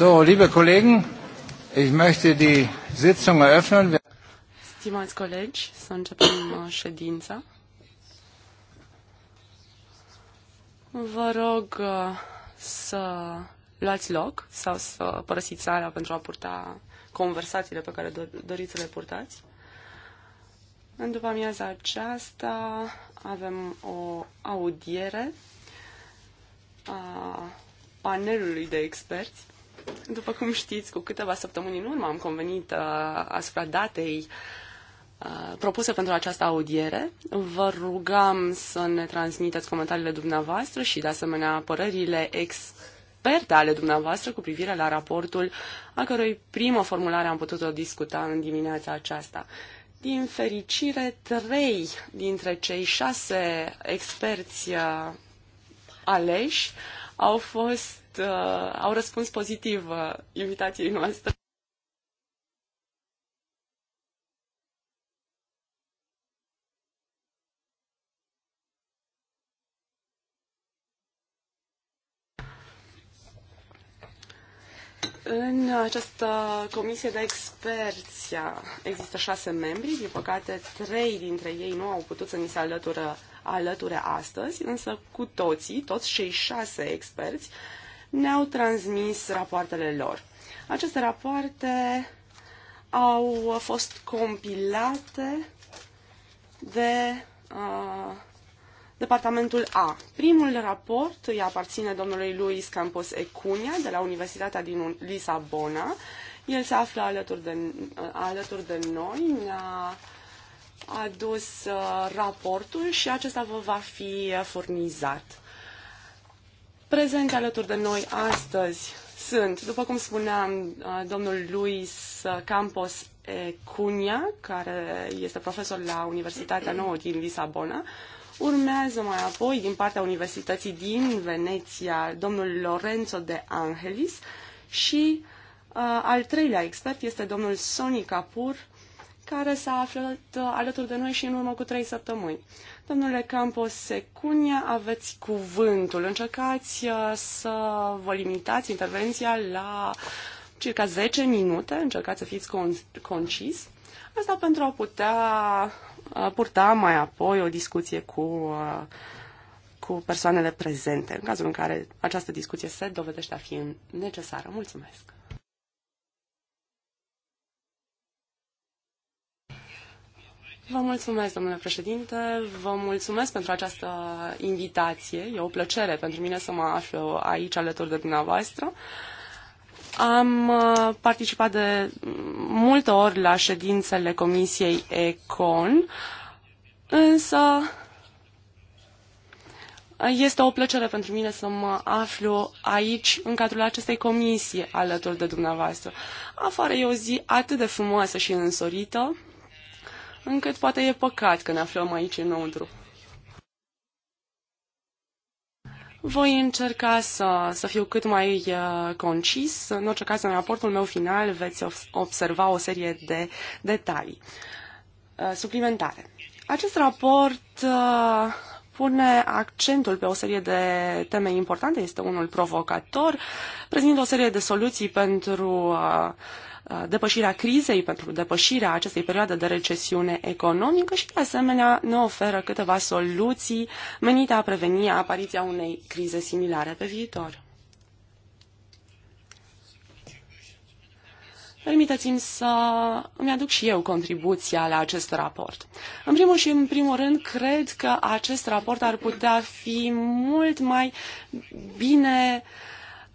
So, liebe Kollegen, ich möchte die Sitzung eröffnen. Stimați colegi, să începem uh, ședința. Vă rog uh, să luați loc sau să părăsiți sala pentru a purta conversațiile pe care doriți să le purtați. În după amiaza aceasta avem o audiere a panelului de experți după cum știți, cu câteva săptămâni în urmă am convenit uh, asupra datei uh, propuse pentru această audiere. Vă rugam să ne transmiteți comentariile dumneavoastră și, de asemenea, părerile experte ale dumneavoastră cu privire la raportul a cărui primă formulare am putut-o discuta în dimineața aceasta. Din fericire, trei dintre cei șase experți uh, aleși au fost Uh, au răspuns pozitiv uh, invitației noastre. În această comisie de experți există șase membri, din păcate trei dintre ei nu au putut să ni se alătură, alăture astăzi, însă cu toții, toți cei șase experți, ne-au transmis rapoartele lor. Aceste rapoarte au fost compilate de uh, Departamentul A. Primul raport îi aparține domnului Luis Campos Ecunia de la Universitatea din Lisabona. El se află alături de, uh, alături de noi, ne-a adus uh, raportul și acesta vă va fi furnizat. Prezente alături de noi astăzi sunt, după cum spuneam, uh, domnul Luis Campos Cunha, care este profesor la Universitatea Nouă din Lisabona. Urmează mai apoi, din partea Universității din Veneția, domnul Lorenzo de Angelis și uh, al treilea expert este domnul Sonic Kapur, care s-a aflat uh, alături de noi și în urmă cu trei săptămâni. Domnule Campos Secunia, aveți cuvântul. Încercați uh, să vă limitați intervenția la circa 10 minute, încercați să fiți con- concis. Asta pentru a putea uh, purta mai apoi o discuție cu, uh, cu persoanele prezente, în cazul în care această discuție se dovedește a fi necesară. Mulțumesc! Vă mulțumesc, domnule președinte, vă mulțumesc pentru această invitație. E o plăcere pentru mine să mă aflu aici alături de dumneavoastră. Am uh, participat de multe ori la ședințele Comisiei ECON, însă este o plăcere pentru mine să mă aflu aici, în cadrul acestei comisii, alături de dumneavoastră. Afară e o zi atât de frumoasă și însorită, încât poate e păcat că ne aflăm aici înăuntru. Voi încerca să, să fiu cât mai uh, concis. În orice caz, în raportul meu final veți observa o serie de detalii uh, suplimentare. Acest raport uh, pune accentul pe o serie de teme importante, este unul provocator, prezintă o serie de soluții pentru uh, Uh, depășirea crizei, pentru depășirea acestei perioade de recesiune economică și, de asemenea, ne oferă câteva soluții menite a preveni apariția unei crize similare pe viitor. Permiteți-mi să îmi aduc și eu contribuția la acest raport. În primul și în primul rând, cred că acest raport ar putea fi mult mai bine uh,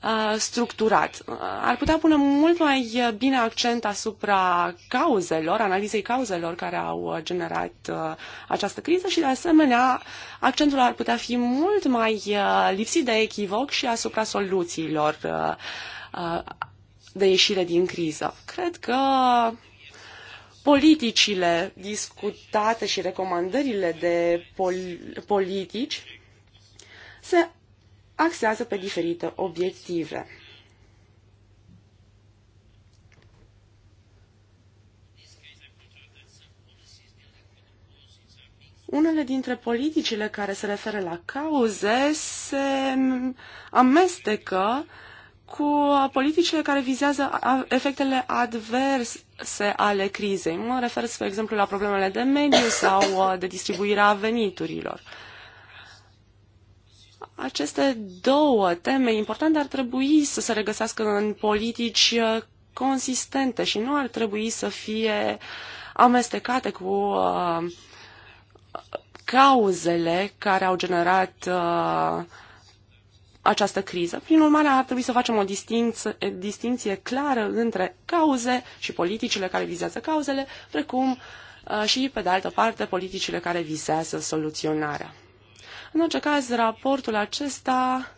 Uh, structurat. Uh, ar putea pune mult mai bine accent asupra cauzelor, analizei cauzelor care au uh, generat această criză și, de asemenea, accentul ar putea fi mult mai lipsit de echivoc și asupra soluțiilor de ieșire din criză. Cred că politicile discutate și recomandările de pol- politici se axează pe diferite obiective. Unele dintre politicile care se referă la cauze se amestecă cu politicile care vizează efectele adverse ale crizei. Mă refer, spre exemplu, la problemele de mediu sau uh, de distribuirea veniturilor. Aceste două teme importante ar trebui să se regăsească în politici uh, consistente și nu ar trebui să fie amestecate cu uh, cauzele care au generat uh, această criză. Prin urmare, ar trebui să facem o distinție, distinție clară între cauze și politicile care vizează cauzele, precum uh, și, pe de altă parte, politicile care vizează soluționarea. În orice caz, raportul acesta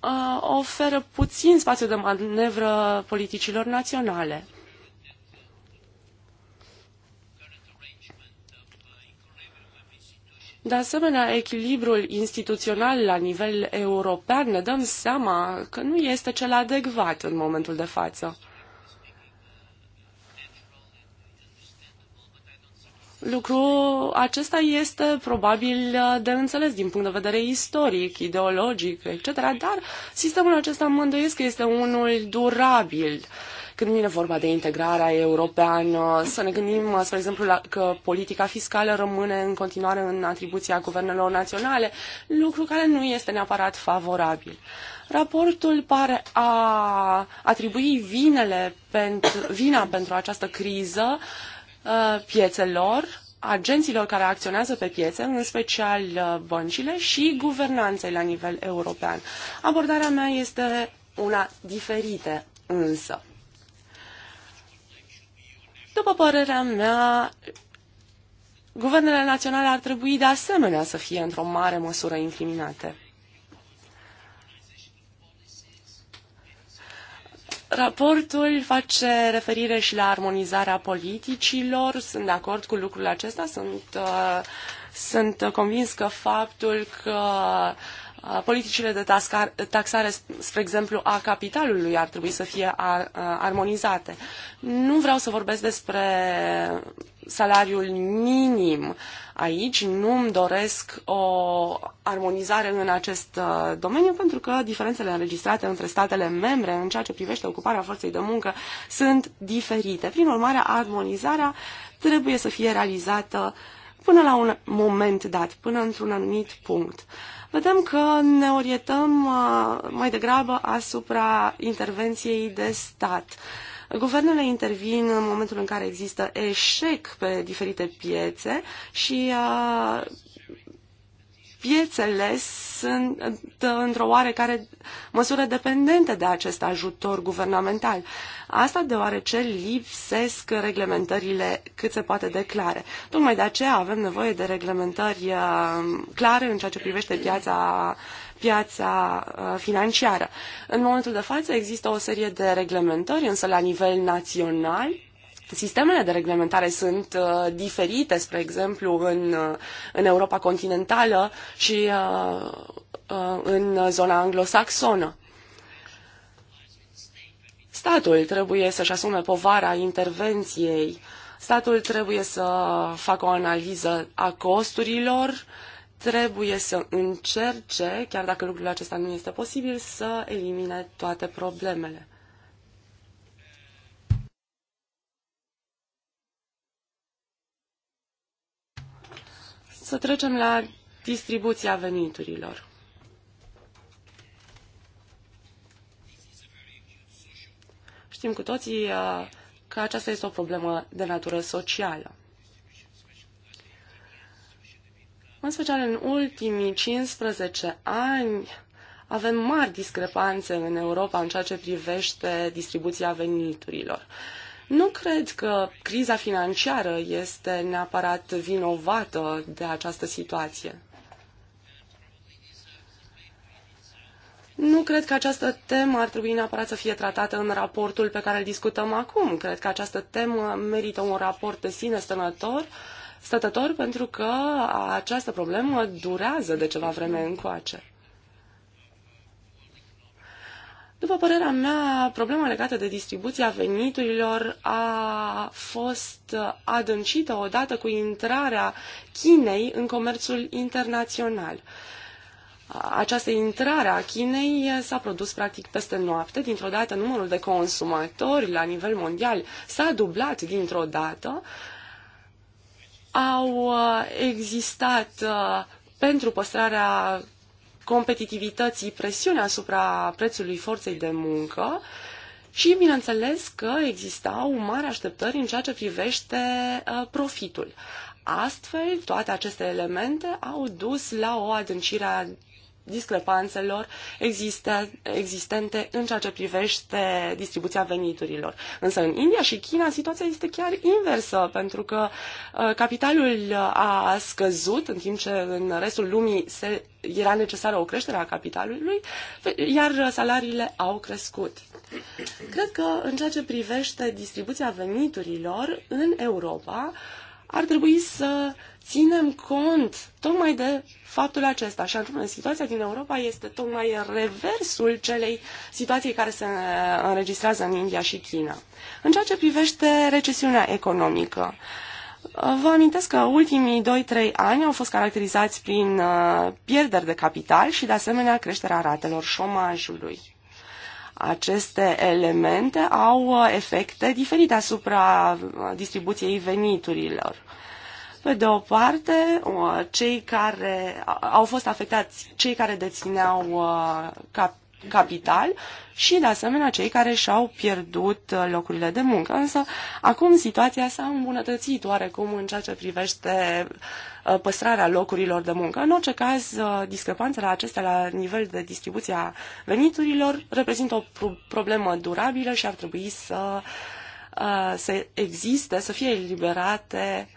uh, oferă puțin spațiu de manevră politicilor naționale. De asemenea, echilibrul instituțional la nivel european ne dăm seama că nu este cel adecvat în momentul de față. Lucru acesta este probabil uh, de înțeles din punct de vedere istoric, ideologic, etc., dar sistemul acesta mă îndoiesc că este unul durabil. Când vine vorba de integrarea europeană, să ne gândim, uh, spre exemplu, la, că politica fiscală rămâne în continuare în atribuția guvernelor naționale, lucru care nu este neapărat favorabil. Raportul pare a atribui vinele pentru, vina pentru această criză uh, Uh, piețelor, agenților care acționează pe piețe, în special uh, băncile și guvernanței la nivel european. Abordarea mea este una diferită însă. După părerea mea, guvernele naționale ar trebui de asemenea să fie într-o mare măsură incriminate. Raportul face referire și la armonizarea politicilor. Sunt de acord cu lucrul acesta. Sunt, uh, sunt convins că faptul că uh, politicile de taxare, spre exemplu, a capitalului ar trebui să fie uh, armonizate. Nu vreau să vorbesc despre salariul minim aici. Nu-mi doresc o armonizare în acest uh, domeniu pentru că diferențele înregistrate între statele membre în ceea ce privește ocuparea forței de muncă sunt diferite. Prin urmare, armonizarea trebuie să fie realizată până la un moment dat, până într-un anumit punct. Vedem că ne orientăm uh, mai degrabă asupra intervenției de stat. Guvernele intervin în momentul în care există eșec pe diferite piețe și piețele sunt într-o oarecare măsură dependente de acest ajutor guvernamental. Asta deoarece lipsesc reglementările cât se poate de clare. Tocmai de aceea avem nevoie de reglementări clare în ceea ce privește piața uh, piața uh, financiară. În momentul de față există o serie de reglementări, însă la nivel național Sistemele de reglementare sunt uh, diferite, spre exemplu, în, uh, în Europa continentală și uh, uh, în zona anglosaxonă. Statul trebuie să-și asume povara intervenției, statul trebuie să facă o analiză a costurilor, trebuie să încerce, chiar dacă lucrul acesta nu este posibil, să elimine toate problemele. Să trecem la distribuția veniturilor. Știm cu toții uh, că aceasta este o problemă de natură socială. În special în ultimii 15 ani avem mari discrepanțe în Europa în ceea ce privește distribuția veniturilor. Nu cred că criza financiară este neapărat vinovată de această situație. Nu cred că această temă ar trebui neapărat să fie tratată în raportul pe care îl discutăm acum. Cred că această temă merită un raport de sine stănător uh, stătător pentru că această problemă durează de ceva vreme încoace. După părerea mea, problema legată de distribuția veniturilor a fost adâncită odată cu intrarea Chinei în comerțul internațional. Această intrare a Chinei s-a produs practic peste noapte. Dintr-o dată numărul de consumatori la nivel mondial s-a dublat dintr-o dată au uh, existat uh, pentru păstrarea competitivității presiunea asupra prețului forței de muncă și, bineînțeles, că existau mari așteptări în ceea ce privește uh, profitul. Astfel, toate aceste elemente au dus la o adâncire a discrepanțelor existente în ceea ce privește distribuția veniturilor. Însă în India și China situația este chiar inversă, pentru că uh, capitalul uh, a scăzut în timp ce în restul lumii se, era necesară o creștere a capitalului, iar salariile au crescut. Cred că în ceea ce privește distribuția veniturilor în Europa, ar trebui să ținem cont tocmai de faptul acesta. Și anume, situația din Europa este tocmai reversul celei situații care se înregistrează în India și China. În ceea ce privește recesiunea economică, Vă amintesc că ultimii 2-3 ani au fost caracterizați prin uh, pierderi de capital și, de asemenea, creșterea ratelor șomajului. Aceste elemente au uh, efecte diferite asupra uh, distribuției veniturilor pe de o parte, cei care au fost afectați, cei care dețineau uh, cap capital și, de asemenea, cei care și-au pierdut uh, locurile de muncă. Însă, acum situația s-a îmbunătățit oarecum în ceea ce privește uh, păstrarea locurilor de muncă. În orice caz, discrepanțele acestea la nivel de distribuție a veniturilor reprezintă o problemă durabilă și ar trebui să, să existe, să fie eliberate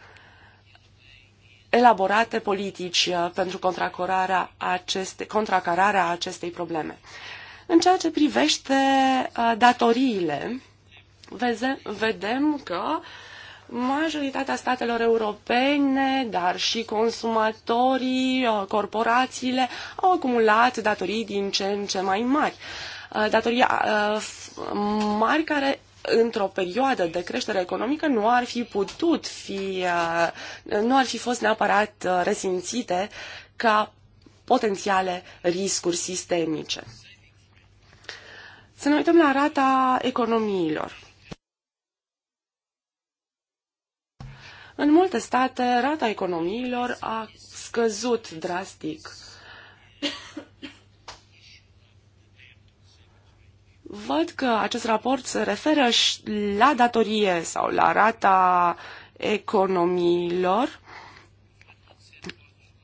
elaborate politici uh, pentru contracararea, aceste, contracararea acestei probleme. În ceea ce privește uh, datoriile, vedem că majoritatea statelor europene, dar și consumatorii, uh, corporațiile au acumulat datorii din ce în ce mai mari. Datorii mari care într-o perioadă de creștere economică nu ar fi putut fi, uh, nu ar fi fost neapărat uh, resimțite ca potențiale riscuri sistemice. Să ne uităm la rata economiilor. În multe state, rata economiilor a scăzut drastic. Văd că acest raport se referă și la datorie sau la rata economiilor,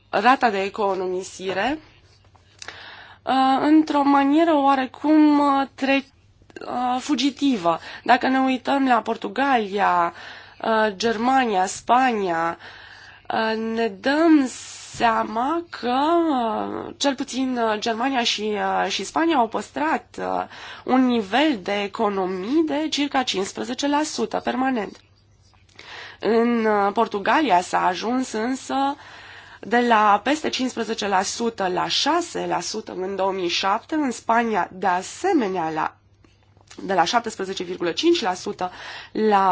rata de economisire, uh, într-o manieră oarecum uh, tre- uh, fugitivă. Dacă ne uităm la Portugalia, Germania, Spania, ne dăm seama că cel puțin uh, Germania și, uh, și Spania au păstrat uh, un nivel de economii de circa 15% permanent. În Portugalia s-a ajuns însă de la peste 15% la 6% în 2007, în Spania de asemenea la de la 17,5% la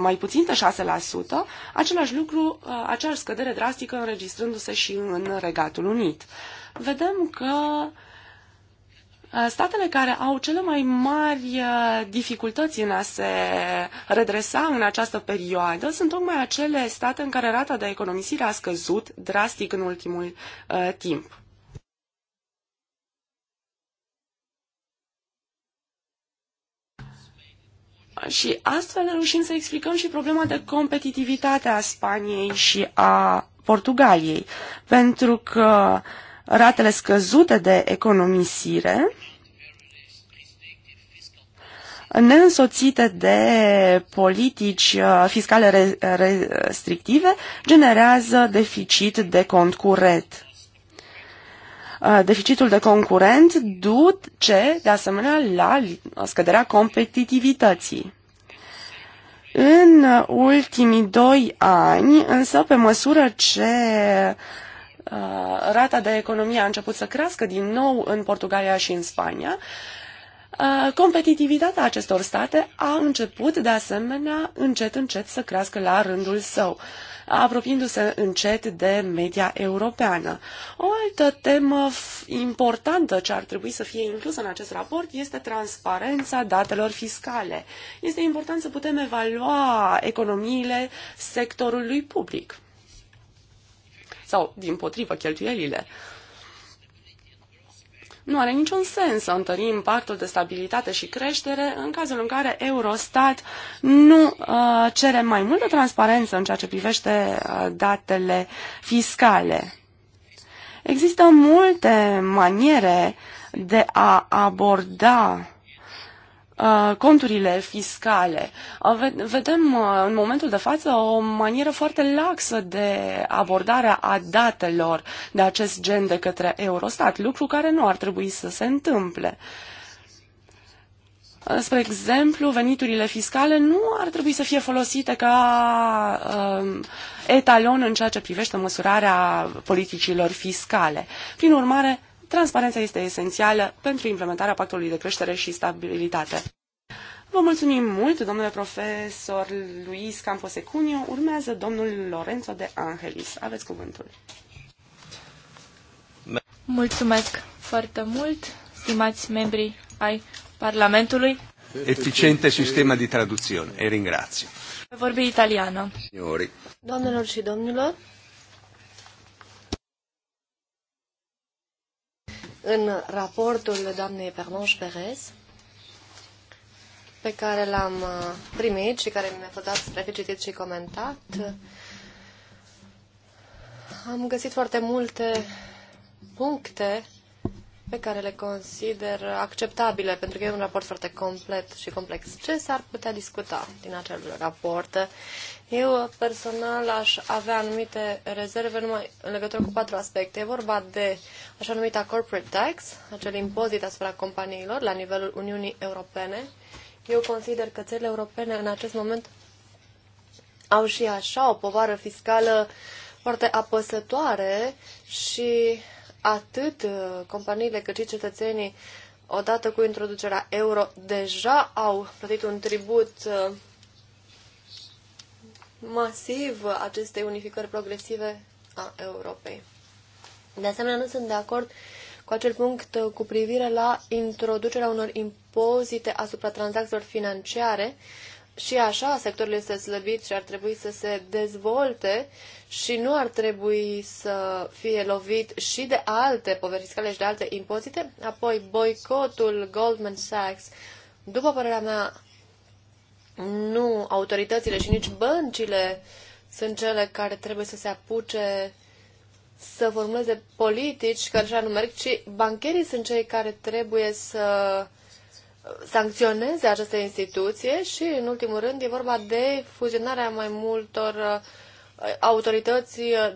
mai puțin de 6%, același lucru, uh, aceeași scădere drastică înregistrându-se și în Regatul Unit. Vedem că uh, statele care au cele mai mari uh, dificultăți în a se redresa în această perioadă sunt tocmai acele state în care rata de economisire a scăzut drastic în ultimul uh, timp. Și astfel reușim să explicăm și problema de competitivitate a Spaniei și a Portugaliei, pentru că ratele scăzute de economisire neînsoțite de politici uh, fiscale restrictive generează deficit de cont curent. Uh, deficitul de concurent duce, de asemenea, la scăderea competitivității. În ultimii doi ani, însă, pe măsură ce uh, rata de economie a început să crească din nou în Portugalia și în Spania, uh, competitivitatea acestor state a început, de asemenea, încet, încet să crească la rândul său. Uh, apropiindu-se încet de media europeană. O altă temă importantă ce ar trebui să fie inclusă în acest raport este transparența datelor fiscale. Este important să putem evalua economiile sectorului public sau, din potrivă, cheltuielile nu are niciun sens să întărim pactul de stabilitate și creștere în cazul în care Eurostat nu uh, cere mai multă transparență în ceea ce privește uh, datele fiscale. Există multe maniere de a aborda Uh, conturile fiscale. Uh, vedem uh, în momentul de față o manieră foarte laxă de abordare a datelor de acest gen de către Eurostat, lucru care nu ar trebui să se întâmple. Spre exemplu, veniturile fiscale nu ar trebui să fie folosite ca uh, etalon în ceea ce privește măsurarea politicilor fiscale. Prin urmare, Transparența este esențială pentru implementarea pactului de creștere și stabilitate. Vă mulțumim mult, domnule profesor Luis Campos Ecunio. Urmează domnul Lorenzo de Angelis. Aveți cuvântul. Mulțumesc foarte mult, stimați membri ai Parlamentului. Eficiente sistema de traducție. E ringrazio. Vorbi italiană. Signori. Doamnelor și domnilor, în raportul doamnei Permanș Perez, pe care l-am uh, primit și care mi-a fost dat spre citit și comentat, am găsit foarte multe puncte pe care le consider acceptabile, pentru că e un raport foarte complet și complex. Ce s-ar putea discuta din acel raport eu personal aș avea anumite rezerve numai în legătură cu patru aspecte. E vorba de așa numita corporate tax, acel impozit asupra companiilor la nivelul Uniunii Europene. Eu consider că țările europene în acest moment au și așa o povară fiscală foarte apăsătoare și atât uh, companiile cât și cetățenii odată cu introducerea euro deja au plătit un tribut uh, masiv acestei unificări progresive a Europei. De asemenea, nu sunt de acord cu acel punct cu privire la introducerea unor impozite asupra tranzacțiilor financiare. Și așa, sectorul este slăbit și ar trebui să se dezvolte și nu ar trebui să fie lovit și de alte poveri fiscale și de alte impozite. Apoi, boicotul Goldman Sachs, după părerea mea, nu autoritățile și nici băncile sunt cele care trebuie să se apuce să formuleze politici care așa nu merg, ci bancherii sunt cei care trebuie să sancționeze această instituție și, în ultimul rând, e vorba de fuzionarea mai multor uh, autorități uh,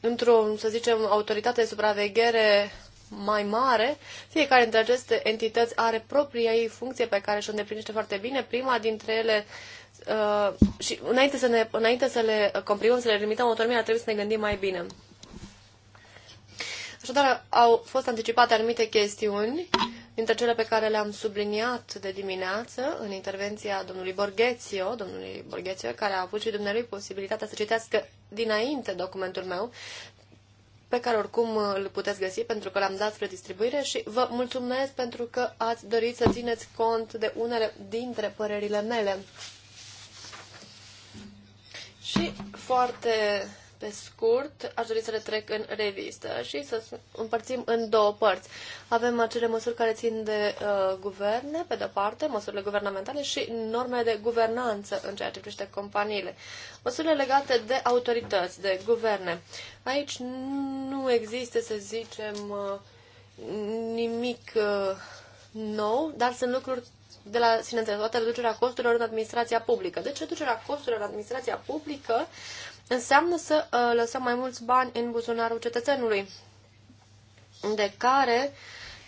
într-o, să zicem, autoritate de supraveghere mai mare. Fiecare dintre aceste entități are propria ei funcție pe care și-o îndeplinește foarte bine. Prima dintre ele Uh, și înainte să, ne, înainte să le comprimăm, să le limităm autonomia, trebuie să ne gândim mai bine. Așadar, au fost anticipate anumite chestiuni dintre cele pe care le-am subliniat de dimineață în intervenția domnului Borghețio, domnului Borghețio, care a avut și dumnealui posibilitatea să citească dinainte documentul meu pe care oricum uh, îl puteți găsi pentru că l-am dat spre distribuire și vă mulțumesc pentru că ați dorit să țineți cont de unele dintre părerile mele. Și foarte pe scurt, aș dori să le trec în revistă și să împărțim în două părți. Avem acele măsuri care țin de uh, guverne, pe de-o parte, măsurile guvernamentale și normele de guvernanță în ceea ce privește companiile. Măsurile legate de autorități, de guverne. Aici nu există, să zicem, uh, nimic uh, nou, dar sunt lucruri de la sine înțeles, toată reducerea costurilor în administrația publică. Deci reducerea costurilor în administrația publică înseamnă să uh, lăsăm mai mulți bani în buzunarul cetățenului, de care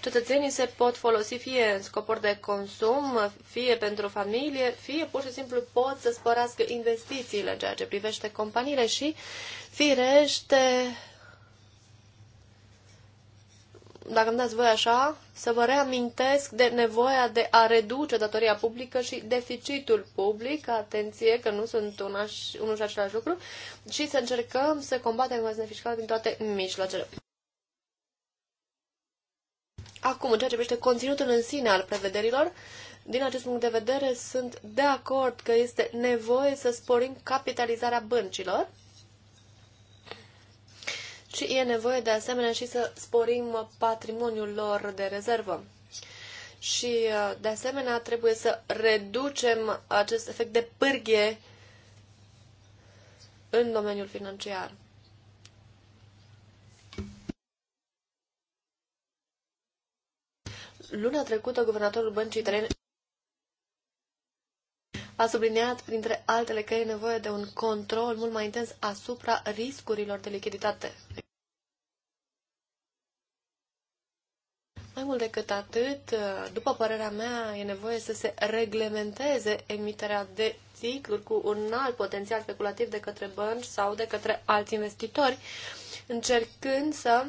cetățenii se pot folosi fie în scopuri de consum, fie pentru familie, fie pur și simplu pot să spărească investițiile în ceea ce privește companiile și, firește, dacă îmi dați voi așa, să vă reamintesc de nevoia de a reduce datoria publică și deficitul public, atenție că nu sunt una, unul și același lucru, și să încercăm să combatem evaziunea fiscală din toate mijloacele. Acum, în ceea ce privește conținutul în sine al prevederilor, din acest punct de vedere sunt de acord că este nevoie să sporim capitalizarea băncilor, și e nevoie de asemenea și să sporim patrimoniul lor de rezervă. Și, uh, de asemenea, trebuie să reducem acest efect de pârghie în domeniul financiar. Luna trecută, guvernatorul băncii italiene a subliniat, printre altele, că e nevoie de un control mult mai intens asupra riscurilor de lichiditate. Mai mult decât atât, după părerea mea, e nevoie să se reglementeze emiterea de titluri cu un alt potențial speculativ de către bănci sau de către alți investitori, încercând să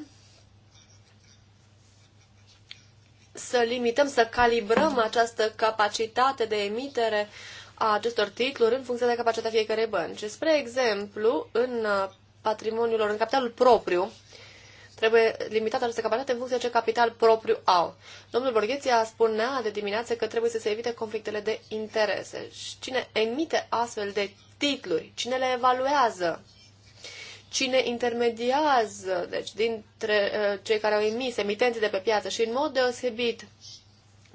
să limităm, să calibrăm această capacitate de emitere a acestor titluri în funcție de capacitatea fiecărei bănci. Spre exemplu, în patrimoniul lor, în capitalul propriu, Trebuie limitată această capacitate în funcție de ce capital propriu au. Domnul Borgheția spunea de dimineață că trebuie să se evite conflictele de interese. Și cine emite astfel de titluri, cine le evaluează, cine intermediază, deci dintre uh, cei care au emis, emitenții de pe piață și în mod deosebit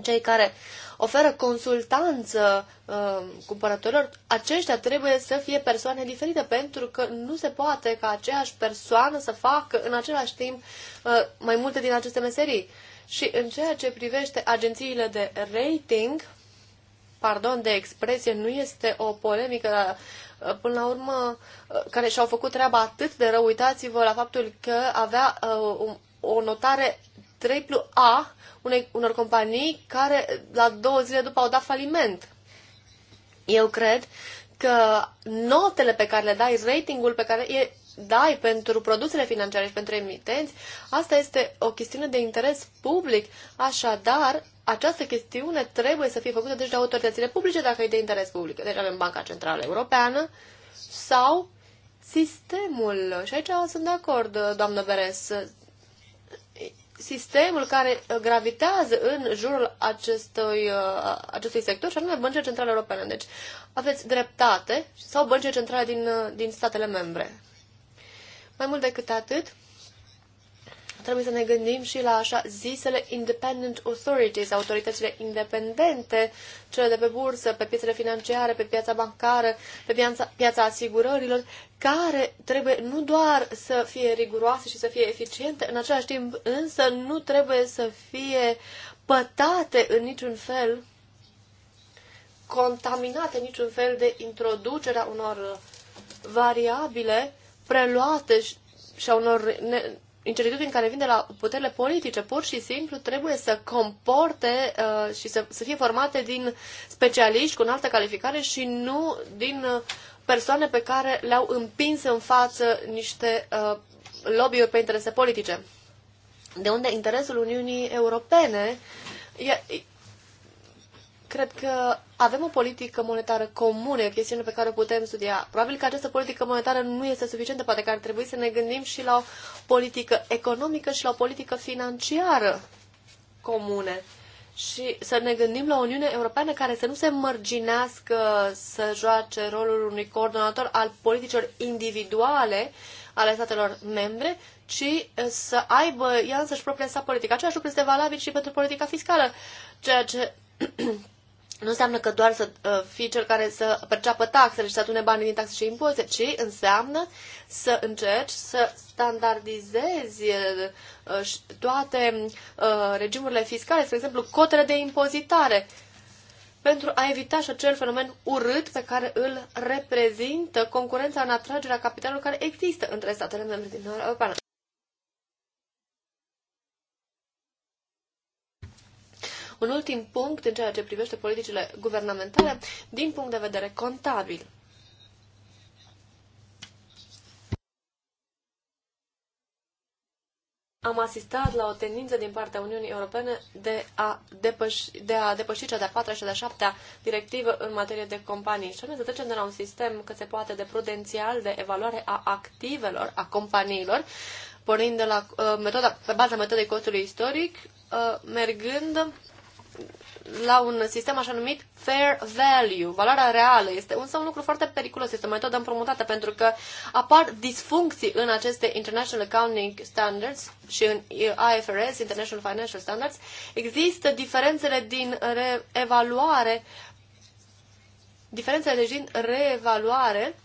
cei care oferă consultanță uh, cumpărătorilor, aceștia trebuie să fie persoane diferite, pentru că nu se poate ca aceeași persoană să facă în același timp uh, mai multe din aceste meserii. Și în ceea ce privește agențiile de rating, pardon de expresie, nu este o polemică uh, până la urmă, uh, care și-au făcut treaba atât de rău. Uitați-vă la faptul că avea uh, o notare triplu A unei, unor companii care la două zile după au dat faliment. Eu cred că notele pe care le dai, ratingul pe care e, dai pentru produsele financiare și pentru emitenți, asta este o chestiune de interes public. Așadar, această chestiune trebuie să fie făcută deci de autoritățile publice dacă e de interes public. Deci avem Banca Centrală Europeană sau sistemul. Și aici sunt de acord, doamnă Beres sistemul care uh, gravitează în jurul acestui, uh, acestui sector, și anume băncile centrale europene. Deci aveți dreptate sau băncile centrale din, uh, din statele membre. Mai mult decât atât, trebuie să ne gândim și la așa zisele independent authorities, autoritățile independente, cele de pe bursă, pe piețele financiare, pe piața bancară, pe piața, piața asigurărilor, care trebuie nu doar să fie riguroase și să fie eficiente, în același timp însă nu trebuie să fie pătate în niciun fel, contaminate în niciun fel de introducerea unor variabile preluate și a unor incertitudini care vin de la puterile politice, pur și simplu trebuie să comporte uh, și să, să fie formate din specialiști cu înaltă calificare și nu din uh, persoane pe care le-au împins în față niște uh, lobby-uri pe interese politice. De unde interesul Uniunii Europene e, Cred că avem o politică monetară comună, o chestiune pe care o putem studia. Probabil că această politică monetară nu este suficientă, poate că ar trebui să ne gândim și la o politică economică și la o politică financiară comune. Și să ne gândim la o Uniune Europeană care să nu se mărginească să joace rolul unui coordonator al politicilor individuale ale statelor membre, ci să aibă ea însăși propria sa politică. Același lucru este valabil și pentru politica fiscală, ceea ce nu înseamnă că doar să uh, fii cel care să perceapă taxele și să adune banii din taxe și impozite, ci înseamnă să încerci să standardizezi uh, toate uh, regimurile fiscale, spre exemplu cotele de impozitare, pentru a evita și acel fenomen urât pe care îl reprezintă concurența în atragerea capitalului care există între statele membre din Europa. Un ultim punct în ceea ce privește politicile guvernamentale din punct de vedere contabil. am asistat la o tendință din partea Uniunii Europene de a depăși, de a depăși cea de-a patra și de-a șaptea directivă în materie de companii. Și anume să trecem de la un sistem cât se poate de prudențial de evaluare a activelor, a companiilor, pornind de la uh, metoda, pe baza metodei costului istoric, uh, mergând la un sistem așa numit fair value, valoarea reală. Este însă un lucru foarte periculos, este o metodă împrumutată pentru că apar disfuncții în aceste International Accounting Standards și în IFRS, International Financial Standards. Există diferențele din reevaluare diferențele deci din reevaluare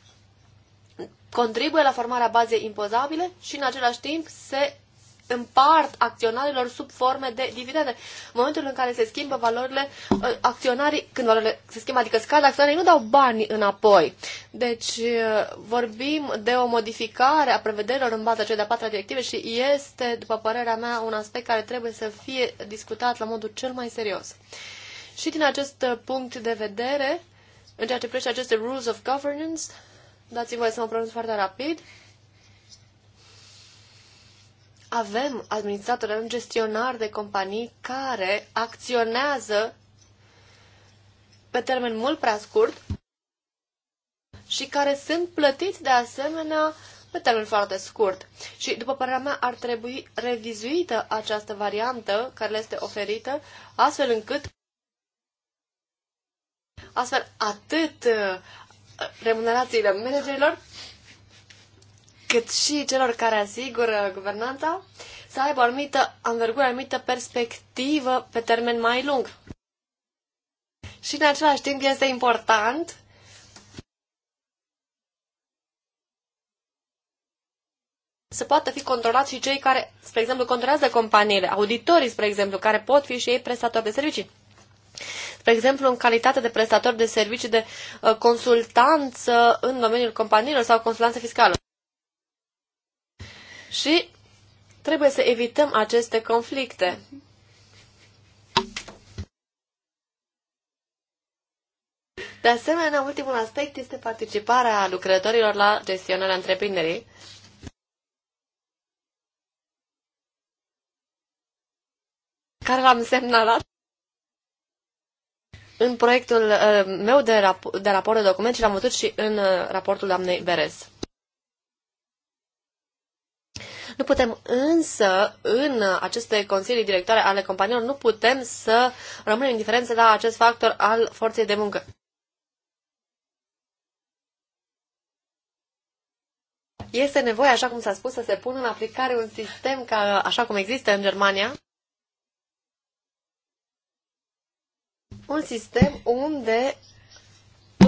contribuie la formarea bazei impozabile și în același timp se împart acționarilor sub forme de dividende. În momentul în care se schimbă valorile, ă, acționarii, când valorile se schimbă, adică scad, acționarii nu dau bani înapoi. Deci ă, vorbim de o modificare a prevederilor în baza cele de-a patra directive și este, după părerea mea, un aspect care trebuie să fie discutat la modul cel mai serios. Și din acest ă, punct de vedere, în ceea ce privește aceste rules of governance, dați-mi voie să mă pronunț foarte rapid, avem administratori, avem gestionari de companii care acționează pe termen mult prea scurt și care sunt plătiți de asemenea pe termen foarte scurt. Și, după părerea mea, ar trebui revizuită această variantă care le este oferită, astfel încât astfel atât uh, remunerațiile managerilor, cât și celor care asigură guvernanța, să aibă o anumită anvergură, anumită perspectivă pe termen mai lung. Și în același timp este important să poată fi controlați și cei care, spre exemplu, controlează companiile, auditorii, spre exemplu, care pot fi și ei prestatori de servicii. Spre exemplu, în calitate de prestator de servicii de uh, consultanță în domeniul companiilor sau consultanță fiscală. Și trebuie să evităm aceste conflicte. De asemenea, ultimul aspect este participarea lucrătorilor la gestionarea întreprinderii. care l-am semnalat în proiectul uh, meu de, rap- de raport de document și l-am văzut și în uh, raportul doamnei Beres. Nu putem însă, în aceste consilii directoare ale companiilor, nu putem să rămânem indiferenți la acest factor al forței de muncă. Este nevoie, așa cum s-a spus, să se pună în aplicare un sistem ca, așa cum există în Germania, un sistem unde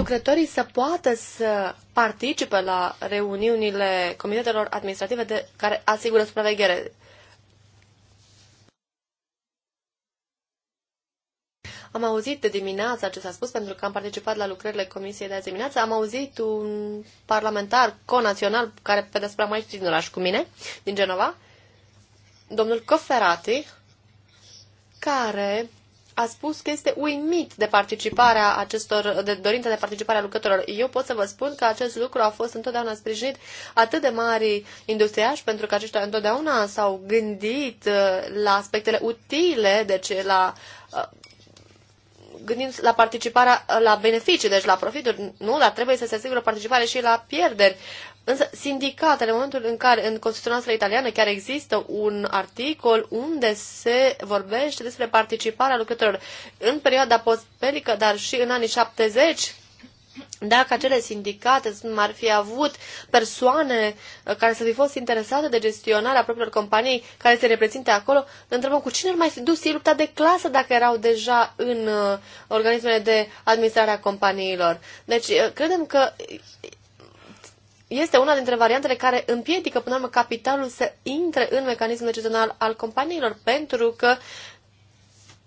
lucrătorii să poată să participe la reuniunile comitetelor administrative de care asigură supraveghere. Am auzit de dimineață ce s-a spus, pentru că am participat la lucrările Comisiei de azi dimineață, am auzit un parlamentar conațional, care pe despre mai știți din oraș cu mine, din Genova, domnul Coferati, care a spus că este uimit de participarea acestor, de dorința de participare a lucrătorilor. Eu pot să vă spun că acest lucru a fost întotdeauna sprijinit atât de mari industriași, pentru că aceștia întotdeauna s-au gândit uh, la aspectele utile, deci la uh, gândind la participarea la beneficii, deci la profituri, nu, dar trebuie să se asigure participare și la pierderi. Însă sindicatele, în momentul în care în Constituția noastră italiană chiar există un articol unde se vorbește despre participarea lucrătorilor în perioada postbelică, dar și în anii 70, dacă acele sindicate ar fi avut persoane uh, care să fi fost interesate de gestionarea propriilor companii care se reprezinte acolo, ne întrebăm cu cine ar mai fi dus ei lupta de clasă dacă erau deja în uh, organismele de administrare a companiilor. Deci, uh, credem că este una dintre variantele care împiedică, până la urmă, capitalul să intre în mecanismul decizional al companiilor, pentru că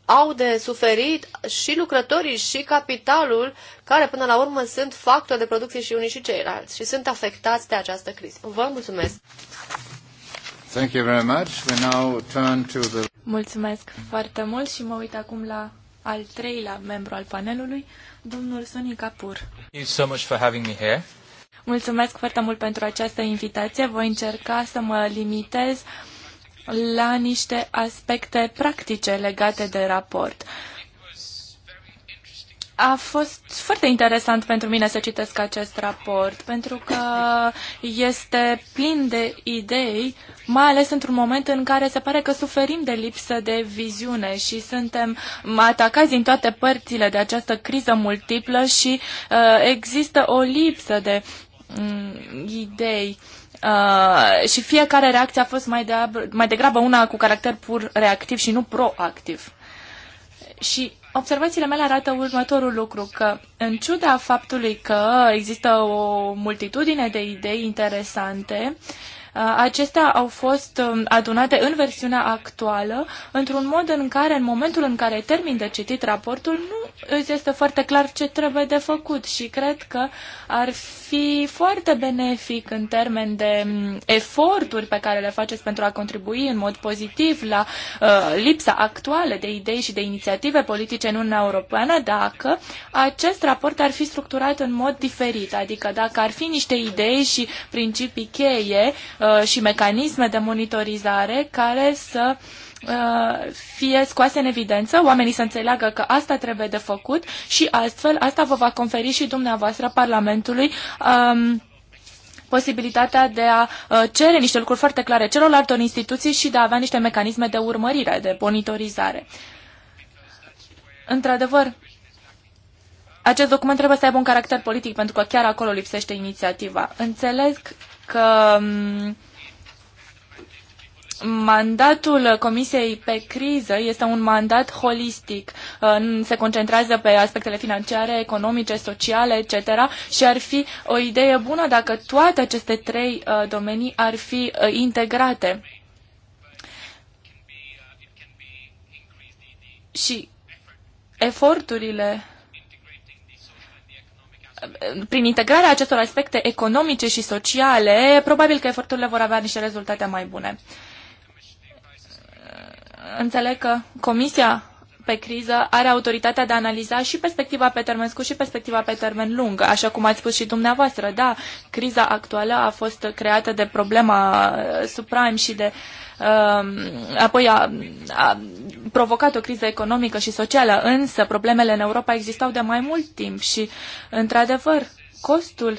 au de suferit și lucrătorii și capitalul, care până la urmă sunt factori de producție și unii și ceilalți și sunt afectați de această criză. Vă mulțumesc! Thank you very much. We now turn to the... Mulțumesc foarte mult și mă uit acum la al treilea membru al panelului, domnul Sonny Kapur. Thank you so much for having me here. Mulțumesc foarte mult pentru această invitație. Voi încerca să mă limitez uh, la niște aspecte practice legate de raport. A fost foarte interesant pentru mine să citesc acest raport, pentru că este plin de idei, mai ales într-un moment în care se pare că suferim de lipsă de viziune și suntem atacați din toate părțile de această criză multiplă și uh, există o lipsă de um, idei. Uh, Uh, și fiecare reacție a fost mai, de, mai degrabă una cu caracter pur reactiv și nu proactiv. Și observațiile mele arată următorul lucru, că în ciuda faptului că există o multitudine de idei interesante, uh, Uh, acestea au fost um, adunate în versiunea actuală, într-un mod în care, în momentul în care termin de citit raportul, nu îți este foarte clar ce trebuie de făcut și cred că ar fi foarte benefic în termen de um, eforturi pe care le faceți pentru a contribui în mod pozitiv la uh, lipsa actuală de idei și de inițiative politice în Uniunea Europeană, dacă acest raport ar fi structurat în mod diferit, adică dacă ar fi niște idei și principii cheie uh, Uh, și mecanisme de monitorizare care să uh, fie scoase în evidență, oamenii să înțeleagă că asta trebuie de făcut și astfel asta vă va conferi și dumneavoastră Parlamentului um, posibilitatea de a uh, cere niște lucruri foarte clare celorlalte instituții și de a avea niște mecanisme de urmărire, de monitorizare. Într-adevăr, acest document trebuie să aibă un caracter politic, pentru că chiar acolo lipsește inițiativa. Înțeleg că mm, mandatul Comisiei pe criză este un mandat holistic. Se concentrează pe aspectele financiare, economice, sociale, etc. Și ar fi o idee bună dacă toate aceste trei uh, domenii ar fi uh, integrate. Și eforturile prin integrarea acestor aspecte economice și sociale, probabil că eforturile vor avea niște rezultate mai bune. Înțeleg că Comisia pe criză are autoritatea de a analiza și perspectiva pe termen scurt și perspectiva pe termen lung. Așa cum ați spus și dumneavoastră, da, criza actuală a fost creată de problema uh, subprime și de um, apoi a, a provocat o criză economică și socială, însă problemele în Europa existau de mai mult timp și, într-adevăr, costul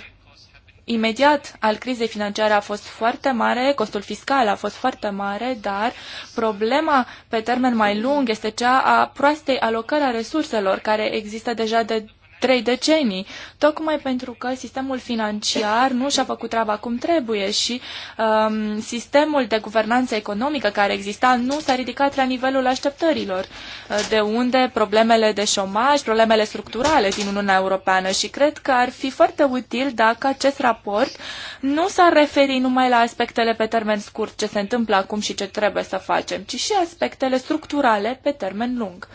imediat al crizei financiare a fost foarte mare, costul fiscal a fost foarte mare, dar problema pe termen mai lung este cea a proastei alocări a resurselor, care există deja de trei decenii, tocmai pentru că sistemul financiar nu și-a făcut treaba cum trebuie și um, sistemul de guvernanță economică care exista nu s-a ridicat la nivelul așteptărilor, uh, de unde problemele de șomaj, problemele structurale din Uniunea Europeană și cred că ar fi foarte util dacă acest raport nu s-ar referi numai la aspectele pe termen scurt, ce se întâmplă acum și ce trebuie să facem, ci și aspectele structurale pe termen lung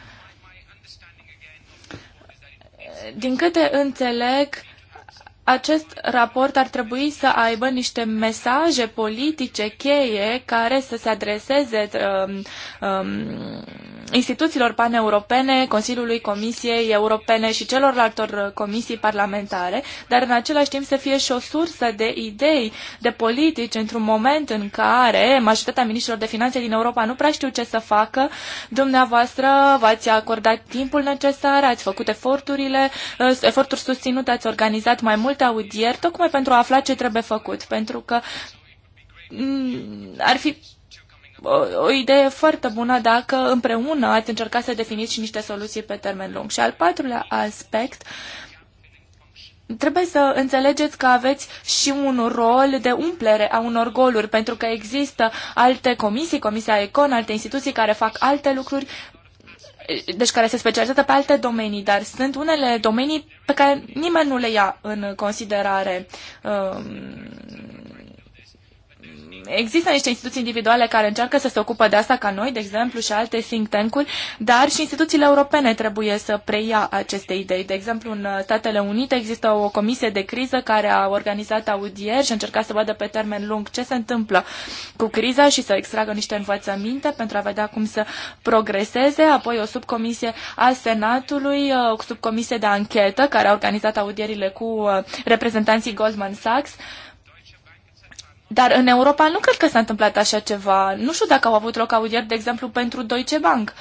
din câte înțeleg, acest raport ar trebui să aibă niște mesaje politice cheie care să se adreseze um, um, instituțiilor paneuropene, Consiliului Comisiei Europene și celorlaltor comisii parlamentare, dar în același timp să fie și o sursă de idei, de politici, într-un moment în care majoritatea ministrilor de finanțe din Europa nu prea știu ce să facă. Dumneavoastră v-ați acordat timpul necesar, ați făcut eforturile, uh, eforturi susținute, ați organizat mai mult multe audieri tocmai pentru a afla ce trebuie făcut, pentru că mm, ar fi o, o idee foarte bună dacă împreună ați încerca să definiți și niște soluții pe termen lung. Și al patrulea aspect trebuie să înțelegeți că aveți și un rol de umplere a unor goluri, pentru că există alte comisii, Comisia Econ, alte instituții care fac alte lucruri deci care se specializează pe alte domenii, dar sunt unele domenii pe care nimeni nu le ia în considerare. Um, există niște instituții individuale care încearcă să se ocupă de asta ca noi, de exemplu, și alte think tank-uri, dar și instituțiile europene trebuie să preia aceste idei. De exemplu, în uh, Statele Unite există o comisie de criză care a organizat audieri și a încercat să vadă pe termen lung ce se întâmplă cu criza și să extragă niște învățăminte pentru a vedea cum să progreseze. Apoi o subcomisie a Senatului, uh, o subcomisie de anchetă care a organizat audierile cu uh, reprezentanții Goldman Sachs. Dar în Europa nu cred că s-a întâmplat așa ceva. Nu știu dacă au avut loc audieri, de exemplu, pentru Deutsche Bank.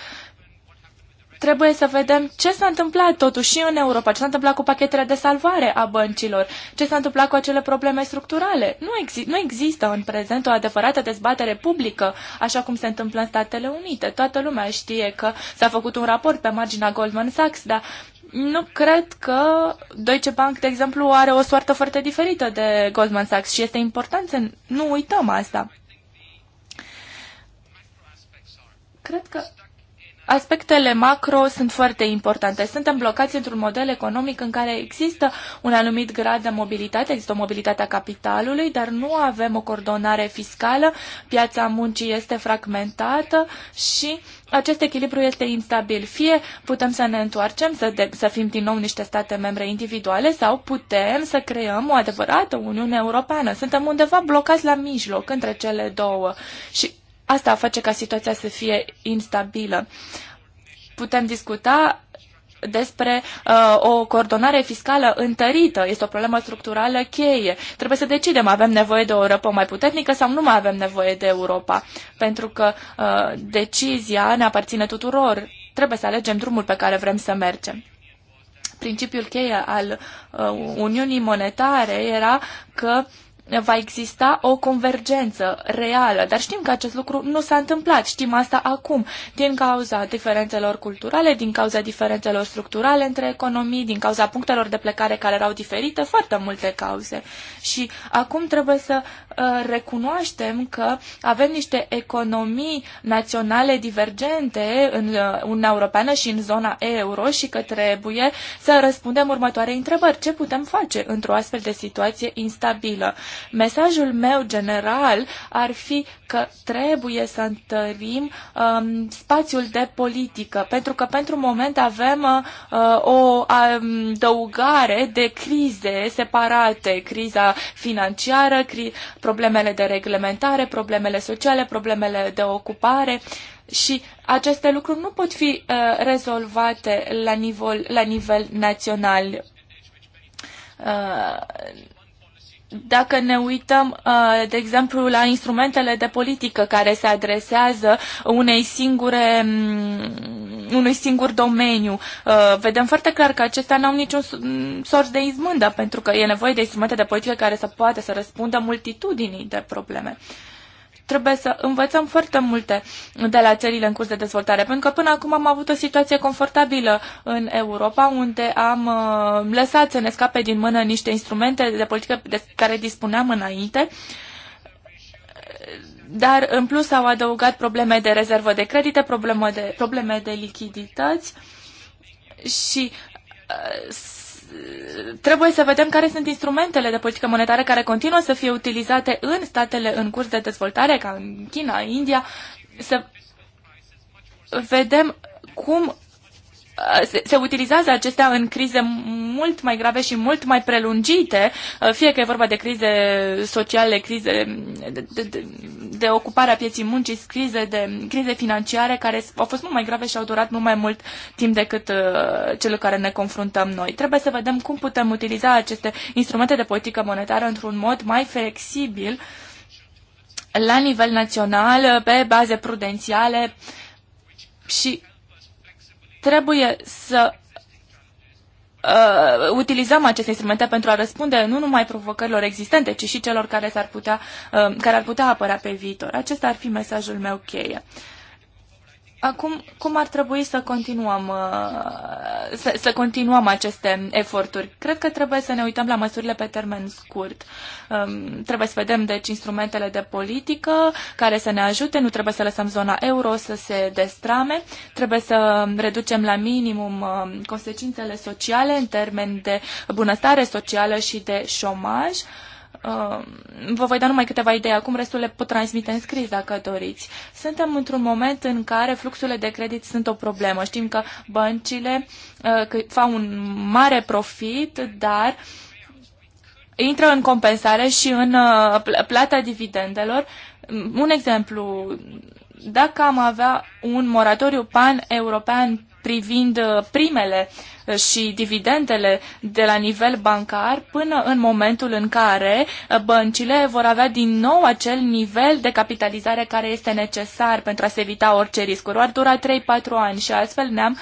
Trebuie să vedem ce s-a întâmplat totuși și în Europa, ce s-a întâmplat cu pachetele de salvare a băncilor, ce s-a întâmplat cu acele probleme structurale. Nu, exi- nu există în prezent o adevărată dezbatere publică, așa cum se întâmplă în Statele Unite. Toată lumea știe că s-a făcut un raport pe marginea Goldman Sachs, dar nu cred că Deutsche Bank, de exemplu, are o soartă foarte diferită de Goldman Sachs și este important să nu uităm asta. Cred că aspectele macro sunt foarte importante. Suntem blocați într-un model economic în care există un anumit grad de mobilitate, există o mobilitate a capitalului, dar nu avem o coordonare fiscală, piața muncii este fragmentată și acest echilibru este instabil. Fie putem să ne întoarcem, să, de, să fim din nou niște state membre individuale sau putem să creăm o adevărată Uniune Europeană. Suntem undeva blocați la mijloc între cele două și Asta face ca situația să fie instabilă. Putem discuta despre uh, o coordonare fiscală întărită. Este o problemă structurală cheie. Trebuie să decidem, avem nevoie de o Europa mai puternică sau nu mai avem nevoie de Europa, pentru că uh, decizia ne aparține tuturor. Trebuie să alegem drumul pe care vrem să mergem. Principiul cheie al uh, Uniunii Monetare era că uh, va exista o convergență reală, dar știm că acest lucru nu s-a întâmplat, știm asta acum, din cauza diferențelor culturale, din cauza diferențelor structurale între economii, din cauza punctelor de plecare care erau diferite, foarte multe cauze. Și acum trebuie să uh, recunoaștem că avem niște economii naționale divergente în uh, Uniunea Europeană și în zona euro și că trebuie să răspundem următoarei întrebări. Ce putem face într-o astfel de situație instabilă? Mesajul meu general ar fi că trebuie să întărim um, spațiul de politică, pentru că pentru moment avem uh, o um, adăugare de crize separate, criza financiară, cri- problemele de reglementare, problemele sociale, problemele de ocupare. Și aceste lucruri nu pot fi uh, rezolvate la nivel, la nivel național. Uh, dacă ne uităm, uh, de exemplu, la instrumentele de politică care se adresează unei singure, mm, unui singur domeniu, uh, vedem foarte clar că acestea n-au niciun mm, sort de izmândă, pentru că e nevoie de instrumente de politică care să poată să răspundă multitudinii de probleme trebuie să învățăm foarte multe de la țările în curs de dezvoltare, pentru că până acum am avut o situație confortabilă în Europa, unde am uh, lăsat să ne scape din mână niște instrumente de politică de care dispuneam înainte, dar în plus au adăugat probleme de rezervă de credite, probleme de, probleme de lichidități și uh, trebuie să vedem care sunt instrumentele de politică monetară care continuă să fie utilizate în statele în curs de dezvoltare, ca în China, India, să vedem cum Uh, se, se utilizează acestea în crize mult mai grave și mult mai prelungite, uh, fie că e vorba de crize sociale, crize de, de, de a pieții muncii, crize, de, crize financiare care au fost mult mai grave și au durat mult mai mult timp decât uh, cele care ne confruntăm noi. Trebuie să vedem cum putem utiliza aceste instrumente de politică monetară într-un mod mai flexibil la nivel național, pe baze prudențiale și Trebuie să uh, utilizăm aceste instrumente pentru a răspunde nu numai provocărilor existente, ci și celor care, s-ar putea, uh, care ar putea apărea pe viitor. Acesta ar fi mesajul meu cheie. Okay. Acum, cum ar trebui să continuăm, uh, să, să continuăm aceste eforturi? Cred că trebuie să ne uităm la măsurile pe termen scurt. Um, trebuie să vedem, deci, instrumentele de politică care să ne ajute, nu trebuie să lăsăm zona euro să se destrame, trebuie să reducem la minimum um, consecințele sociale în termen de bunăstare socială și de șomaj. Uh, vă voi da numai câteva idei, acum restul le pot transmite în scris dacă doriți. Suntem într-un moment în care fluxurile de credit sunt o problemă. Știm că băncile uh, fac un mare profit, dar intră în compensare și în uh, plata dividendelor. Mm, un exemplu, dacă am avea un moratoriu pan-european privind uh, primele uh, și dividendele de la nivel bancar până în momentul în care uh, băncile vor avea din nou acel nivel de capitalizare care este necesar pentru a se evita orice riscuri. Ar dura 3-4 ani și astfel ne-am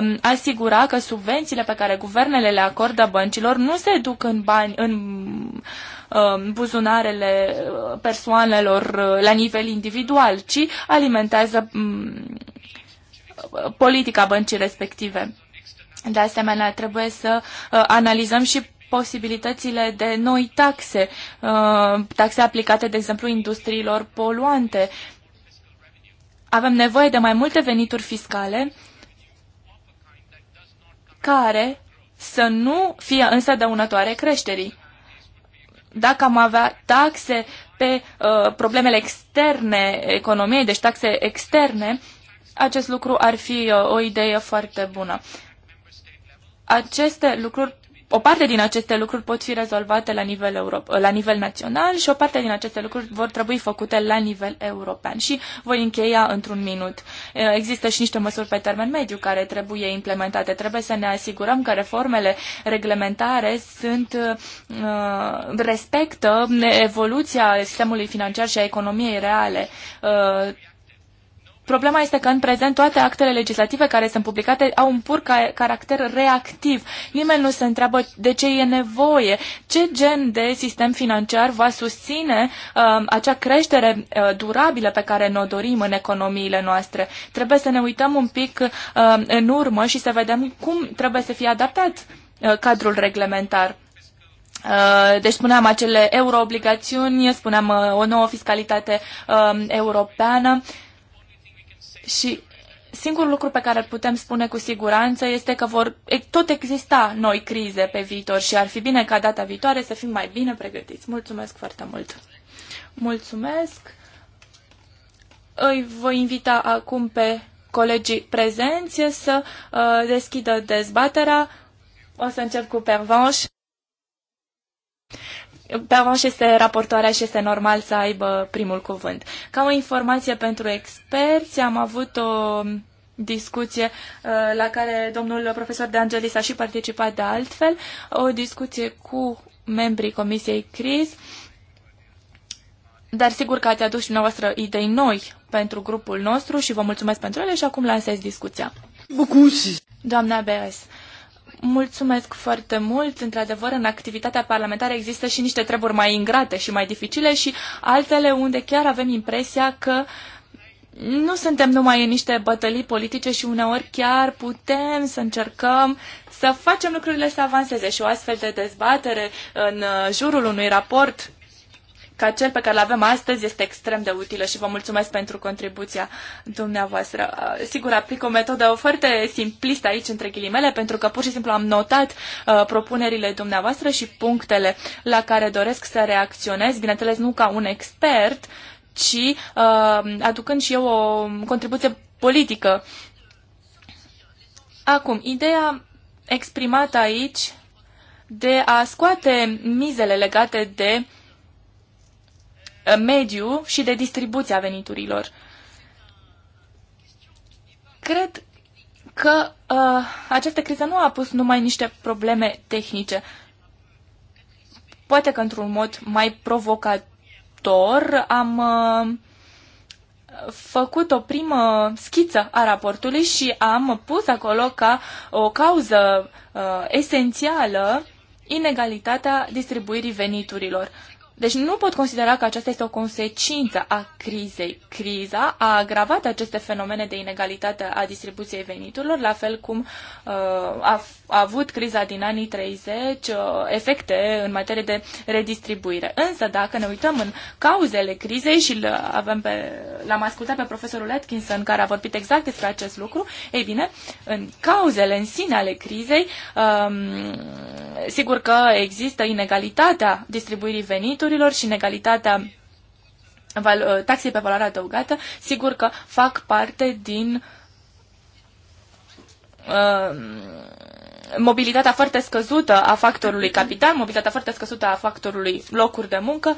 um, asigura că subvențiile pe care guvernele le acordă băncilor nu se duc în bani, în um, buzunarele persoanelor la nivel individual, ci alimentează mm, politica băncii respective. De asemenea, trebuie să uh, analizăm și posibilitățile de noi taxe, uh, taxe aplicate, de exemplu, industriilor poluante. Avem nevoie de mai multe venituri fiscale care să nu fie însă dăunătoare creșterii. Dacă am avea taxe pe uh, problemele externe economiei, deci taxe externe, uh, acest lucru ar fi uh, o idee foarte bună. Aceste lucruri, o parte din aceste lucruri pot fi rezolvate la nivel, Europa, la nivel național și o parte din aceste lucruri vor trebui făcute la nivel european. Și voi încheia într-un minut. Uh, există și niște măsuri pe termen mediu care trebuie implementate. Trebuie să ne asigurăm că reformele reglementare sunt, uh, respectă evoluția sistemului financiar și a economiei reale Problema este că în prezent toate actele legislative care sunt publicate au un pur ca caracter reactiv. Nimeni nu se întreabă de ce e nevoie, ce gen de sistem financiar va susține uh, acea creștere uh, durabilă pe care ne-o dorim în economiile noastre. Trebuie să ne uităm un pic uh, în urmă și să vedem cum trebuie să fie adaptat uh, cadrul reglementar. Uh, deci spuneam acele euroobligațiuni, spuneam uh, o nouă fiscalitate um, europeană. Uh, și singurul lucru pe care îl putem spune cu siguranță este că vor tot exista noi crize pe viitor și ar fi bine ca data viitoare să fim mai bine pregătiți. Mulțumesc foarte mult! Mulțumesc! Îi voi invita acum pe colegii prezenți să uh, deschidă dezbaterea. O să încep cu Pervanș. Pervanș este raportoarea și este normal să aibă primul cuvânt. Ca o informație pentru experți, am avut o discuție uh, la care domnul profesor De Angelis a și participat de altfel, o discuție cu membrii Comisiei CRIS, dar sigur că ați adus și dumneavoastră idei noi pentru grupul nostru și vă mulțumesc pentru ele și acum lansez discuția. Bucusi. Doamna Beres, Mulțumesc foarte mult. Într-adevăr, în activitatea parlamentară există și niște treburi mai ingrate și mai dificile și altele unde chiar avem impresia că nu suntem numai în niște bătălii politice și uneori chiar putem să încercăm să facem lucrurile să avanseze și o astfel de dezbatere în uh, jurul unui raport ca cel pe care îl avem astăzi este extrem de utilă și vă mulțumesc pentru contribuția dumneavoastră. Uh, sigur, aplic o metodă foarte simplistă aici, între ghilimele, pentru că pur și simplu am notat uh, propunerile dumneavoastră și punctele la care doresc să reacționez, bineînțeles nu ca un expert, ci uh, aducând și eu o contribuție politică. Acum, ideea exprimată aici de a scoate mizele legate de uh, Uh, mediu și de distribuția veniturilor. Cred că uh, această criză nu a pus numai niște probleme tehnice. Poate că într-un mod mai provocator am uh, făcut o primă schiță a raportului și am pus acolo ca o cauză uh, esențială inegalitatea distribuirii veniturilor. Deci nu pot considera că aceasta este o consecință a crizei. Criza a agravat aceste fenomene de inegalitate a distribuției veniturilor, la fel cum uh, a, a avut criza din anii 30 uh, efecte în materie de redistribuire. Însă, dacă ne uităm în cauzele crizei și avem pe, l-am ascultat pe profesorul Atkinson care a vorbit exact despre acest lucru, ei bine, în cauzele în sine ale crizei, um, sigur că există inegalitatea distribuirii veniturilor, veniturilor și inegalitatea ă, taxei pe valoare adăugată, sigur că fac parte din ă, mobilitatea foarte scăzută a factorului capital, mobilitatea foarte scăzută a factorului locuri de muncă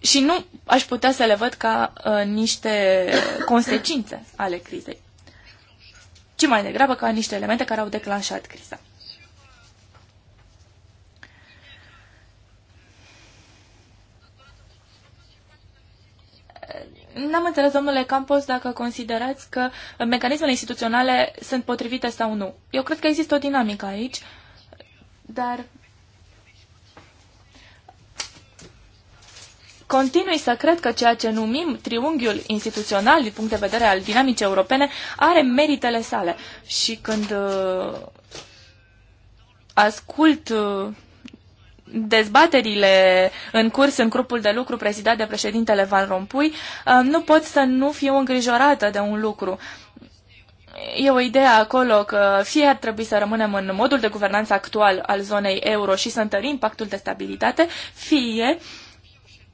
și nu aș putea să le văd ca uh, niște consecințe ale crizei, ci mai degrabă ca niște elemente care au declanșat criza. N-am înțeles, domnule Campos, dacă considerați că mecanismele instituționale sunt potrivite sau nu. Eu cred că există o dinamică aici, dar continui să cred că ceea ce numim triunghiul instituțional din punct de vedere al dinamicii europene are meritele sale. Și când uh, ascult uh, dezbaterile în curs în grupul de lucru prezidat de președintele Van Rompuy, uh, nu pot să nu fiu îngrijorată de un lucru. E o idee acolo că fie ar trebui să rămânem în modul de guvernanță actual al zonei euro și să întărim pactul de stabilitate, fie uh,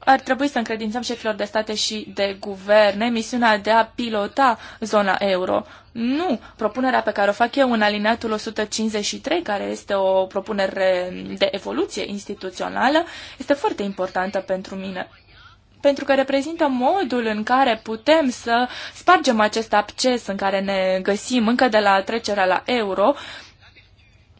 ar trebui să încredințăm șefilor de state și de guverne misiunea de a pilota zona euro. Nu, propunerea pe care o fac eu în alineatul 153, care este o propunere de evoluție instituțională, este foarte importantă pentru mine pentru că reprezintă modul în care putem să spargem acest acces în care ne găsim încă de la trecerea la euro,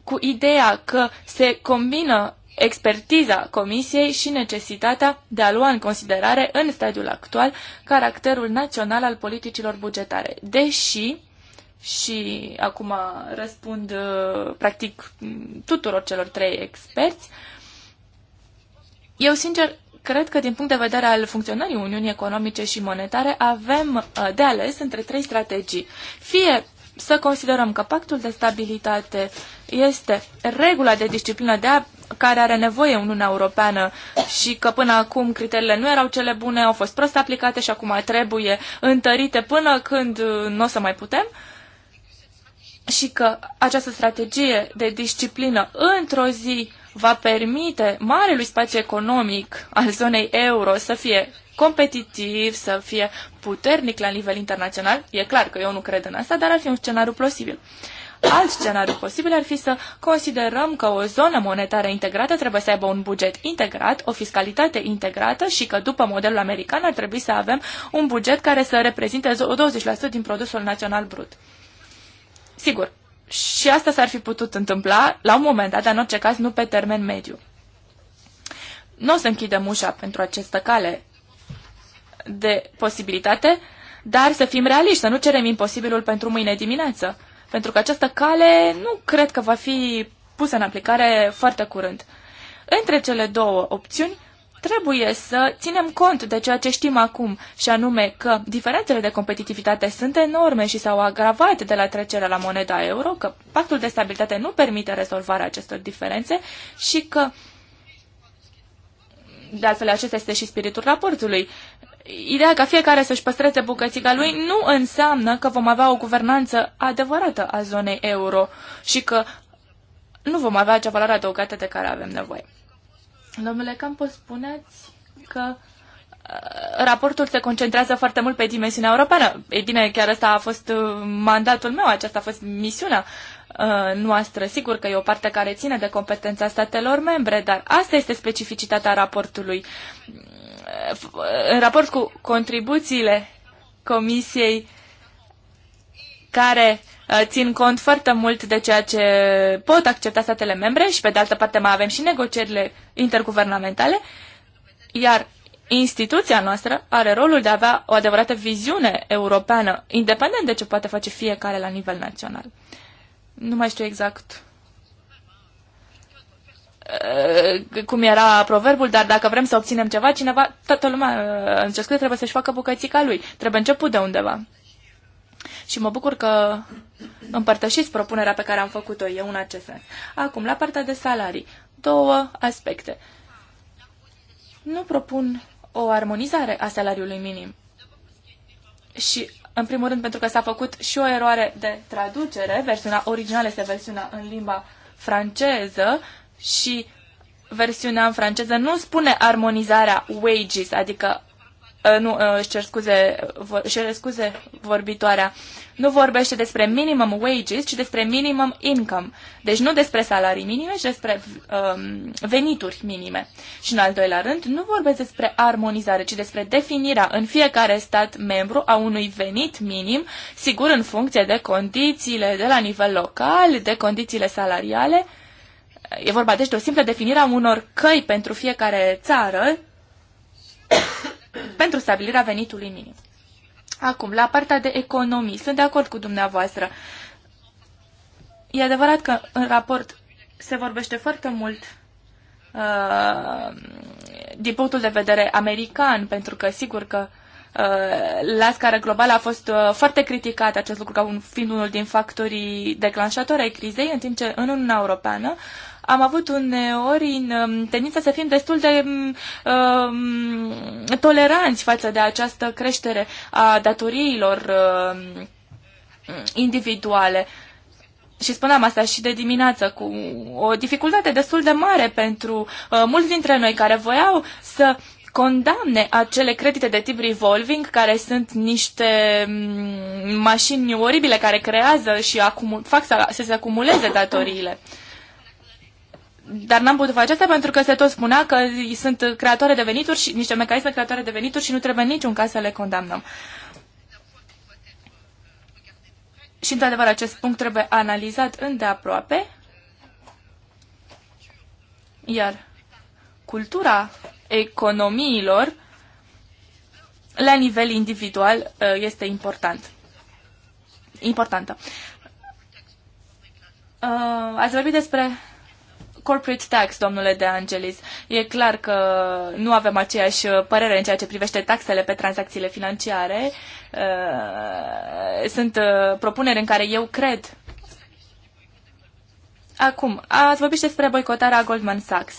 cu ideea că se combină expertiza Comisiei și necesitatea de a lua în considerare în stadiul actual caracterul național al politicilor bugetare. Deși, și acum răspund uh, practic tuturor celor trei experți, eu sincer cred că din punct de vedere al funcționării Uniunii Economice și Monetare avem uh, de ales între trei strategii. Fie să considerăm că pactul de stabilitate este regula de disciplină de a, care are nevoie Uniunea Europeană și că până acum criteriile nu erau cele bune, au fost prost aplicate și acum trebuie întărite până când nu o să mai putem și că această strategie de disciplină într-o zi va permite marelui spațiu economic al zonei euro să fie competitiv, să fie puternic la nivel internațional. E clar că eu nu cred în asta, dar ar fi un scenariu posibil. Alt scenariu posibil ar fi să considerăm că o zonă monetară integrată trebuie să aibă un buget integrat, o fiscalitate integrată și că după modelul american ar trebui să avem un buget care să reprezinte 20% din produsul național brut. Sigur, și asta s-ar fi putut întâmpla la un moment dat, dar în orice caz nu pe termen mediu. Nu o să închidem ușa pentru această cale de posibilitate, dar să fim realiști, să nu cerem imposibilul pentru mâine dimineață, pentru că această cale nu cred că va fi pusă în aplicare foarte curând. Între cele două opțiuni, trebuie să ținem cont de ceea ce știm acum, și anume că diferențele de competitivitate sunt enorme și s-au agravat de la trecerea la moneda euro, că pactul de stabilitate nu permite rezolvarea acestor diferențe și că de altfel acesta este și spiritul raportului. Ideea ca fiecare să-și păstreze bucățica lui nu înseamnă că vom avea o guvernanță adevărată a zonei euro și că nu vom avea acea valoare adăugată de care avem nevoie. Domnule Campos, spuneți că uh, raportul se concentrează foarte mult pe dimensiunea europeană. Ei bine, chiar asta a fost uh, mandatul meu, aceasta a fost misiunea uh, noastră. Sigur că e o parte care ține de competența statelor membre, dar asta este specificitatea raportului în raport cu contribuțiile Comisiei care uh, țin cont foarte mult de ceea ce pot accepta statele membre și pe de altă parte mai avem și negocierile interguvernamentale, iar instituția noastră are rolul de a avea o adevărată viziune europeană, independent de ce poate face fiecare la nivel național. Nu mai știu exact Uh, cum era proverbul, dar dacă vrem să obținem ceva, cineva, toată lumea, uh, în ce trebuie să-și facă bucățica lui. Trebuie început de undeva. Și mă bucur că împărtășiți propunerea pe care am făcut-o eu în acest sens. Acum, la partea de salarii. Două aspecte. Nu propun o armonizare a salariului minim. Și, în primul rând, pentru că s-a făcut și o eroare de traducere, versiunea originală este versiunea în limba franceză, uh, și versiunea în franceză nu spune armonizarea wages, adică ă, nu, ă, își cer scuze, își cer scuze vorbitoarea, nu vorbește despre minimum wages, ci despre minimum income. Deci nu despre salarii minime, ci despre um, venituri minime. Și în al doilea rând, nu vorbesc despre armonizare, ci despre definirea în fiecare stat membru a unui venit minim, sigur în funcție de condițiile de la nivel local, de condițiile salariale, E vorba deci de o simplă definire a unor căi pentru fiecare țară pentru stabilirea venitului minim. Acum, la partea de economii, sunt de acord cu dumneavoastră. E adevărat că în raport se vorbește foarte mult uh, din punctul de vedere american, pentru că sigur că uh, la scară globală a fost uh, foarte criticat acest lucru ca un, fiind unul din factorii declanșatori ai crizei, în timp ce în Uniunea Europeană uh, am avut uneori um, tendința să fim destul de um, um, toleranți față de această creștere a datoriilor um, individuale. Și spuneam asta și de dimineață, cu o dificultate destul de mare pentru uh, mulți dintre noi care voiau să condamne acele credite de tip revolving, care sunt niște um, mașini oribile care creează și acum, fac să, să se acumuleze datoriile dar n-am putut face asta pentru că se tot spunea că sunt creatoare de venituri și niște mecanisme creatoare de venituri și nu trebuie în niciun caz să le condamnăm. Și, într-adevăr, acest punct trebuie analizat îndeaproape, iar cultura economiilor la nivel individual uh, este important. importantă. Uh, ați vorbit despre corporate tax, domnule De Angelis. E clar că nu avem aceeași uh, părere în ceea ce privește taxele pe tranzacțiile financiare. Uh, sunt uh, propuneri în care eu cred. Acum, ați vorbit despre boicotarea Goldman Sachs.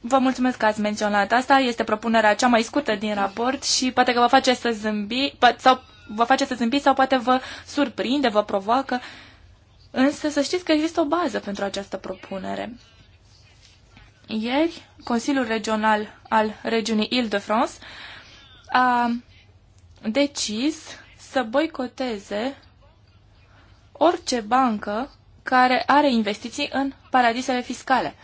Vă mulțumesc că ați menționat asta. Este propunerea cea mai scurtă din raport și poate că vă face să zâmbi, sau vă face să zâmbiți sau poate vă surprinde, vă provoacă. Uh, Însă să știți că există o bază pentru această propunere. Ieri, Consiliul Regional al regiunii Île-de-France a decis să boicoteze orice bancă care are investiții în paradisele fiscale.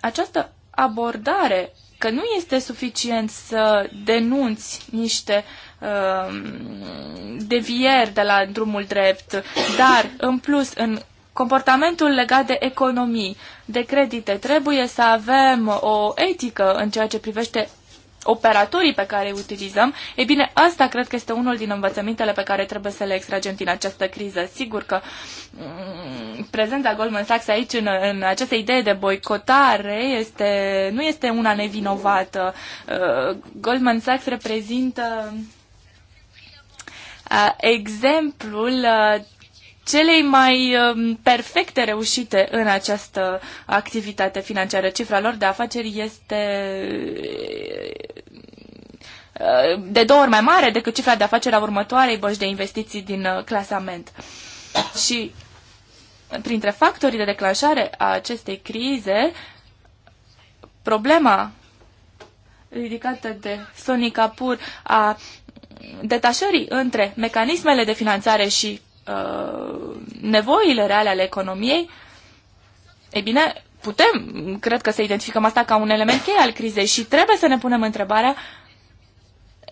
Această abordare că nu este suficient să denunți niște uh, Um, devieri de la drumul drept, dar în plus în comportamentul legat de economii, de credite, trebuie să avem o etică în ceea ce privește operatorii pe care îi utilizăm, e bine, asta cred că este unul din învățămintele pe care trebuie să le extragem din această criză. Sigur că mm, prezența Goldman Sachs aici în, în această idee de boicotare este, nu este una nevinovată. Uh, Goldman Sachs reprezintă exemplul celei mai um, perfecte reușite în această activitate financiară. Cifra lor de afaceri este de două ori mai mare decât cifra de afaceri a următoarei băși de investiții din uh, clasament. Și printre factorii de declanșare a acestei crize, problema ridicată de Sonic Apur a detașării între mecanismele de finanțare și uh, nevoile reale ale economiei, e bine, putem, cred că să identificăm asta ca un element cheie al crizei și trebuie să ne punem întrebarea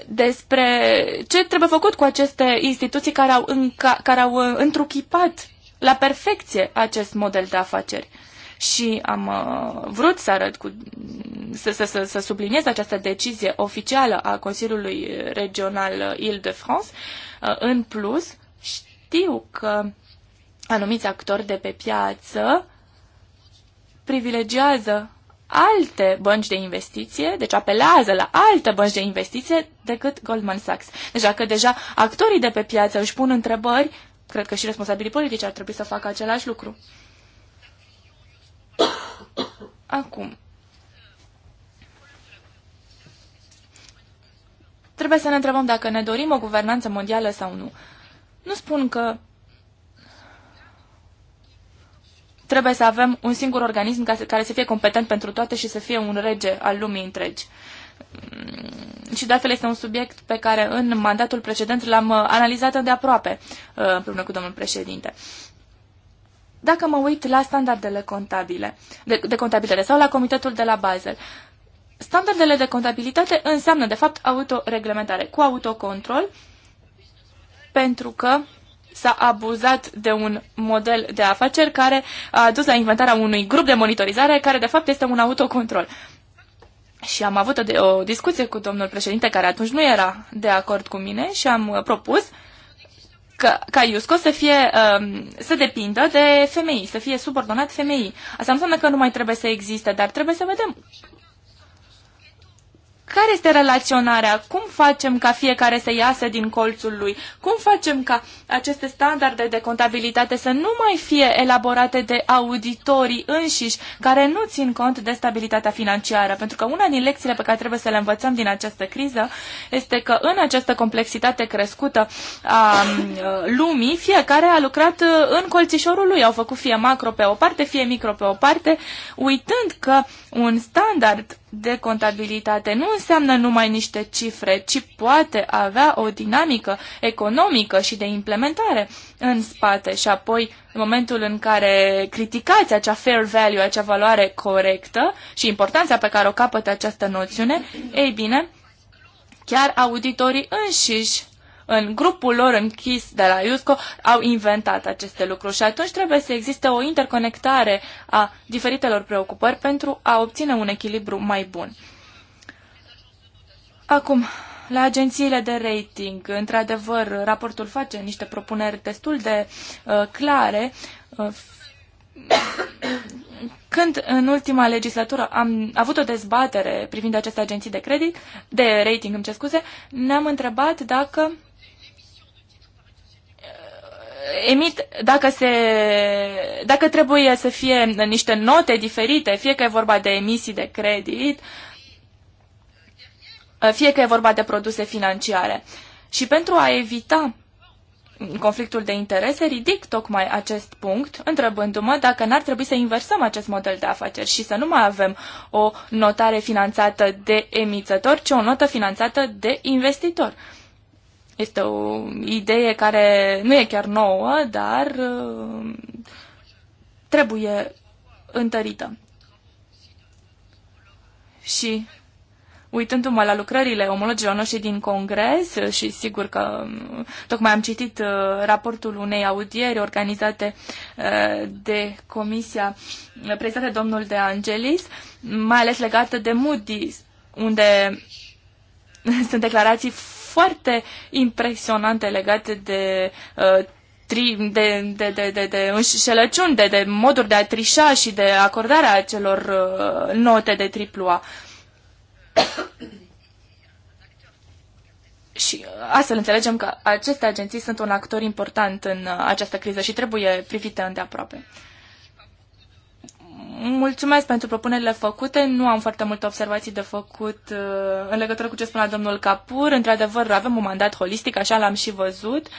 despre ce trebuie făcut cu aceste instituții care au, înca, care au uh, întruchipat la perfecție acest model de afaceri și am uh, vrut să arăt cu, să, să, să, să subliniez această decizie oficială a Consiliului Regional Île-de-France. Uh, în plus, știu că anumiți actori de pe piață privilegiază alte bănci de investiție, deci apelează la alte bănci de investiție decât Goldman Sachs. Deci dacă deja actorii de pe piață își pun întrebări, cred că și responsabilii politici ar trebui să facă același lucru. Acum, trebuie să ne întrebăm dacă ne dorim o guvernanță mondială sau nu. Nu spun că trebuie să avem un singur organism care să fie competent pentru toate și să fie un rege al lumii întregi. Mm, și de altfel este un subiect pe care în mandatul precedent l-am uh, analizat de aproape uh, împreună cu domnul președinte. Uh, dacă mă uit la standardele contabile, de, de contabilitate sau la comitetul de la Basel, standardele de contabilitate înseamnă, de fapt, autoreglementare cu autocontrol, pentru că s-a abuzat de un model de afaceri care a dus la inventarea unui grup de monitorizare care, de fapt, este un autocontrol. Și am avut o, o discuție cu domnul președinte, care atunci nu era de acord cu mine, și am uh, propus uh, ca, ca IUSCO să, fie, um, să depindă de femei, să fie subordonat femeii. Asta nu înseamnă că nu mai trebuie să existe, dar trebuie să vedem care este relaționarea? Cum facem ca fiecare să iasă din colțul lui? Cum facem ca aceste standarde de contabilitate să nu mai fie elaborate de auditorii înșiși, care nu țin cont de stabilitatea financiară? Pentru că una din lecțiile pe care trebuie să le învățăm din această criză este că în această complexitate crescută a mm, lumii, fiecare a lucrat uh, în colțișorul lui. Au făcut fie macro pe o parte, fie micro pe o parte, uitând că un standard de contabilitate nu înseamnă numai niște cifre, ci poate avea o dinamică economică și de implementare în spate și apoi în momentul în care criticați acea fair value, acea valoare corectă și importanța pe care o capătă această noțiune, ei bine, chiar auditorii înșiși în grupul lor închis de la IUSCO au inventat aceste lucruri și atunci trebuie să existe o interconectare a diferitelor preocupări pentru a obține un echilibru mai bun. Acum, la agențiile de rating, într-adevăr, raportul face niște propuneri destul de uh, clare. Uh, când în ultima legislatură am avut o dezbatere privind aceste agenții de credit, de rating, îmi cer scuze, ne-am întrebat dacă emit, dacă, se, dacă trebuie să fie niște note diferite, fie că e vorba de emisii de credit, fie că e vorba de produse financiare. Și pentru a evita conflictul de interese, ridic tocmai acest punct, întrebându-mă dacă n-ar trebui să inversăm acest model de afaceri și să nu mai avem o notare finanțată de emițător, ci o notă finanțată de investitor. Este o idee care nu e chiar nouă, dar uh, trebuie întărită. Și uitându-mă la lucrările omologilor noștri din Congres uh, și sigur că um, tocmai am citit uh, raportul unei audieri organizate de comisia prezentată domnul de Angelis, mai ales legată de Moody's, unde sunt declarații foarte impresionante legate de uh, tri, de, de, de, de, de înșelăciuni, de, de moduri de a trișa și de acordarea acelor uh, note de triplu A. și uh, astfel înțelegem că aceste agenții sunt un actor important în uh, această criză și trebuie privite îndeaproape. aproape. Mulțumesc pentru propunerile făcute. Nu am foarte multe observații de făcut uh, în legătură cu ce spunea domnul Capur. Într-adevăr, avem un mandat holistic, așa l-am și văzut. Uh,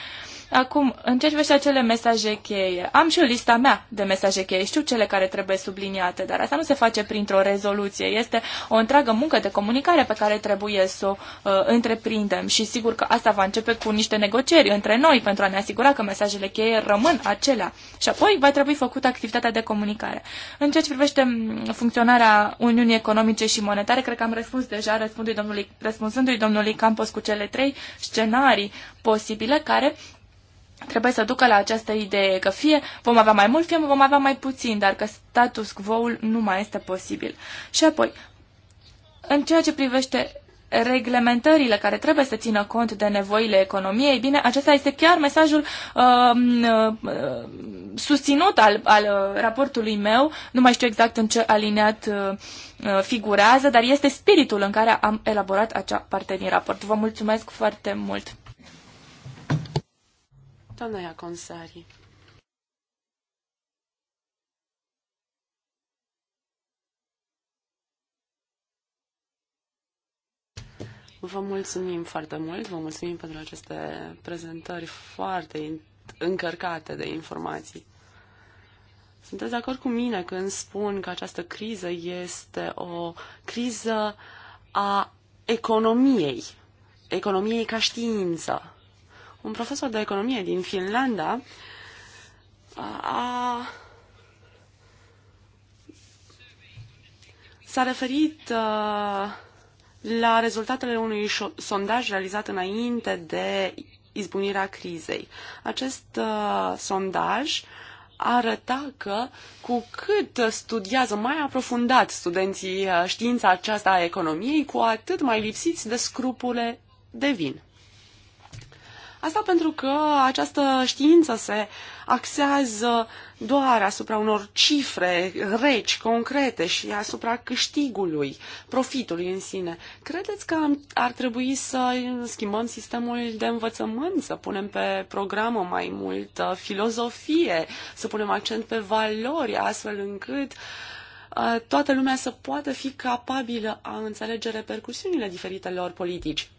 Acum, în ce privește acele mesaje cheie, am și o lista mea de mesaje cheie, știu cele care trebuie subliniate, dar asta nu se face printr-o rezoluție, este o întreagă muncă de comunicare pe care trebuie să o uh, întreprindem și sigur că asta va începe cu niște negocieri între noi pentru a ne asigura că mesajele cheie rămân acelea și apoi va trebui făcută activitatea de comunicare. În ce privește funcționarea Uniunii Economice și Monetare, cred că am răspuns deja răspundându-i domnului, răspunsându domnului Campos cu cele trei scenarii posibile care trebuie să ducă la această idee că fie vom avea mai mult, fie vom avea mai puțin, dar că status quo-ul nu mai este posibil. Și apoi, în ceea ce privește reglementările care trebuie să țină cont de nevoile economiei, bine, acesta este chiar mesajul uh, uh, susținut al, al uh, raportului meu, nu mai știu exact în ce alineat uh, uh, figurează, dar este spiritul în care am elaborat acea parte din raport. Vă mulțumesc foarte mult! Doamna Iaconsari. Vă mulțumim foarte mult, vă mulțumim pentru aceste prezentări foarte încărcate de informații. Sunteți de acord cu mine când spun că această criză este o criză a economiei, economiei ca știință. Un profesor de economie din Finlanda a s-a referit uh, la rezultatele unui sondaj realizat înainte de izbunirea crizei. Acest uh, sondaj arăta că cu cât studiază mai aprofundat studenții uh, știința aceasta a economiei, cu atât mai lipsiți de scrupule devin. Asta pentru că această știință se axează doar asupra unor cifre reci, concrete și asupra câștigului, profitului în sine. Credeți că ar trebui să schimbăm sistemul de învățământ, să punem pe programă mai mult filozofie, să punem accent pe valori, astfel încât toată lumea să poată fi capabilă a înțelege repercusiunile diferitelor politici.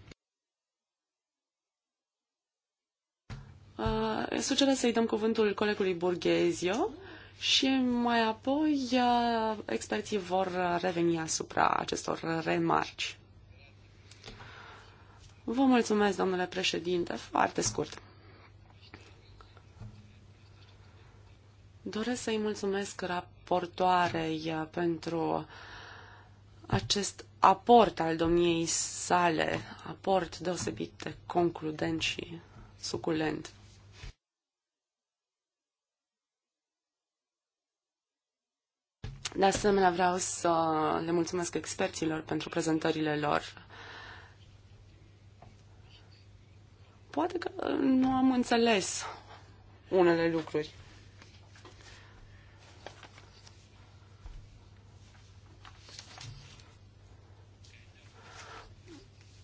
Uh, sugerez să-i dăm cuvântul colegului Burghezio și mai apoi uh, experții vor reveni asupra acestor remarci. Vă mulțumesc, domnule președinte, foarte scurt. Doresc să-i mulțumesc raportoarei uh, pentru acest aport al domniei sale, aport deosebit de concludent și suculent. De asemenea, vreau să le mulțumesc experților pentru prezentările lor. Poate că nu am înțeles unele lucruri.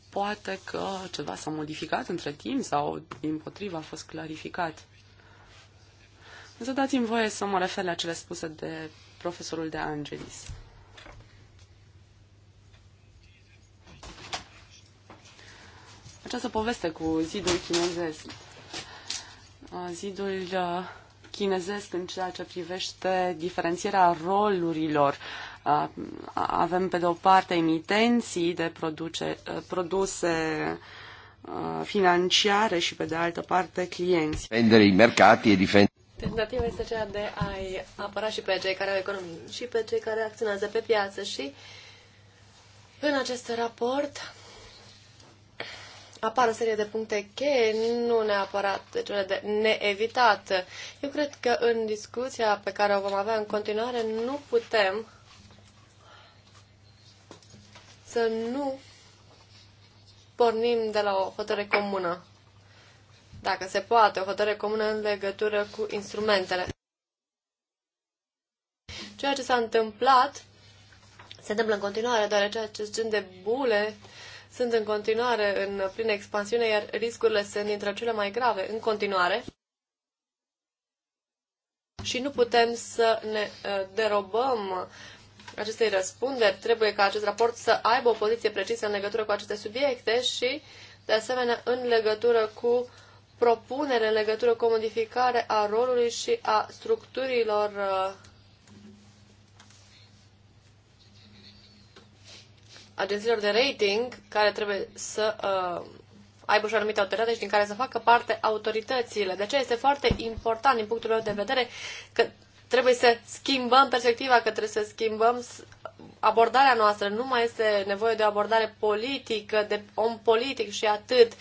Poate că ceva s-a modificat între timp sau, din potriva, a fost clarificat. Însă dați-mi voie să mă refer la cele spuse de profesorul De Angelis. Această poveste cu zidul chinezesc. Uh, zidul uh, chinezesc în ceea ce privește diferențierea rolurilor. Uh, avem pe de o parte emitenții de produce, produse financiare și pe de altă parte clienți. Venderii mercati e Tentativa este aceea de a-i apăra și pe cei care au economii și pe cei care acționează pe piață și în acest raport apar o serie de puncte cheie, nu neapărat cele de neevitat. Eu cred că în discuția pe care o vom avea în continuare nu putem să nu pornim de la o hotărâre comună dacă se poate, o hotărâre comună în legătură cu instrumentele. Ceea ce s-a întâmplat se întâmplă în continuare, deoarece acest gen de bule sunt în continuare în plină expansiune, iar riscurile sunt dintre cele mai grave în continuare. Și nu putem să ne ă, derobăm acestei răspunderi. Trebuie ca acest raport să aibă o poziție precisă în legătură cu aceste subiecte și, de asemenea, în legătură cu propunere în legătură cu o modificare a rolului și a structurilor uh, agențiilor de rating care trebuie să uh, aibă și o anumită autoritate și din care să facă parte autoritățile. De aceea este foarte important din punctul meu de vedere că trebuie să schimbăm perspectiva, că trebuie să schimbăm abordarea noastră. Nu mai este nevoie de o abordare politică, de om politic și atât. Uh,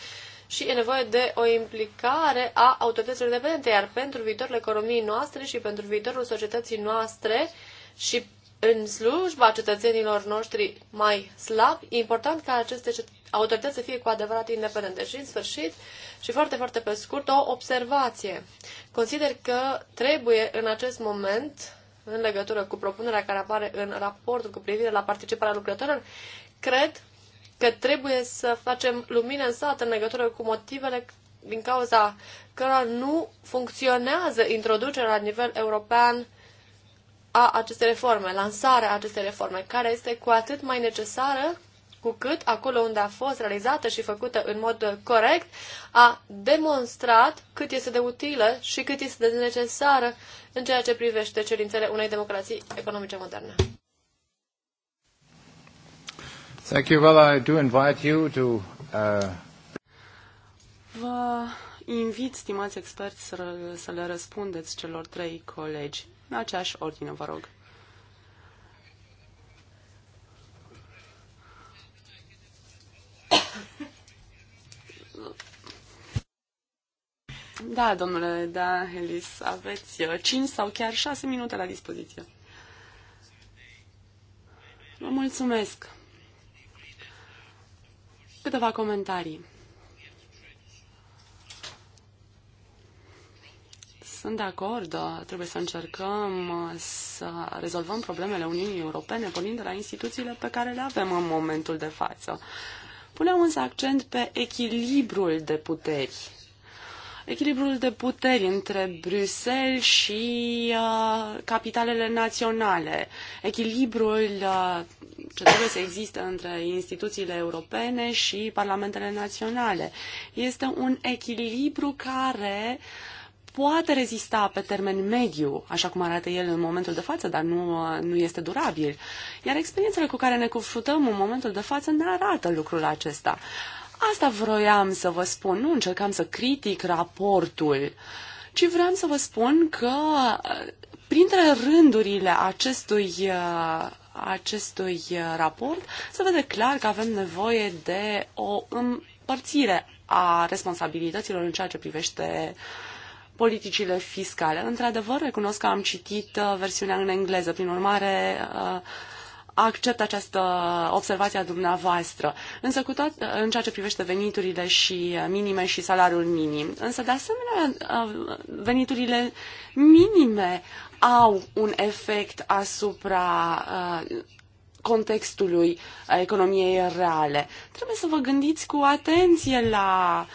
și e nevoie de o implicare a autorităților independente, iar pentru viitorul economiei noastre și pentru viitorul societății noastre și în slujba cetățenilor noștri mai slabi, e important ca aceste autorități să fie cu adevărat independente. Și în sfârșit, și foarte, foarte pe scurt, o observație. Consider că trebuie în acest moment, în legătură cu propunerea care apare în raportul cu privire la participarea lucrătorilor, cred că trebuie să facem lumină în sat în legătură cu motivele din cauza cărora nu funcționează introducerea la nivel european a acestei reforme, lansarea acestei reforme, care este cu atât mai necesară cu cât acolo unde a fost realizată și făcută în mod corect, a demonstrat cât este de utilă și cât este de necesară în ceea ce privește cerințele unei democrații economice moderne. Thank you. Well, I do invite you to, uh... Vă invit, stimați experți, să, să le răspundeți celor trei colegi. În aceeași ordine, vă rog. Da, domnule, da, Helis, aveți 5 uh, sau chiar 6 minute la dispoziție. Vă mulțumesc. Câteva comentarii. Sunt de acord, trebuie să încercăm să rezolvăm problemele Uniunii Europene pornind de la instituțiile pe care le avem în momentul de față. Punem însă accent pe echilibrul de puteri echilibrul de puteri între Bruxelles și uh, capitalele naționale, echilibrul uh, ce trebuie să existe între instituțiile europene și parlamentele naționale. Este un echilibru care poate rezista pe termen mediu, așa cum arată el în momentul de față, dar nu, uh, nu este durabil. Iar experiențele cu care ne confruntăm în momentul de față ne arată lucrul acesta. Asta vroiam să vă spun, nu încercam să critic raportul, ci vreau să vă spun că uh, printre rândurile acestui, uh, acestui uh, raport se vede clar că avem nevoie de o împărțire a responsabilităților în ceea ce privește politicile fiscale. Într-adevăr, recunosc că am citit versiunea în engleză, prin urmare accept această observație a dumneavoastră, însă cu toate, în ceea ce privește veniturile și uh, minime și salariul minim. Însă, de asemenea, uh, veniturile minime au un efect asupra uh, contextului economiei reale. Trebuie să vă gândiți cu atenție la,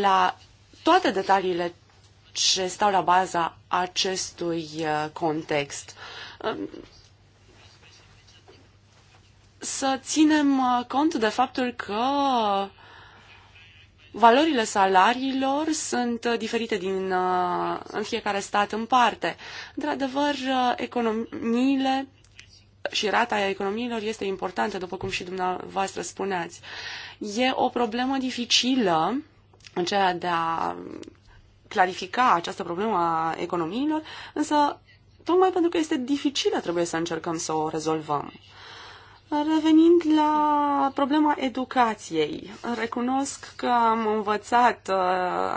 la toate detaliile ce stau la baza acestui context să ținem uh, cont de faptul că valorile salariilor sunt uh, diferite din, uh, în fiecare stat în parte. Într-adevăr, economiile și rata economiilor este importantă, după cum și dumneavoastră spuneați. E o problemă dificilă, ceea de a clarifica această problemă a economiilor, însă tocmai pentru că este dificilă trebuie să încercăm să o rezolvăm. Revenind la problema educației, recunosc că am învățat, uh,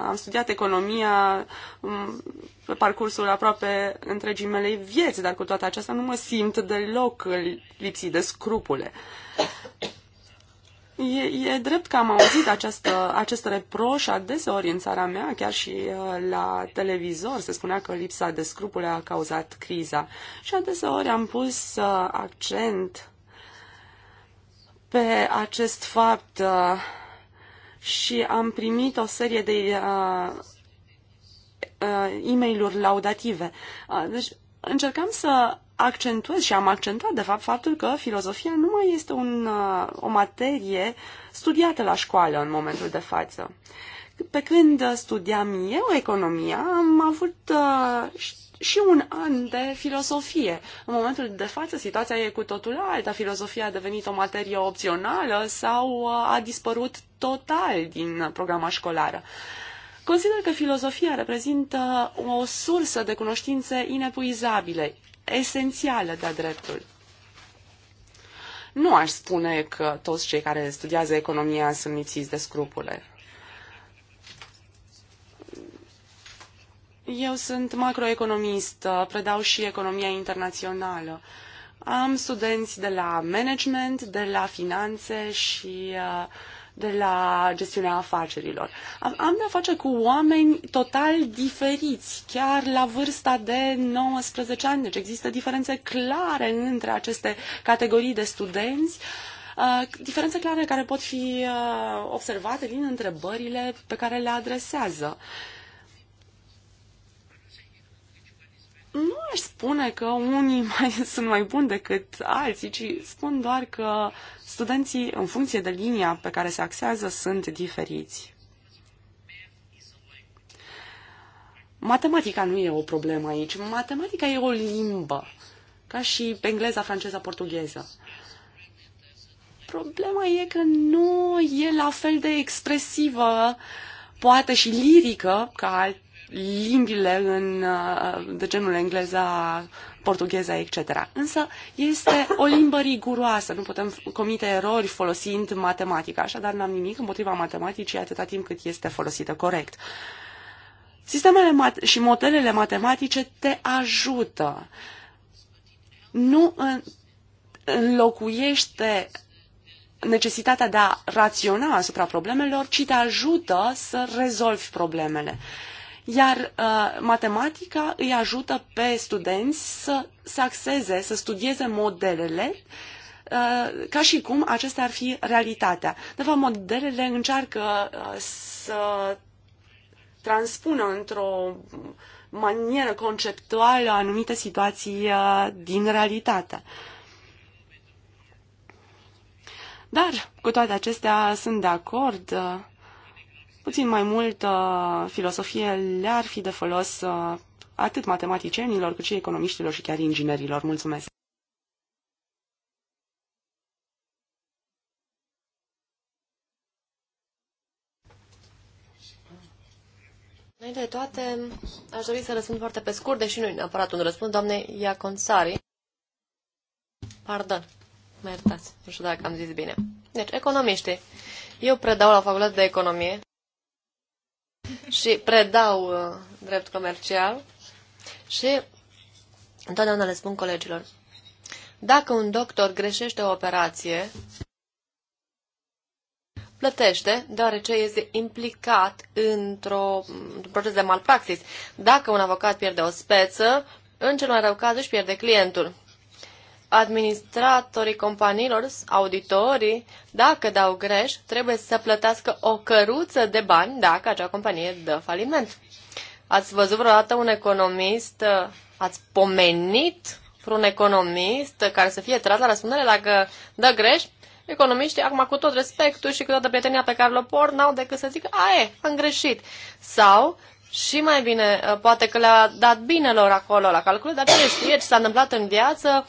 am studiat economia um, pe parcursul aproape întregii mele vieți, dar cu toate acestea nu mă simt deloc lipsit de scrupule. E, e drept că am auzit această, acest reproș adeseori în țara mea, chiar și uh, la televizor se spunea că lipsa de scrupule a cauzat criza. Și adeseori am pus uh, accent pe acest fapt uh, și am primit o serie de uh, uh, e mail laudative. Deci încercam să accentuez și am accentuat, de fapt, faptul că filozofia nu mai este un, o materie studiată la școală în momentul de față pe când studiam eu economia, am avut uh, și un an de filosofie. În momentul de față, situația e cu totul alta. Filosofia a devenit o materie opțională sau uh, a dispărut total din programa școlară. Consider că filozofia reprezintă uh, o sursă de cunoștințe inepuizabile, esențială de-a dreptul. Nu aș spune că toți cei care studiază economia sunt lipsiți de scrupule. Eu sunt macroeconomist, predau și economia internațională. Am studenți de la management, de la finanțe și uh, de la gestiunea afacerilor. Am de-a face cu oameni total diferiți, chiar la vârsta de 19 ani. Deci există diferențe clare între aceste categorii de studenți. Uh, diferențe clare care pot fi uh, observate din întrebările pe care le adresează. Nu aș spune că unii mai, sunt mai buni decât alții, ci spun doar că studenții, în funcție de linia pe care se axează, sunt diferiți. Matematica nu e o problemă aici. Matematica e o limbă, ca și pe engleza, franceza, portugheză. Problema e că nu e la fel de expresivă, poate și lirică, ca limbile în, uh, de genul engleza, portugheza, etc. Însă este o limbă riguroasă, nu putem comite erori folosind matematica, așadar n-am nimic împotriva matematicii atâta timp cât este folosită corect. Sistemele și modelele matematice te ajută. Nu înlocuiește necesitatea de a raționa asupra problemelor, ci te ajută să rezolvi problemele. Uh, iar uh, matematica îi ajută pe studenți să se axeze, să studieze modelele uh, ca și cum acestea ar fi realitatea. De fapt, modelele încearcă uh, să transpună într-o manieră conceptuală anumite situații uh, din realitate. Dar, cu toate acestea, sunt de acord Puțin mai uh, filosofie le-ar fi de folos uh, atât matematicienilor cât și economiștilor și chiar inginerilor. Mulțumesc! Înainte de toate, aș dori să răspund foarte pe scurt, deși nu e neapărat un răspuns, doamne Iaconsari. Pardon, mă iertați, nu știu dacă am zis bine. Deci, economiștii. Eu predau la facultate de economie și predau uh, drept comercial și întotdeauna le spun colegilor, dacă un doctor greșește o operație, plătește, deoarece este implicat într într proces de malpraxis. Dacă un avocat pierde o speță, în cel mai rău caz își pierde clientul administratorii companiilor, auditorii, dacă dau greș, trebuie să plătească o căruță de bani dacă acea companie dă faliment. Ați văzut vreodată un economist, ați pomenit vreun economist care să fie tras la răspundere dacă dă greș? Economiștii, acum cu tot respectul și cu toată prietenia pe care le por, n-au decât să zică, a, e, am greșit. Sau, și mai bine, poate că le-a dat bine lor acolo la calcul, dar cine știe ce s-a întâmplat în viață,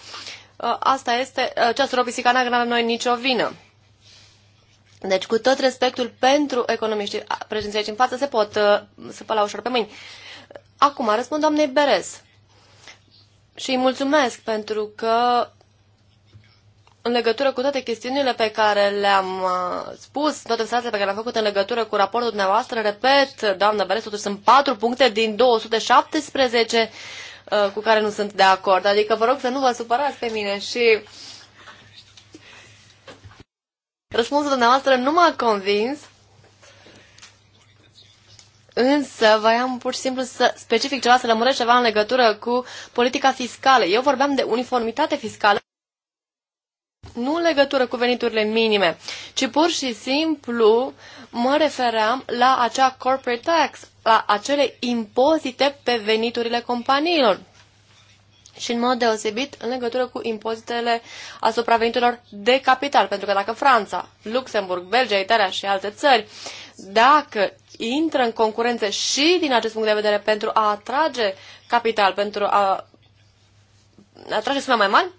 Uh, asta este, uh, această ropisicana, că nu avem noi nicio vină. Deci, cu tot respectul pentru economiști, prezenți aici în față, se pot uh, săpăla ușor pe mâini. Acum, răspund doamnei Berez. Și îi mulțumesc pentru că în legătură cu toate chestiunile pe care le-am spus, toate observațiile pe care le-am făcut în legătură cu raportul dumneavoastră, repet, doamnă Beres, totuși sunt patru puncte din 217 Uh, cu care nu sunt de acord. Adică vă rog să nu vă supărați pe mine și răspunsul dumneavoastră nu m-a convins, însă voiam pur și simplu să specific ceva, să lămuresc ceva în legătură cu politica fiscală. Eu vorbeam de uniformitate fiscală nu în legătură cu veniturile minime, ci pur și simplu mă refeream la acea corporate tax, la acele impozite pe veniturile companiilor și în mod deosebit în legătură cu impozitele asupra veniturilor de capital. Pentru că dacă Franța, Luxemburg, Belgia, Italia și alte țări, dacă intră în concurență și din acest punct de vedere pentru a atrage capital, pentru a atrage sume mai mari,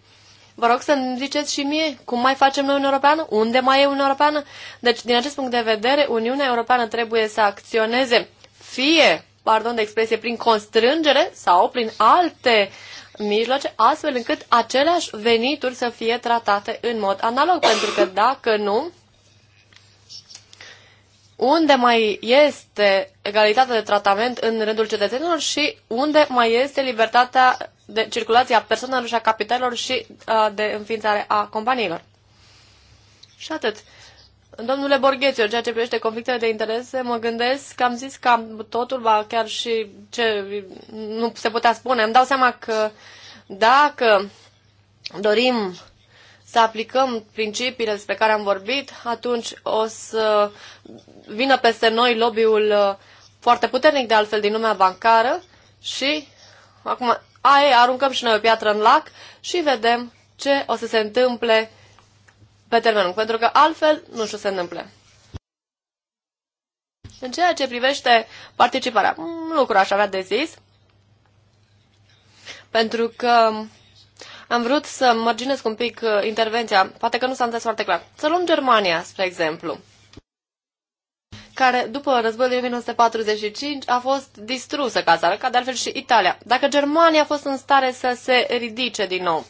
Vă rog să-mi ziceți și mie cum mai facem noi în Europeană, unde mai e Uniunea Europeană. Deci, din acest punct de vedere, Uniunea Europeană trebuie să acționeze fie, pardon de expresie, prin constrângere sau prin alte mijloace, astfel încât aceleași venituri să fie tratate în mod analog, pentru că dacă nu, unde mai este egalitatea de tratament în rândul cetățenilor și unde mai este libertatea de circulație a persoanelor și a capitalelor și de înființare a companiilor. Și atât. Domnule Borghețiu, ceea ce privește conflictele de interese, mă gândesc că am zis cam totul, ba chiar și ce nu se putea spune. Îmi dau seama că dacă dorim să aplicăm principiile despre care am vorbit, atunci o să vină peste noi lobby-ul uh, foarte puternic de altfel din lumea bancară și acum aia aruncăm și noi o piatră în lac și vedem ce o să se întâmple pe termen lung, pentru că altfel nu știu să se întâmple. În ceea ce privește participarea, un lucru aș avea de zis, pentru că am vrut să mărginesc un pic uh, intervenția, poate că nu s-a înțeles foarte clar. Să luăm Germania, spre exemplu care după războiul din 1945 a fost distrusă ca țară, ca de altfel și Italia. Dacă Germania a fost în stare să se ridice din nou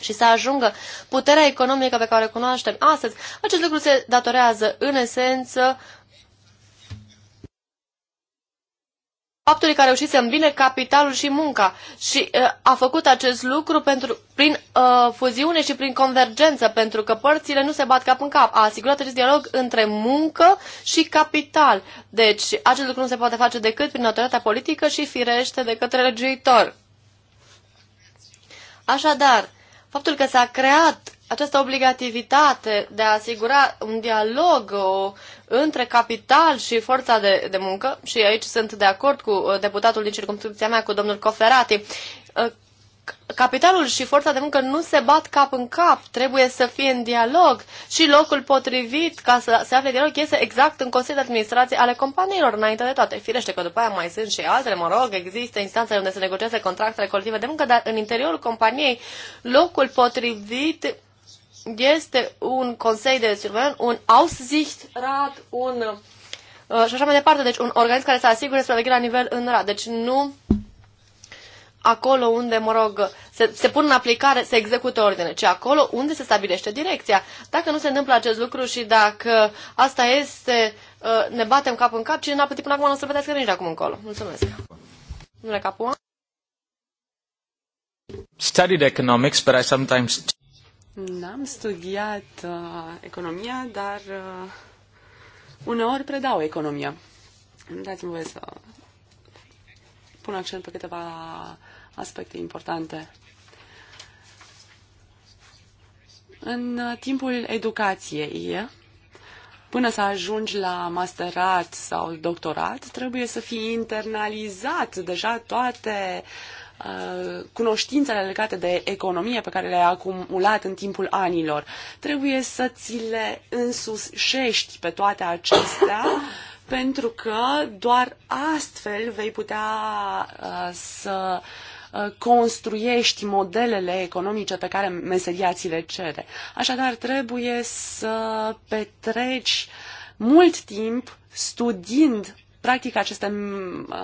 și să ajungă puterea economică pe care o cunoaștem astăzi, acest lucru se datorează în esență faptului că a reușit să îmbine capitalul și munca și uh, a făcut acest lucru pentru, prin uh, fuziune și prin convergență, pentru că părțile nu se bat cap în cap. A asigurat acest dialog între muncă și capital. Deci, acest lucru nu se poate face decât prin autoritatea politică și firește de către legiuitor. Așadar, faptul că s-a creat această obligativitate de a asigura un dialog o, între capital și forța de, de muncă, și aici sunt de acord cu uh, deputatul din circunscripția mea, cu domnul Coferati, uh, capitalul și forța de muncă nu se bat cap în cap, trebuie să fie în dialog și locul potrivit ca să se afle dialog este exact în Consiliul de Administrație ale companiilor, înainte de toate. Firește că după aia mai sunt și altele, mă rog, există instanțe unde se negociază contractele colective de muncă, dar în interiorul companiei locul potrivit este un Consei de Surveillance, un Aufsichtsrat, un uh, și așa mai departe, deci un organism care să asigure supravegherea la nivel în rat. Deci nu acolo unde, mă rog, se, se pun în aplicare, se execută ordine, ci acolo unde se stabilește direcția. Dacă nu se întâmplă acest lucru și dacă asta este, uh, ne batem cap în cap, cine n-a plătit până acum nu o să plătească nici de acum încolo. Mulțumesc. le Capua? Studied economics, but I sometimes N-am da, studiat uh, economia, dar uh, uneori predau economia. Dați-mi voie să pun accent pe câteva aspecte importante. În uh, timpul educației, până să ajungi la masterat sau doctorat, trebuie să fii internalizat deja toate uh, Uh, cunoștințele legate de economie pe care le-ai acumulat în timpul anilor. Trebuie să ți le însușești pe toate acestea pentru că doar astfel vei putea uh, să uh, construiești modelele economice pe care meseria ți le cere. Așadar, trebuie să petreci mult timp studiind practic aceste uh,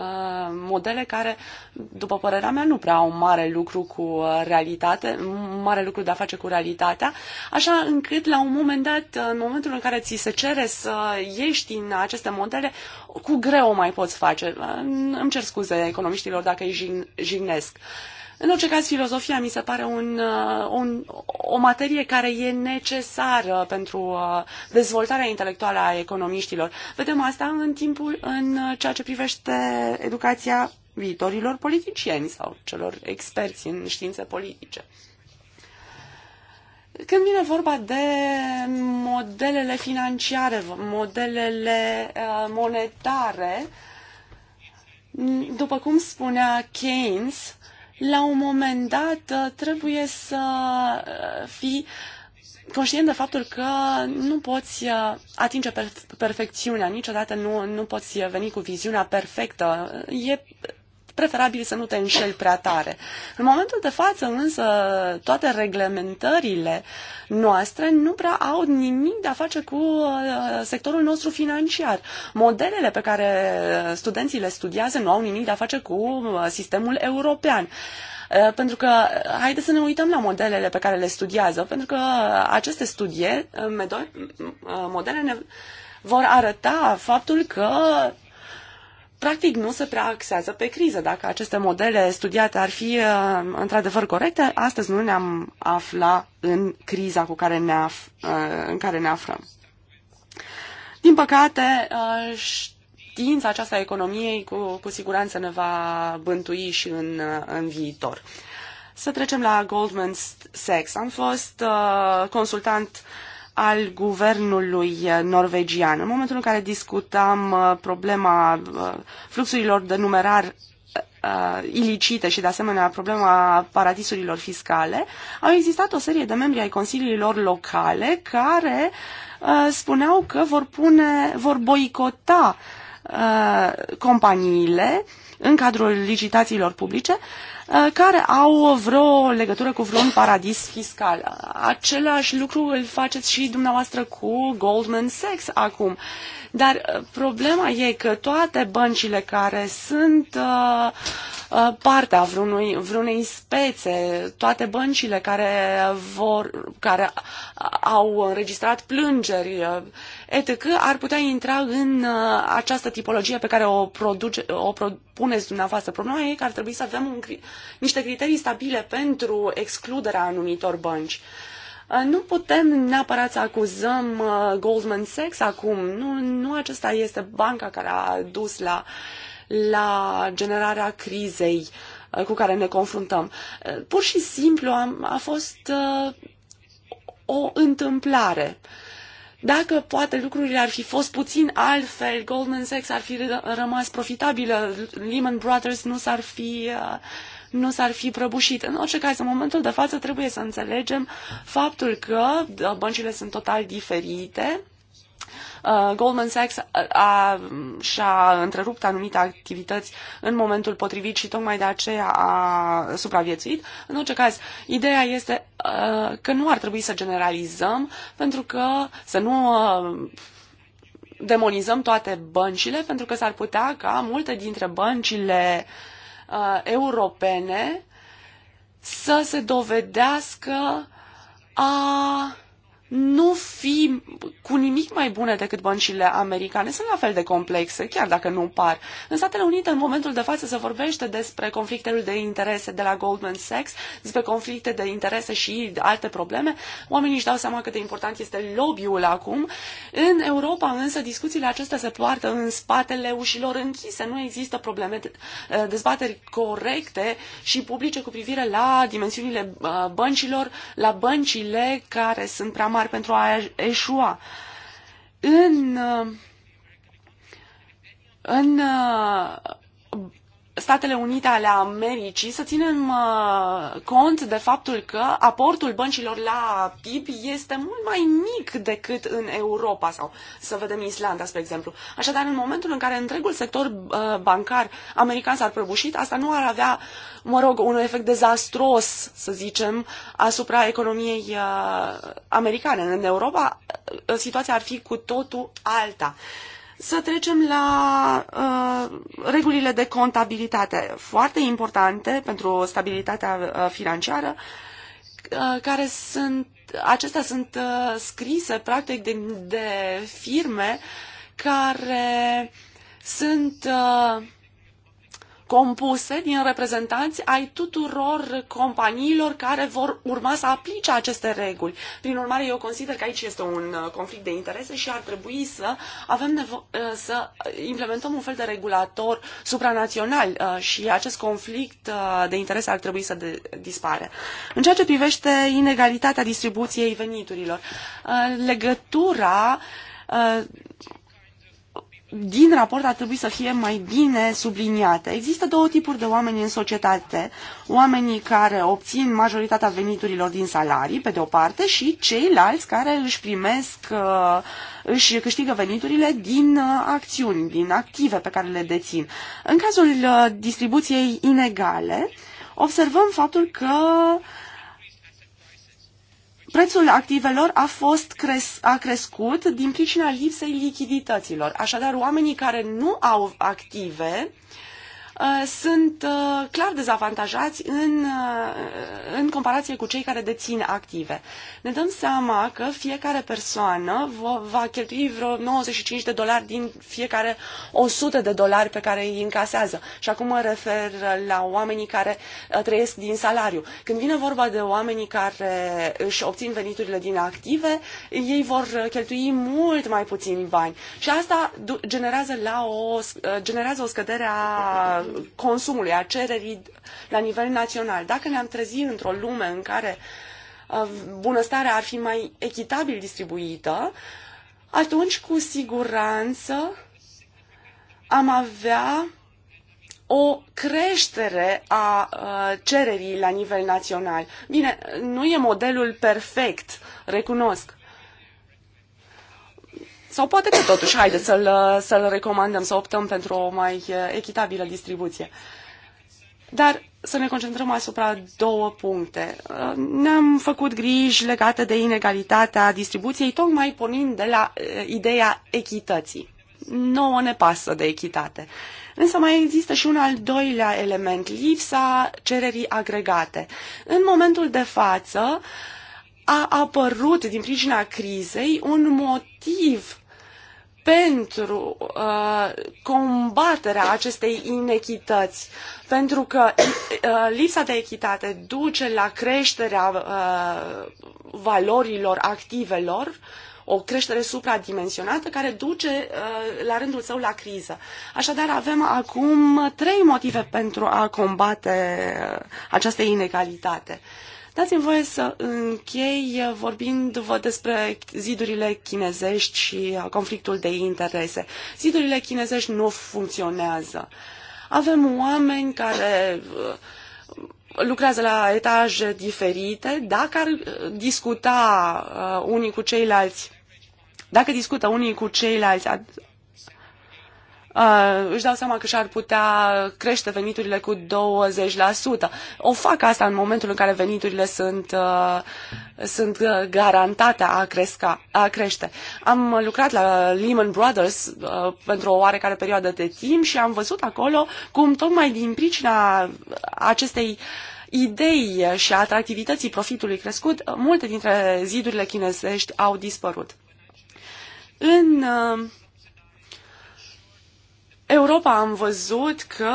modele care, după părerea mea, nu prea au mare lucru cu realitate, mare lucru de a face cu realitatea, așa încât la un moment dat, în momentul în care ți se cere să ieși din aceste modele, cu greu o mai poți face. Îmi cer scuze economiștilor dacă îi jignesc. Uh, în orice caz, filozofia mi se pare un, uh, un, o materie care e necesară pentru uh, dezvoltarea intelectuală a economiștilor. Vedem asta în timpul, în ceea ce privește educația viitorilor politicieni sau celor experți în științe politice. Când vine vorba de modelele financiare, modelele uh, monetare, după cum spunea Keynes, la un moment dat uh, trebuie să uh, fii conștient de faptul că nu poți uh, atinge perfecțiunea, niciodată nu, nu poți veni cu viziunea perfectă. E preferabil să nu te înșeli prea tare. În momentul de față, însă, toate reglementările noastre nu prea au nimic de a face cu uh, sectorul nostru financiar. Modelele pe care uh, studenții le studiază nu au nimic de a face cu uh, sistemul european pentru că haideți să ne uităm la modelele pe care le studiază, pentru că aceste studie, modele ne vor arăta faptul că practic nu se prea axează pe criză. Dacă aceste modele studiate ar fi uh, într-adevăr corecte, astăzi nu ne-am afla în criza cu care ne af- uh, în care ne aflăm. Din păcate, uh, știința aceasta a economiei cu, cu siguranță ne va bântui și în, în viitor. Să trecem la Goldman Sachs. Am fost uh, consultant uh, al guvernului uh, norvegian. În momentul în care discutam uh, problema uh, fluxurilor de numerar ilicite și de asemenea problema paradisurilor fiscale, au existat o serie de membri ai consiliilor locale care spuneau că vor pune, vor boicota companiile în cadrul licitațiilor publice Uh, care au vreo legătură cu vreun paradis fiscal. Același lucru îl faceți și dumneavoastră cu Goldman Sachs acum. Uh, dar uh, problema e că toate băncile care sunt uh, uh, partea vreunui, vreunei spețe, toate băncile care, vor, care au înregistrat plângeri, etc., ar putea intra în această tipologie pe care o, produce, o propuneți dumneavoastră. Problema e că ar trebui să avem un, niște criterii stabile pentru excluderea anumitor bănci. Uh, nu putem neapărat să acuzăm uh, Goldman Sachs acum. Nu, nu acesta este banca care a dus la, la generarea crizei uh, cu care ne confruntăm. Pur și simplu am, a fost o întâmplare. Dacă poate lucrurile ar fi fost puțin altfel, Goldman Sachs ar fi rămas profitabilă, Lehman Brothers nu s-ar fi uh, nu s-ar fi prăbușit. În orice caz, în momentul de față trebuie să înțelegem faptul că da, băncile sunt total diferite, Uh, Goldman Sachs a, uh, a, și-a întrerupt anumite activități în momentul potrivit și tocmai de aceea a supraviețuit. În orice caz, ideea este uh, că nu ar trebui să generalizăm pentru că să nu uh, demonizăm toate băncile pentru că s-ar putea ca multe dintre băncile uh, uh, europene să se dovedească a nu fi cu nimic mai bune decât băncile americane. Sunt la fel de complexe, chiar dacă nu par. În Statele Unite, în momentul de față, se vorbește despre conflictele de interese de la Goldman Sachs, despre conflicte de interese și alte probleme. Oamenii își dau seama cât de important este lobby-ul acum. În Europa, însă, discuțiile acestea se poartă în spatele ușilor închise. Nu există probleme, eh, dezbateri corecte și publice cu privire la dimensiunile eh, băncilor, la băncile care sunt prea mari mari pentru a eșua. În, în Statele Unite ale Americii, să ținem uh, cont de faptul că aportul băncilor la PIB este mult mai mic decât în Europa sau să vedem Islanda, spre exemplu. Așadar, în momentul în care întregul sector uh, bancar american s-ar prăbușit, asta nu ar avea, mă rog, un efect dezastros, să zicem, asupra economiei uh, americane. În Europa, situația ar fi cu totul alta. Uh, să trecem la uh, regulile de contabilitate, foarte importante pentru stabilitatea uh, financiară, uh, care sunt, acestea sunt uh, scrise practic de, de firme care sunt uh, compuse din reprezentanți ai tuturor companiilor care vor urma să aplice aceste reguli. Prin urmare, eu consider că aici este un uh, conflict de interese și ar trebui să avem uh, să implementăm un fel de regulator supranațional uh, și acest conflict de interese ar trebui să de- dispare. În ceea ce privește inegalitatea distribuției veniturilor, legătura din raport ar trebui să fie mai bine subliniate. Există două tipuri de oameni în societate. Oamenii care obțin majoritatea veniturilor din salarii, pe de o parte, și ceilalți care își primesc, uh, își câștigă veniturile din uh, acțiuni, din active pe care le dețin. În cazul uh, distribuției inegale, observăm faptul că prețul activelor a fost cres, a crescut din pricina lipsei lichidităților. Așadar, oamenii care nu au active uh, Uh, sunt uh, clar dezavantajați în, uh, în comparație cu cei care dețin active. Ne dăm seama că fiecare persoană va cheltui vreo 95 de dolari din fiecare 100 de dolari pe care îi încasează. Și acum mă refer la oamenii care trăiesc din salariu. Când vine vorba de oamenii care își obțin veniturile din active, ei vor cheltui mult mai puțin bani. Și asta generează, la o, generează o scădere a consumului, a cererii la nivel național. Dacă ne-am trezit într-o lume în care uh, bunăstarea ar fi mai echitabil distribuită, atunci cu siguranță am avea o creștere a uh, cererii la nivel național. Bine, nu e modelul perfect, recunosc, sau poate că totuși, haideți să-l, să-l recomandăm, să optăm pentru o mai eh, echitabilă distribuție. Dar să ne concentrăm asupra două puncte. Eh, ne-am făcut griji legate de inegalitatea distribuției, tocmai pornind de la eh, ideea echității. Nouă ne pasă de echitate. Însă mai există și un al doilea element, lipsa cererii agregate. În momentul de față a apărut din pricina crizei un motiv pentru uh, combaterea acestei inechități, pentru că uh, lipsa de echitate duce la creșterea uh, valorilor activelor, o creștere supradimensionată care duce uh, la rândul său la criză. Așadar, avem acum trei motive pentru a combate uh, această inegalitate. Uh, Dați-mi voie să închei vorbindu-vă despre zidurile chinezești și conflictul de interese. Zidurile chinezești nu funcționează. Avem oameni care uh, lucrează la etaje diferite. Dacă ar uh, discuta uh, unii cu ceilalți dacă discută unii cu ceilalți uh, își dau seama că și-ar putea crește veniturile cu 20%. O fac asta în momentul în care veniturile sunt, uh, sunt uh, garantate a, cresca, a crește. Am lucrat la Lehman Brothers uh, pentru o oarecare perioadă de timp și am văzut acolo cum tocmai din pricina acestei idei și a atractivității profitului crescut, multe dintre zidurile chinezești au dispărut. În uh, Europa am văzut că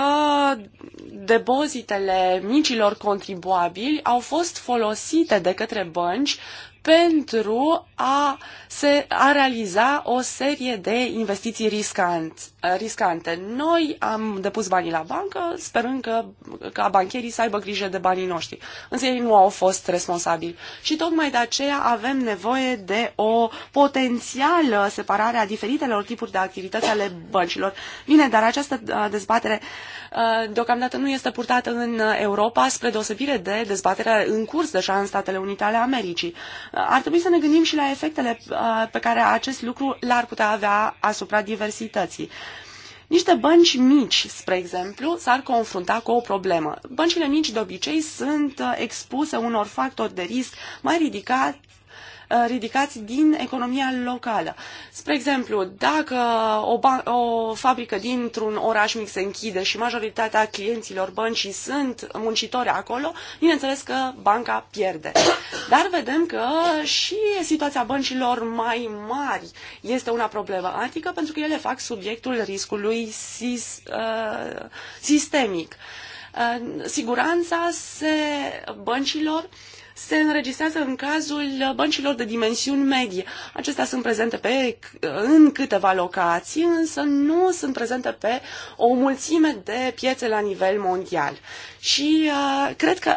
depozitele micilor contribuabili au fost folosite de către bănci pentru a, se, a realiza o serie de investiții riscant, riscante. Noi am depus banii la bancă sperând că, ca bancherii să aibă grijă de banii noștri, însă ei nu au fost responsabili. Și tocmai de aceea avem nevoie de o potențială separare a diferitelor tipuri de activități ale băncilor. Bine, dar această uh, dezbatere uh, deocamdată nu este purtată în Europa, spre deosebire de dezbaterea în curs deja în Statele Unite ale Americii ar trebui să ne gândim și la efectele uh, pe care acest lucru l-ar putea avea asupra diversității. Niște bănci mici, spre exemplu, s-ar confrunta cu o problemă. Băncile mici de obicei sunt uh, expuse unor factori de risc mai ridicați Uh, ridicați din economia locală. Spre exemplu, dacă o, o fabrică dintr-un oraș mic se închide și majoritatea clienților băncii sunt muncitori acolo, bineînțeles că banca pierde. Dar vedem că și situația băncilor mai mari este una problematică pentru că ele fac subiectul riscului sis, uh, sistemic. Uh, siguranța se băncilor uh, se înregistrează în cazul băncilor de dimensiuni medii. Acestea sunt prezente pe, în câteva locații, însă nu sunt prezente pe o mulțime de piețe la nivel mondial. Și uh, cred că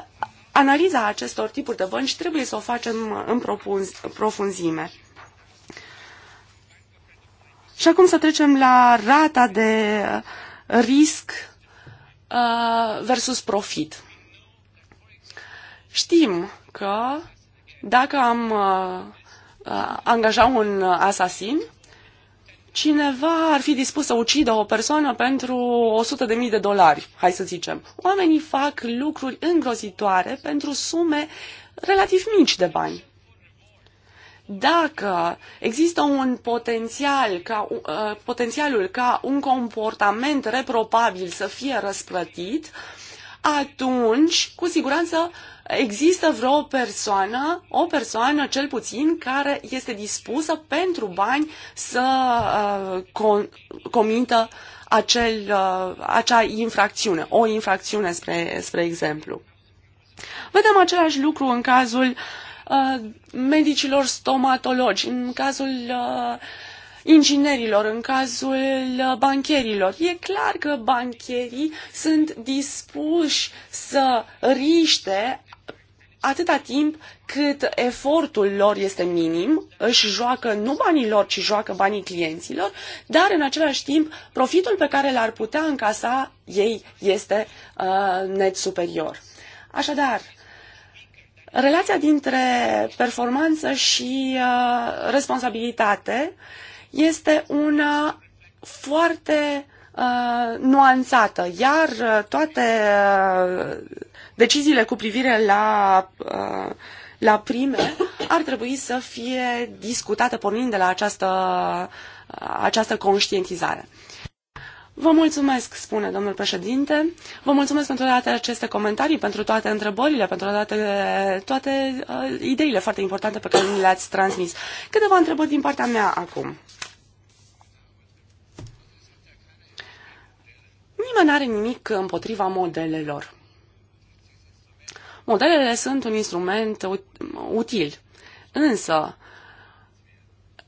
analiza acestor tipuri de bănci trebuie să o facem în profunzime. Și acum să trecem la rata de risc uh, versus profit. Știm că dacă am uh, uh, angaja un asasin, cineva ar fi dispus să ucidă o persoană pentru 100.000 de dolari, hai să zicem. Oamenii fac lucruri îngrozitoare pentru sume relativ mici de bani. Dacă există un potențial ca, uh, potențialul ca un comportament reprobabil să fie răsplătit, atunci, cu siguranță, uh, există vreo persoană, o persoană cel puțin, care este dispusă pentru bani să uh, com- comită acel, uh, acea infracțiune, o infracțiune spre, spre exemplu. Vedem același lucru în cazul uh, medicilor stomatologi, în cazul uh, inginerilor, în cazul uh, bancherilor. E clar că bancherii sunt dispuși să riște atâta timp cât efortul lor este minim, își joacă nu banii lor, ci joacă banii clienților, dar în același timp profitul pe care l-ar putea încasa ei este uh, net superior. Așadar, relația dintre performanță și uh, responsabilitate este una foarte uh, nuanțată, iar toate uh, deciziile cu privire la, uh, la prime ar trebui să fie discutate pornind de la această, uh, această conștientizare. Vă mulțumesc, spune domnul președinte. Vă mulțumesc pentru toate aceste comentarii, pentru toate întrebările, pentru toate, toate uh, ideile foarte importante pe care mi le-ați transmis. Câteva întrebări din partea mea acum. Nimeni nu are nimic împotriva modelelor. Modelele sunt un instrument util, însă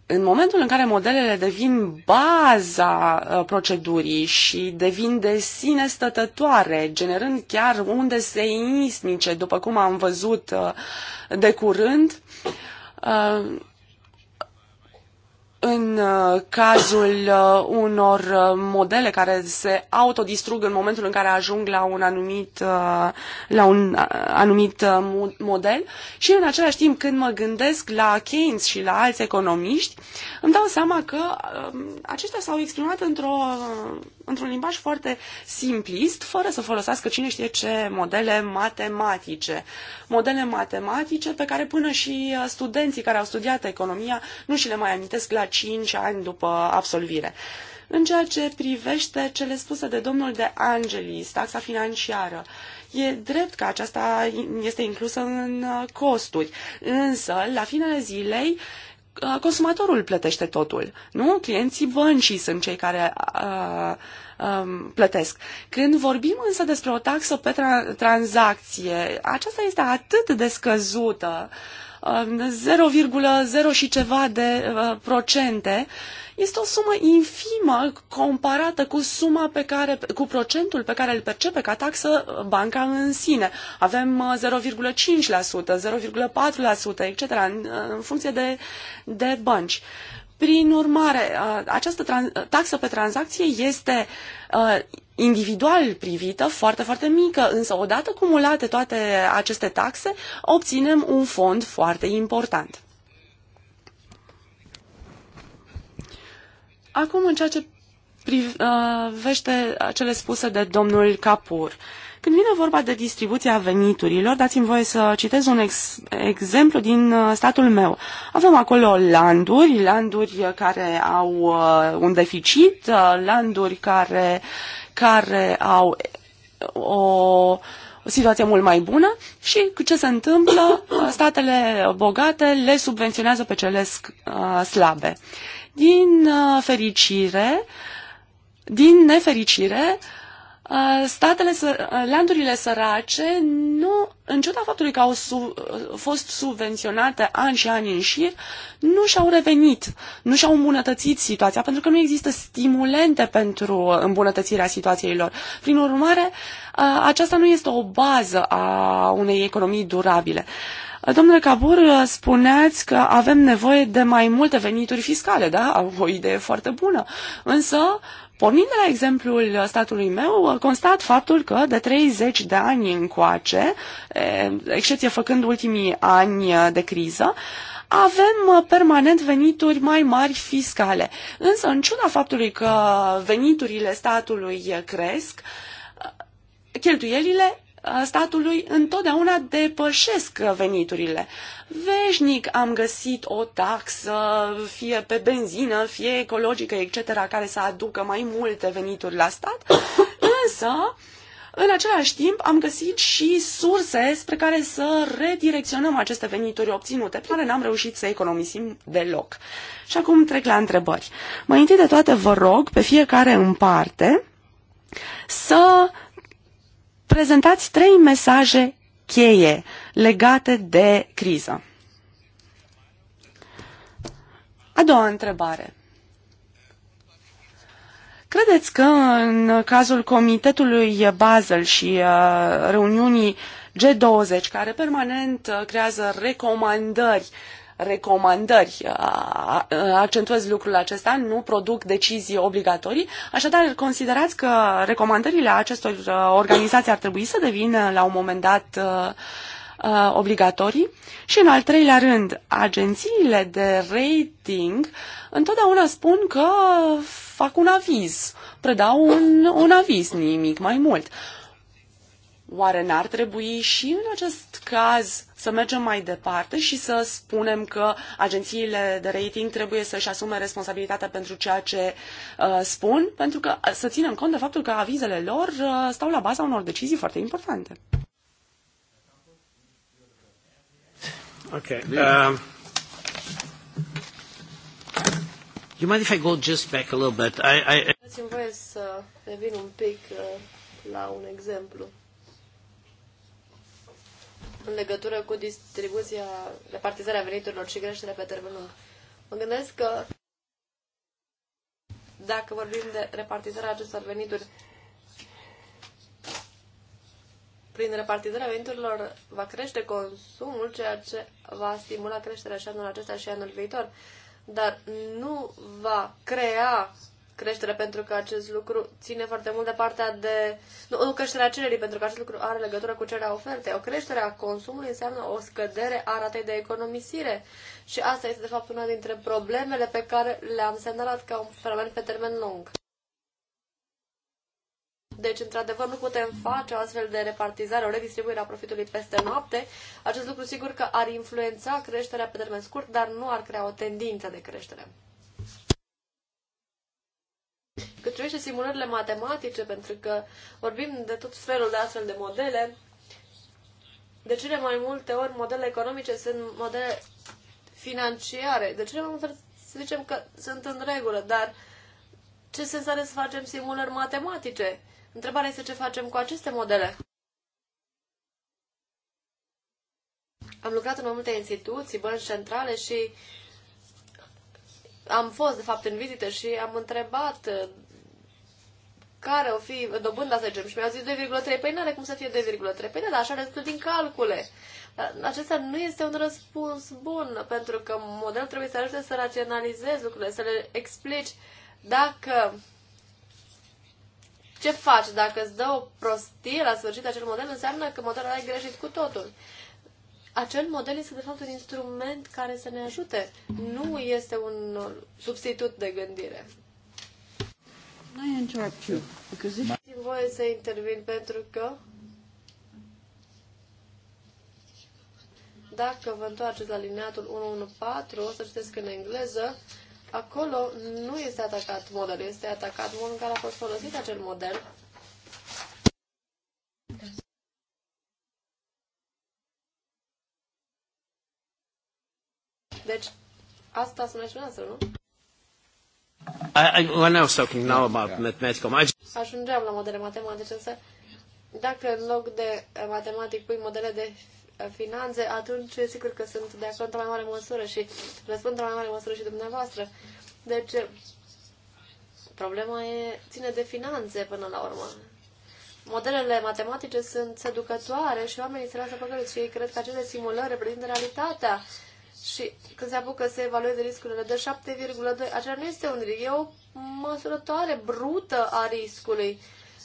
în momentul în care modelele devin baza uh, procedurii și devin de sine stătătoare, generând chiar unde se seismice, după cum am văzut uh, de curând, uh, în uh, cazul uh, unor uh, modele care se autodistrug în momentul în care ajung la un anumit, la un anumit model și în același timp când mă gândesc la Keynes și la alți economiști, îmi dau seama că um, aceștia s-au exprimat într-o, într-un limbaj foarte simplist, fără să folosească cine știe ce modele matematice. Modele matematice pe care până și studenții care au studiat economia nu și le mai amintesc la 5 ani după absolvire. În ceea ce privește cele spuse de domnul de Angelis, taxa financiară, e drept că aceasta este inclusă în uh, costuri, însă, la finele zilei, uh, consumatorul plătește totul, nu? Clienții băncii sunt cei care uh, um, plătesc. Când vorbim însă despre o taxă pe tra- tranzacție, aceasta este atât de scăzută uh, 0,0 și ceva de uh, procente, este o sumă infimă comparată cu suma pe care, cu procentul pe care îl percepe ca taxă banca în sine. Avem 0,5%, 0,4%, etc., în, funcție de, de bănci. Prin urmare, această taxă pe tranzacție este individual privită, foarte, foarte mică, însă odată cumulate toate aceste taxe, obținem un fond foarte important. Acum, în ceea ce privește cele spuse de domnul Capur, uh, când vine vorba de distribuția veniturilor, dați-mi voie să citez un ex- exemplu din uh, statul meu. Avem acolo landuri, landuri care au uh, un deficit, uh, landuri care, care au o uh, o situație mult mai bună și ce se întâmplă, uh, statele bogate le subvenționează pe cele slabe. Din fericire, din nefericire, Uh, statele, uh, landurile sărace, nu, în ciuda faptului că au su, uh, fost subvenționate ani și ani în șir, nu și-au revenit, nu și-au îmbunătățit situația, pentru că nu există stimulente pentru îmbunătățirea situației lor. Prin urmare, aceasta nu este o bază a unei economii durabile. Domnule Cabur, spuneați că avem nevoie de mai multe venituri fiscale, da? O idee foarte bună. Însă, Pornind de la exemplul statului meu, constat faptul că de 30 de ani încoace, excepție făcând ultimii ani de criză, avem uh, permanent venituri mai mari fiscale. Însă, în ciuda faptului că veniturile statului cresc, uh, cheltuielile uh, statului întotdeauna depășesc veniturile veșnic am găsit o taxă, fie pe benzină, fie ecologică, etc., care să aducă mai multe venituri la stat, însă, în același timp, am găsit și surse spre care să redirecționăm aceste venituri obținute, pe care n-am reușit să economisim deloc. Și acum trec la întrebări. Mai întâi de toate, vă rog, pe fiecare în parte, să prezentați trei mesaje cheie legate de criză. A doua întrebare. Credeți că în cazul Comitetului Basel și uh, reuniunii G20, care permanent uh, creează recomandări, recomandări, uh, accentuez lucrul acesta, nu produc decizii obligatorii, așadar considerați că recomandările acestor organizații ar trebui să devină la un moment dat uh, uh, obligatorii și, în al treilea rând, agențiile de rating întotdeauna spun că fac un aviz, predau un, un aviz, nimic mai mult. Oare n-ar trebui și în acest caz să mergem mai departe și să spunem că agențiile de rating trebuie să-și asume responsabilitatea pentru ceea ce uh, spun, pentru că să ținem cont de faptul că avizele lor uh, stau la baza unor decizii foarte importante. Okay. Um, you mind if I go just back a little bit? I, I, Dați-mi voie să revin un pic uh, la un exemplu. În legătură cu distribuția, repartizarea veniturilor și creșterea pe termen lung. Mă gândesc că dacă vorbim de repartizarea acestor venituri prin repartizarea veniturilor va crește consumul, ceea ce va stimula creșterea și anul acesta și anul viitor, dar nu va crea creștere pentru că acest lucru ține foarte mult de partea de... Nu, creștere a cererii, pentru că acest lucru are legătură cu cererea ofertei. O creștere a consumului înseamnă o scădere a ratei de economisire. Și asta este, de fapt, una dintre problemele pe care le-am semnalat ca un fenomen pe termen lung deci într-adevăr nu putem face o astfel de repartizare, o redistribuire a profitului peste noapte. Acest lucru sigur că ar influența creșterea pe termen scurt, dar nu ar crea o tendință de creștere. Cât privește simulările matematice, pentru că vorbim de tot felul de astfel de modele, de cele mai multe ori modele economice sunt modele financiare. De cele mai multe ori să zicem că sunt în regulă, dar ce sens are să facem simulări matematice? Întrebarea este ce facem cu aceste modele. Am lucrat în mai multe instituții, bănci centrale și am fost, de fapt, în vizită și am întrebat uh, care o fi dobânda, să zicem, și mi-au zis 2,3. Păi nu are cum să fie 2,3. Păi da, așa rezultă din calcule. Acesta nu este un răspuns bun, pentru că modelul trebuie să ajute să raționalizezi lucrurile, să le explici dacă ce faci? Dacă îți dă o prostie la sfârșit acel model, înseamnă că modelul e greșit cu totul. Acel model este, de fapt, un instrument care să ne ajute. Nu este un substitut de gândire. Nu interrupt you, voie să intervin pentru că dacă vă întoarceți la lineatul 114, o să că în engleză, acolo nu este atacat modelul, este atacat modul în care a fost folosit acel model. Deci, asta sună și noastră, nu? I, I, when I was talking now about mathematical magic... Ajungeam la modele matematice, însă dacă în loc de matematic pui modele de finanțe, atunci sigur că sunt de acord într-o mai mare măsură și răspund într-o mai mare măsură și dumneavoastră. Deci, problema e, ține de finanțe până la urmă. Modelele matematice sunt seducătoare și oamenii se lasă păcăliți și ei cred că acele simulări reprezintă realitatea. Și când se apucă să evalueze riscurile de 7,2, acela nu este un risc, e o măsurătoare brută a riscului.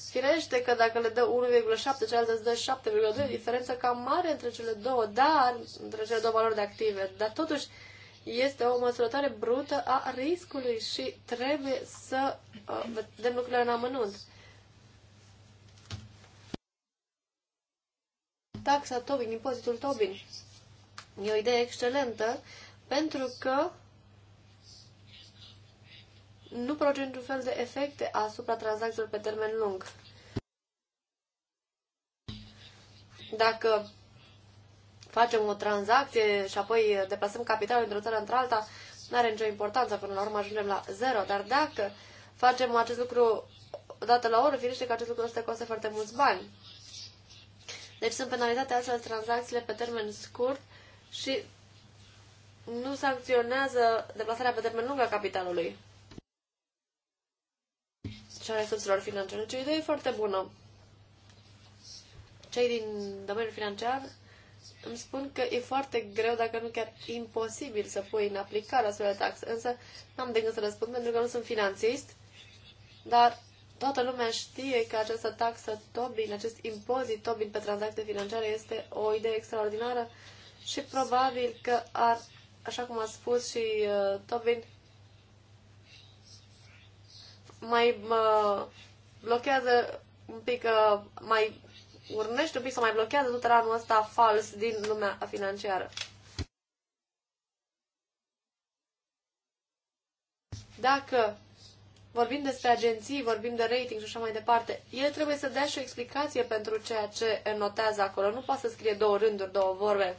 Firește că dacă le dă 1,7, cealaltă îți dă 7,2, diferență cam mare între cele două, dar între cele două valori de active. Dar totuși este o măsurătoare brută a riscului și trebuie să uh, vedem lucrurile în amănunt. Taxa Tobin, impozitul Tobin, e o idee excelentă pentru că nu produce niciun fel de efecte asupra tranzacțiilor pe termen lung. Dacă facem o tranzacție și apoi deplasăm capitalul într-o țară într-alta, nu are nicio importanță, până la urmă ajungem la zero, dar dacă facem acest lucru odată la oră, firește că acest lucru este costă foarte mulți bani. Deci sunt penalizate astfel tranzacțiile pe termen scurt și nu sancționează deplasarea pe termen lung a capitalului și a resurselor financiare. Deci o idee foarte bună. Cei din domeniul financiar îmi spun că e foarte greu, dacă nu chiar imposibil, să pui în aplicare astfel de taxe. Însă n-am de gând să răspund pentru că nu sunt finanțist, dar toată lumea știe că această taxă Tobin, acest impozit Tobin pe tranzacții financiare este o idee extraordinară și probabil că ar, așa cum a spus și uh, Tobin, mai mă blochează un pic, uh, mai urnește un pic să mai blochează tot anul ăsta fals din lumea financiară. Dacă vorbim despre agenții, vorbim de rating și așa mai departe, el trebuie să dea și o explicație pentru ceea ce notează acolo. Nu poate să scrie două rânduri, două vorbe.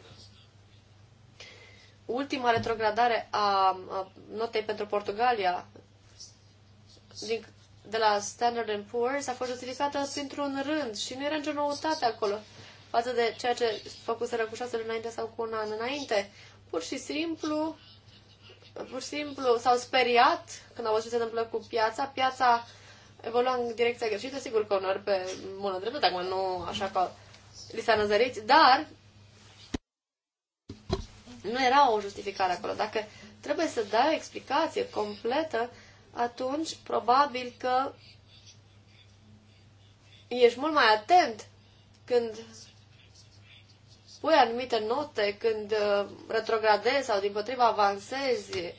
Ultima retrogradare a notei pentru Portugalia din, de la Standard Poor's a fost justificată printr-un rând și nu era nicio noutate acolo față de ceea ce făcuseră cu șase luni înainte sau cu un an înainte. Pur și simplu, pur și simplu s-au speriat când au văzut ce se întâmplă cu piața. Piața evolua în direcția greșită, sigur că unor pe bună dreptă dacă nu așa că li s-a năzărit, dar nu era o justificare acolo. Dacă trebuie să dai o explicație completă atunci probabil că ești mult mai atent când pui anumite note, când uh, retrogradezi sau din potriva avansezi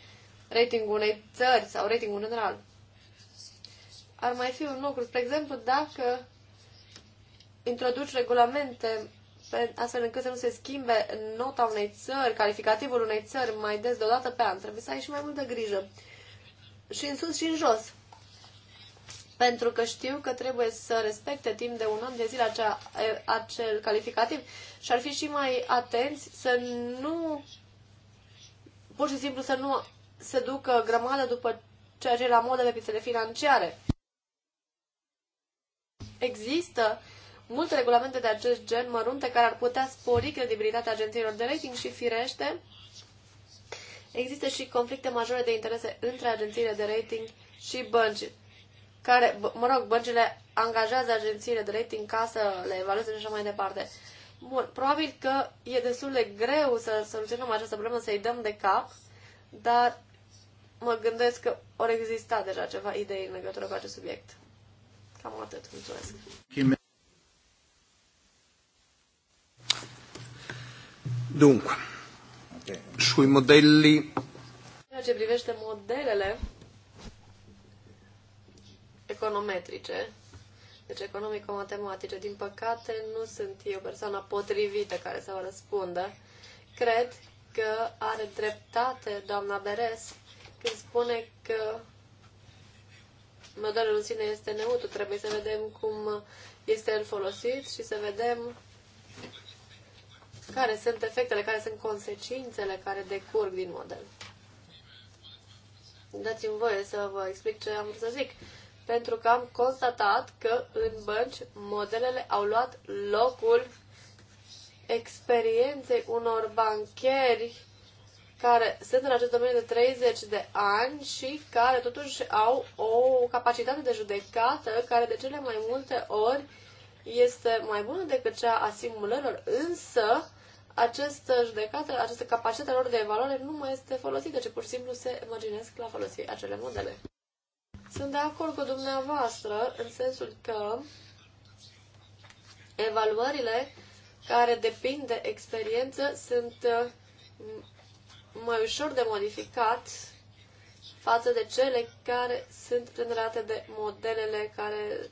ratingul unei țări sau ratingul în general. Ar mai fi un lucru, spre exemplu, dacă introduci regulamente astfel încât să nu se schimbe nota unei țări, calificativul unei țări mai des deodată pe an. Trebuie să ai și mai multă grijă și în sus și în jos. Pentru că știu că trebuie să respecte timp de un an de zile acea, acel calificativ și ar fi și mai atenți să nu, pur și simplu să nu se ducă grămadă după ceea ce e la modă pe pițele financiare. Există multe regulamente de acest gen mărunte care ar putea spori credibilitatea agențiilor de rating și firește există și conflicte majore de interese între agențiile de rating și bănci, care, mă rog, băncile angajează agențiile de rating ca să le evalueze și așa mai departe. Bun, probabil că e destul de greu să soluționăm această problemă, să-i dăm de cap, dar mă gândesc că ori exista deja ceva idei în legătură cu acest subiect. Cam atât, mulțumesc. Dunque, sui modelli. Ceea ce privește modelele econometrice, deci economico-matematice, din păcate nu sunt eu persoana potrivită care să vă răspundă. Cred că are dreptate doamna Beres când spune că modelul în sine este neutru, trebuie să vedem cum este el folosit și să vedem care sunt efectele, care sunt consecințele care decurg din model. Dați-mi voie să vă explic ce am vrut să zic. Pentru că am constatat că în bănci modelele au luat locul experienței unor bancheri care sunt în acest domeniu de 30 de ani și care totuși au o capacitate de judecată care de cele mai multe ori este mai bună decât cea a simulărilor, însă această judecată, această capacitate lor de evaluare nu mai este folosită, ci pur și simplu se mărginesc la folosi acele modele. Sunt de acord cu dumneavoastră în sensul că evaluările care depind de experiență sunt uh, mai ușor de modificat față de cele care sunt generate de modelele care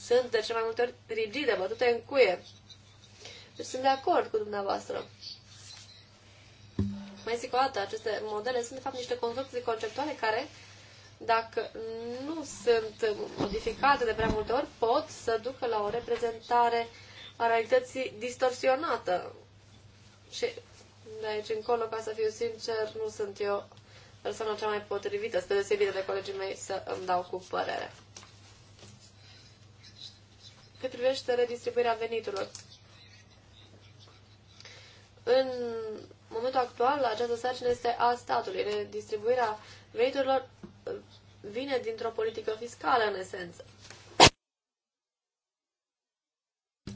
sunt de ce mai multe ori rigide, bătute în cuie. Deci sunt de acord cu dumneavoastră. Mai zic o dată, aceste modele sunt de fapt niște construcții conceptuale care, dacă nu sunt modificate de prea multe ori, pot să ducă la o reprezentare a realității distorsionată. Și de aici încolo, ca să fiu sincer, nu sunt eu persoana cea mai potrivită, spre deosebire de colegii mei, să îmi dau cu părere. Cât privește redistribuirea veniturilor, în momentul actual, această sarcină este a statului. Redistribuirea veniturilor uh, vine dintr-o politică fiscală, în esență.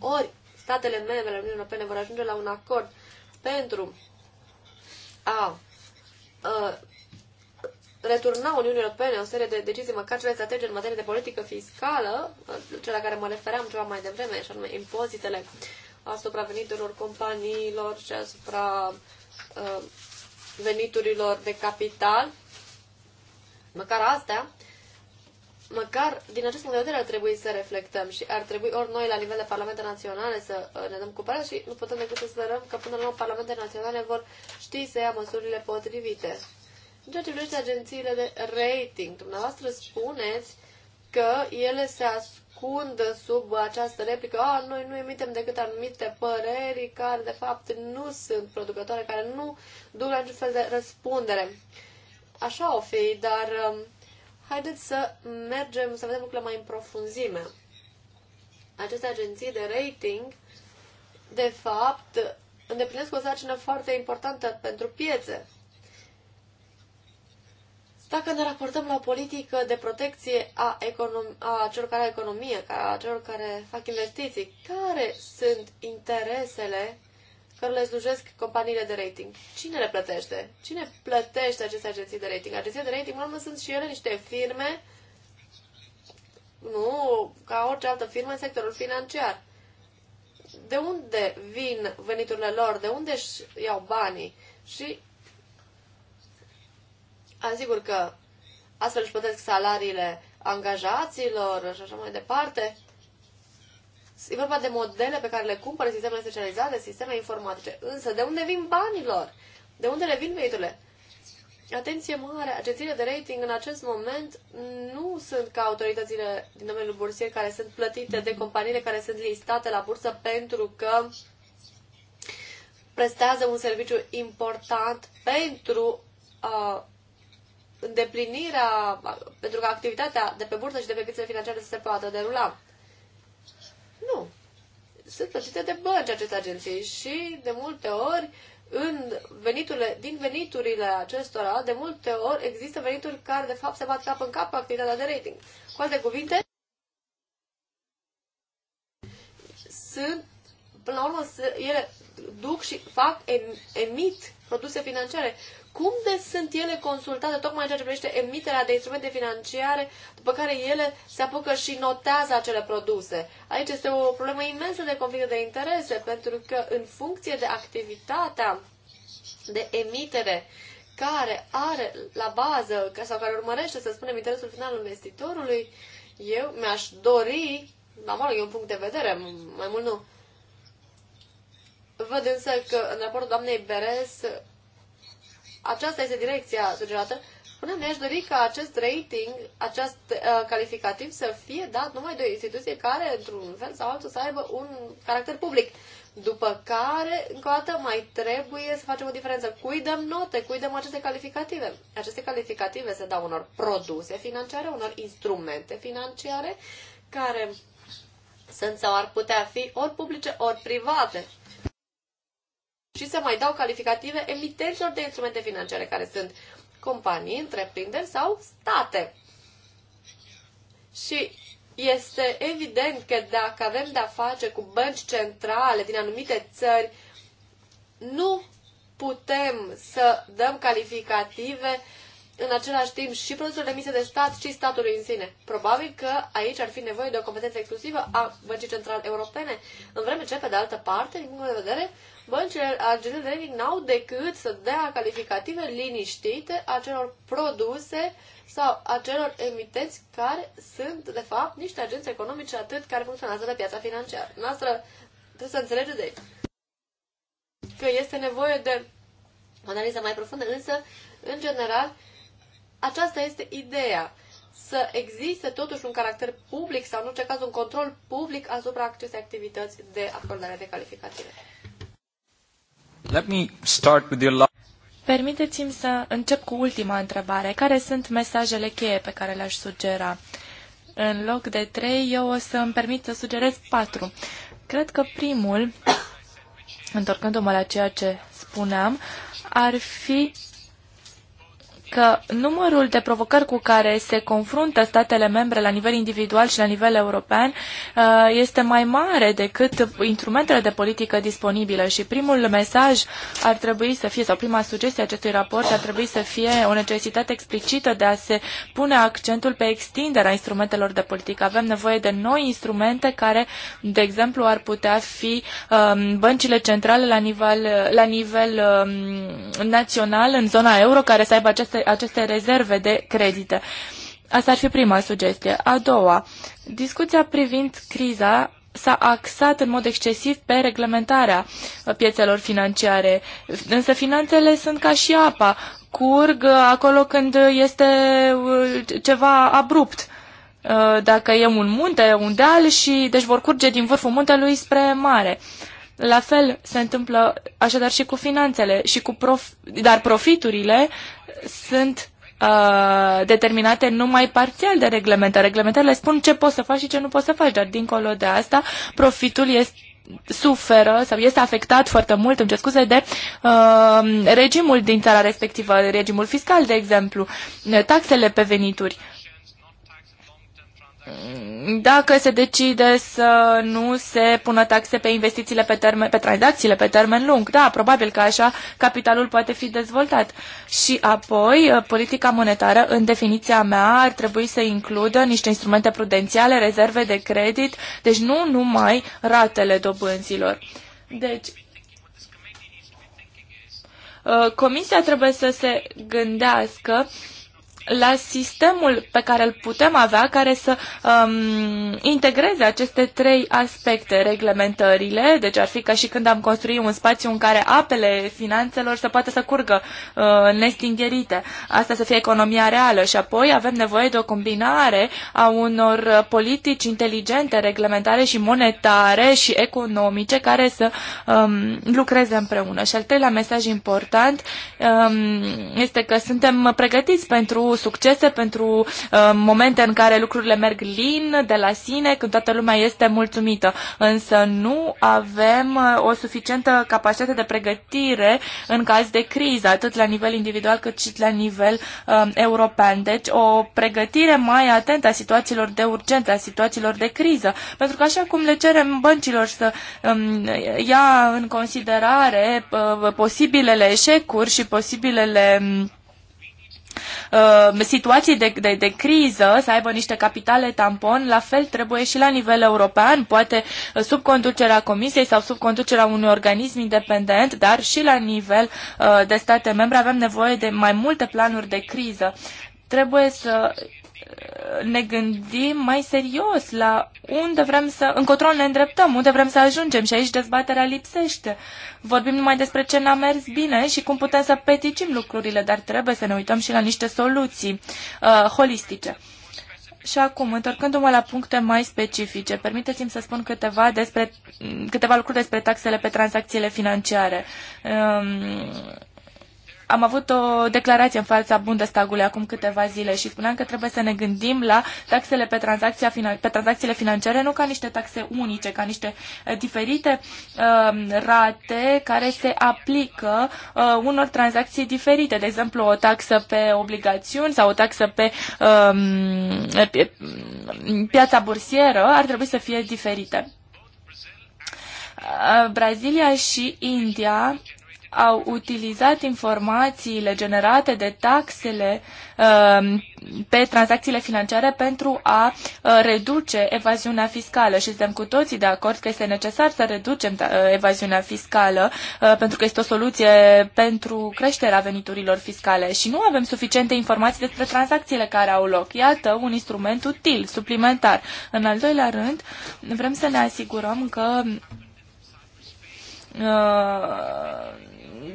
Ori statele membre ale Uniunii Europene vor ajunge la un acord pentru a, a uh, returna Uniunii Europene o serie de decizii, măcar cele strategice în materie de politică fiscală, uh, cele la care mă refeream ceva mai devreme, și anume impozitele asupra veniturilor companiilor și asupra uh, veniturilor de capital. Măcar astea, măcar din acest punct de vedere ar trebui să reflectăm și ar trebui ori noi la nivel de parlamente naționale să uh, ne dăm cu părerea și nu putem decât să sperăm că până la urmă parlamentele naționale vor ști să ia măsurile potrivite. În ceea ce privește agențiile de rating, dumneavoastră spuneți că ele se ascultă ascundă sub această replică, a, ah, noi nu emitem decât anumite păreri care de fapt nu sunt producătoare, care nu duc la niciun fel de răspundere. Așa o fi, dar um, haideți să mergem, să vedem lucrurile mai în profunzime. Aceste agenții de rating, de fapt, îndeplinesc o sarcină foarte importantă pentru piețe. Dacă ne raportăm la o politică de protecție a, econom- a celor care au economie, a celor care fac investiții, care sunt interesele care le slujesc companiile de rating? Cine le plătește? Cine plătește aceste agenții de rating? Agenții de rating, urmă, sunt și ele niște firme, nu ca orice altă firmă în sectorul financiar. De unde vin veniturile lor? De unde își iau banii? Și Asigur că astfel își plătesc salariile angajaților și așa mai departe. E vorba de modele pe care le cumpără sistemele specializate, sisteme informatice. Însă, de unde vin banilor? De unde le vin veniturile? Atenție mare, agențiile de rating în acest moment nu sunt ca autoritățile din domeniul bursier care sunt plătite de companiile care sunt listate la bursă pentru că prestează un serviciu important pentru uh, îndeplinirea, pentru că activitatea de pe bursă și de pe piețele financiare să se poată derula. Nu. Sunt plătite de bănci aceste agenții și de multe ori în veniturile, din veniturile acestora, de multe ori există venituri care de fapt se bat cap în cap cu activitatea de rating. Cu alte cuvinte, sunt, până la urmă, ele duc și fac, emit produse financiare. Cum de sunt ele consultate tocmai în ceea ce privește emiterea de instrumente financiare, după care ele se apucă și notează acele produse? Aici este o problemă imensă de conflict de interese, pentru că în funcție de activitatea de emitere care are la bază sau care urmărește, să spunem, interesul final investitorului, eu mi-aș dori, la mă rog, e un punct de vedere, mai mult nu, Văd însă că în raportul doamnei Beres aceasta este direcția sugerată. Până mi-aș dori ca acest rating, acest uh, calificativ să fie dat numai de o instituție care, într-un fel sau altul, să aibă un caracter public. După care, încă o dată, mai trebuie să facem o diferență. Cui dăm note, cui dăm aceste calificative? Aceste calificative se dau unor produse financiare, unor instrumente financiare, care sunt sau ar putea fi ori publice, ori private și să mai dau calificative emitenților de instrumente financiare, care sunt companii, întreprinderi sau state. Și este evident că dacă avem de-a face cu bănci centrale din anumite țări, nu putem să dăm calificative în același timp și produselor emise de stat și statului în sine. Probabil că aici ar fi nevoie de o competență exclusivă a Băncii Central Europene, în vreme ce, pe de altă parte, din punct de vedere, băncile argentine de n-au decât să dea calificative liniștite acelor produse sau acelor emiteți care sunt, de fapt, niște agenți economice atât care funcționează pe piața financiară. Noastră trebuie să înțelegeți de că este nevoie de o analiză mai profundă, însă, în general, aceasta este ideea. Să existe totuși un caracter public sau, în orice caz, un control public asupra acestei activități de acordare de calificative. Let me start with your Permiteți-mi să încep cu ultima întrebare. Care sunt mesajele cheie pe care le-aș sugera? În loc de trei, eu o să îmi permit să sugerez patru. Cred că primul, întorcându-mă la ceea ce spuneam, ar fi că numărul de provocări cu care se confruntă statele membre la nivel individual și la nivel european uh, este mai mare decât instrumentele de politică disponibile și primul mesaj ar trebui să fie, sau prima sugestie a acestui raport ar trebui să fie o necesitate explicită de a se pune accentul pe extinderea instrumentelor de politică. Avem nevoie de noi instrumente care, de exemplu, ar putea fi um, băncile centrale la nivel, la nivel um, național în zona euro care să aibă această aceste rezerve de credite. Asta ar fi prima sugestie. A doua, discuția privind criza s-a axat în mod excesiv pe reglementarea piețelor financiare. Însă finanțele sunt ca și apa, curg acolo când este uh, ceva abrupt. Uh, dacă e un munte, un deal și deci vor curge din vârful muntelui spre mare. Uh, la fel se întâmplă așadar și cu finanțele, și cu prof- dar profiturile sunt uh, determinate numai parțial de reglementare. Reglementările spun ce poți să faci și ce nu poți să faci, dar dincolo de asta profitul este suferă sau este afectat foarte mult, îmi cer scuze, de uh, regimul din țara respectivă, regimul fiscal, de exemplu, taxele pe venituri. Uh, dacă se decide să nu se pună taxe pe investițiile pe termen, pe tranzacțiile pe termen lung, da, probabil că așa capitalul poate fi dezvoltat. Și apoi, politica monetară, în definiția mea, ar trebui să includă niște instrumente prudențiale, rezerve de credit, deci nu numai ratele dobânzilor. Deci, uh, Comisia trebuie să se gândească uh, la sistemul pe care îl putem avea care să um, integreze aceste trei aspecte, reglementările, deci ar fi ca și când am construit un spațiu în care apele finanțelor să poată să curgă uh, nestingherite, asta să fie economia reală și apoi avem nevoie de o combinare a unor politici inteligente, reglementare și monetare și economice care să um, lucreze împreună. Și al treilea mesaj important um, este că suntem pregătiți pentru succese, pentru uh, momente în care lucrurile merg lin de la sine, când toată lumea este mulțumită. Însă nu avem uh, o suficientă capacitate de pregătire în caz de criză, atât la nivel individual cât și la nivel uh, european. Deci o pregătire mai atentă a situațiilor de urgență, a situațiilor de criză, pentru că așa cum le cerem băncilor să um, ia în considerare uh, posibilele eșecuri și posibilele um, Uh, situații de, de, de criză să aibă niște capitale tampon, la fel trebuie și la nivel european, poate uh, sub conducerea Comisiei sau sub conducerea unui organism independent, dar și la nivel uh, de state membre avem nevoie de mai multe planuri de criză. Trebuie să ne gândim mai serios la unde vrem să, încotro ne îndreptăm, unde vrem să ajungem și aici dezbaterea lipsește. Vorbim numai despre ce n-a mers bine și cum putem să peticim lucrurile, dar trebuie să ne uităm și la niște soluții uh, holistice. Și acum, întorcându-mă la puncte mai specifice, permiteți-mi să spun câteva, despre, câteva lucruri despre taxele pe tranzacțiile financiare. Um, am avut o declarație în fața Bundestagului acum câteva zile și spuneam că trebuie să ne gândim la taxele pe, tranzacția, pe tranzacțiile financiare, nu ca niște taxe unice, ca niște eh, diferite uh, rate care se aplică uh, unor tranzacții diferite, de exemplu o taxă pe obligațiuni sau o taxă pe uh, piața bursieră ar trebui să fie diferite. Eh, Brazilia și India au utilizat informațiile generate de taxele um, pe tranzacțiile financiare pentru a uh, reduce evaziunea fiscală și suntem cu toții de acord că este necesar să reducem uh, evaziunea fiscală uh, pentru că este o soluție pentru creșterea veniturilor fiscale și nu avem suficiente informații despre tranzacțiile care au loc. Iată un instrument util, suplimentar. În al doilea rând, vrem să ne asigurăm că uh,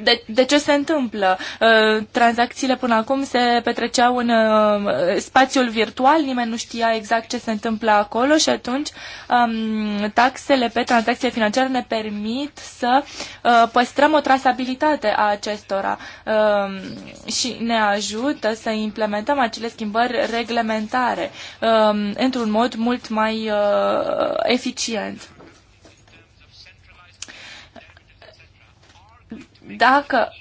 de, de ce se întâmplă? Uh, tranzacțiile până acum se petreceau în uh, spațiul virtual, nimeni nu știa exact ce se întâmplă acolo și atunci um, taxele pe tranzacție financiare ne permit să uh, păstrăm o trasabilitate a acestora um, și ne ajută să implementăm acele schimbări reglementare um, într-un mod mult mai eficient. Dacă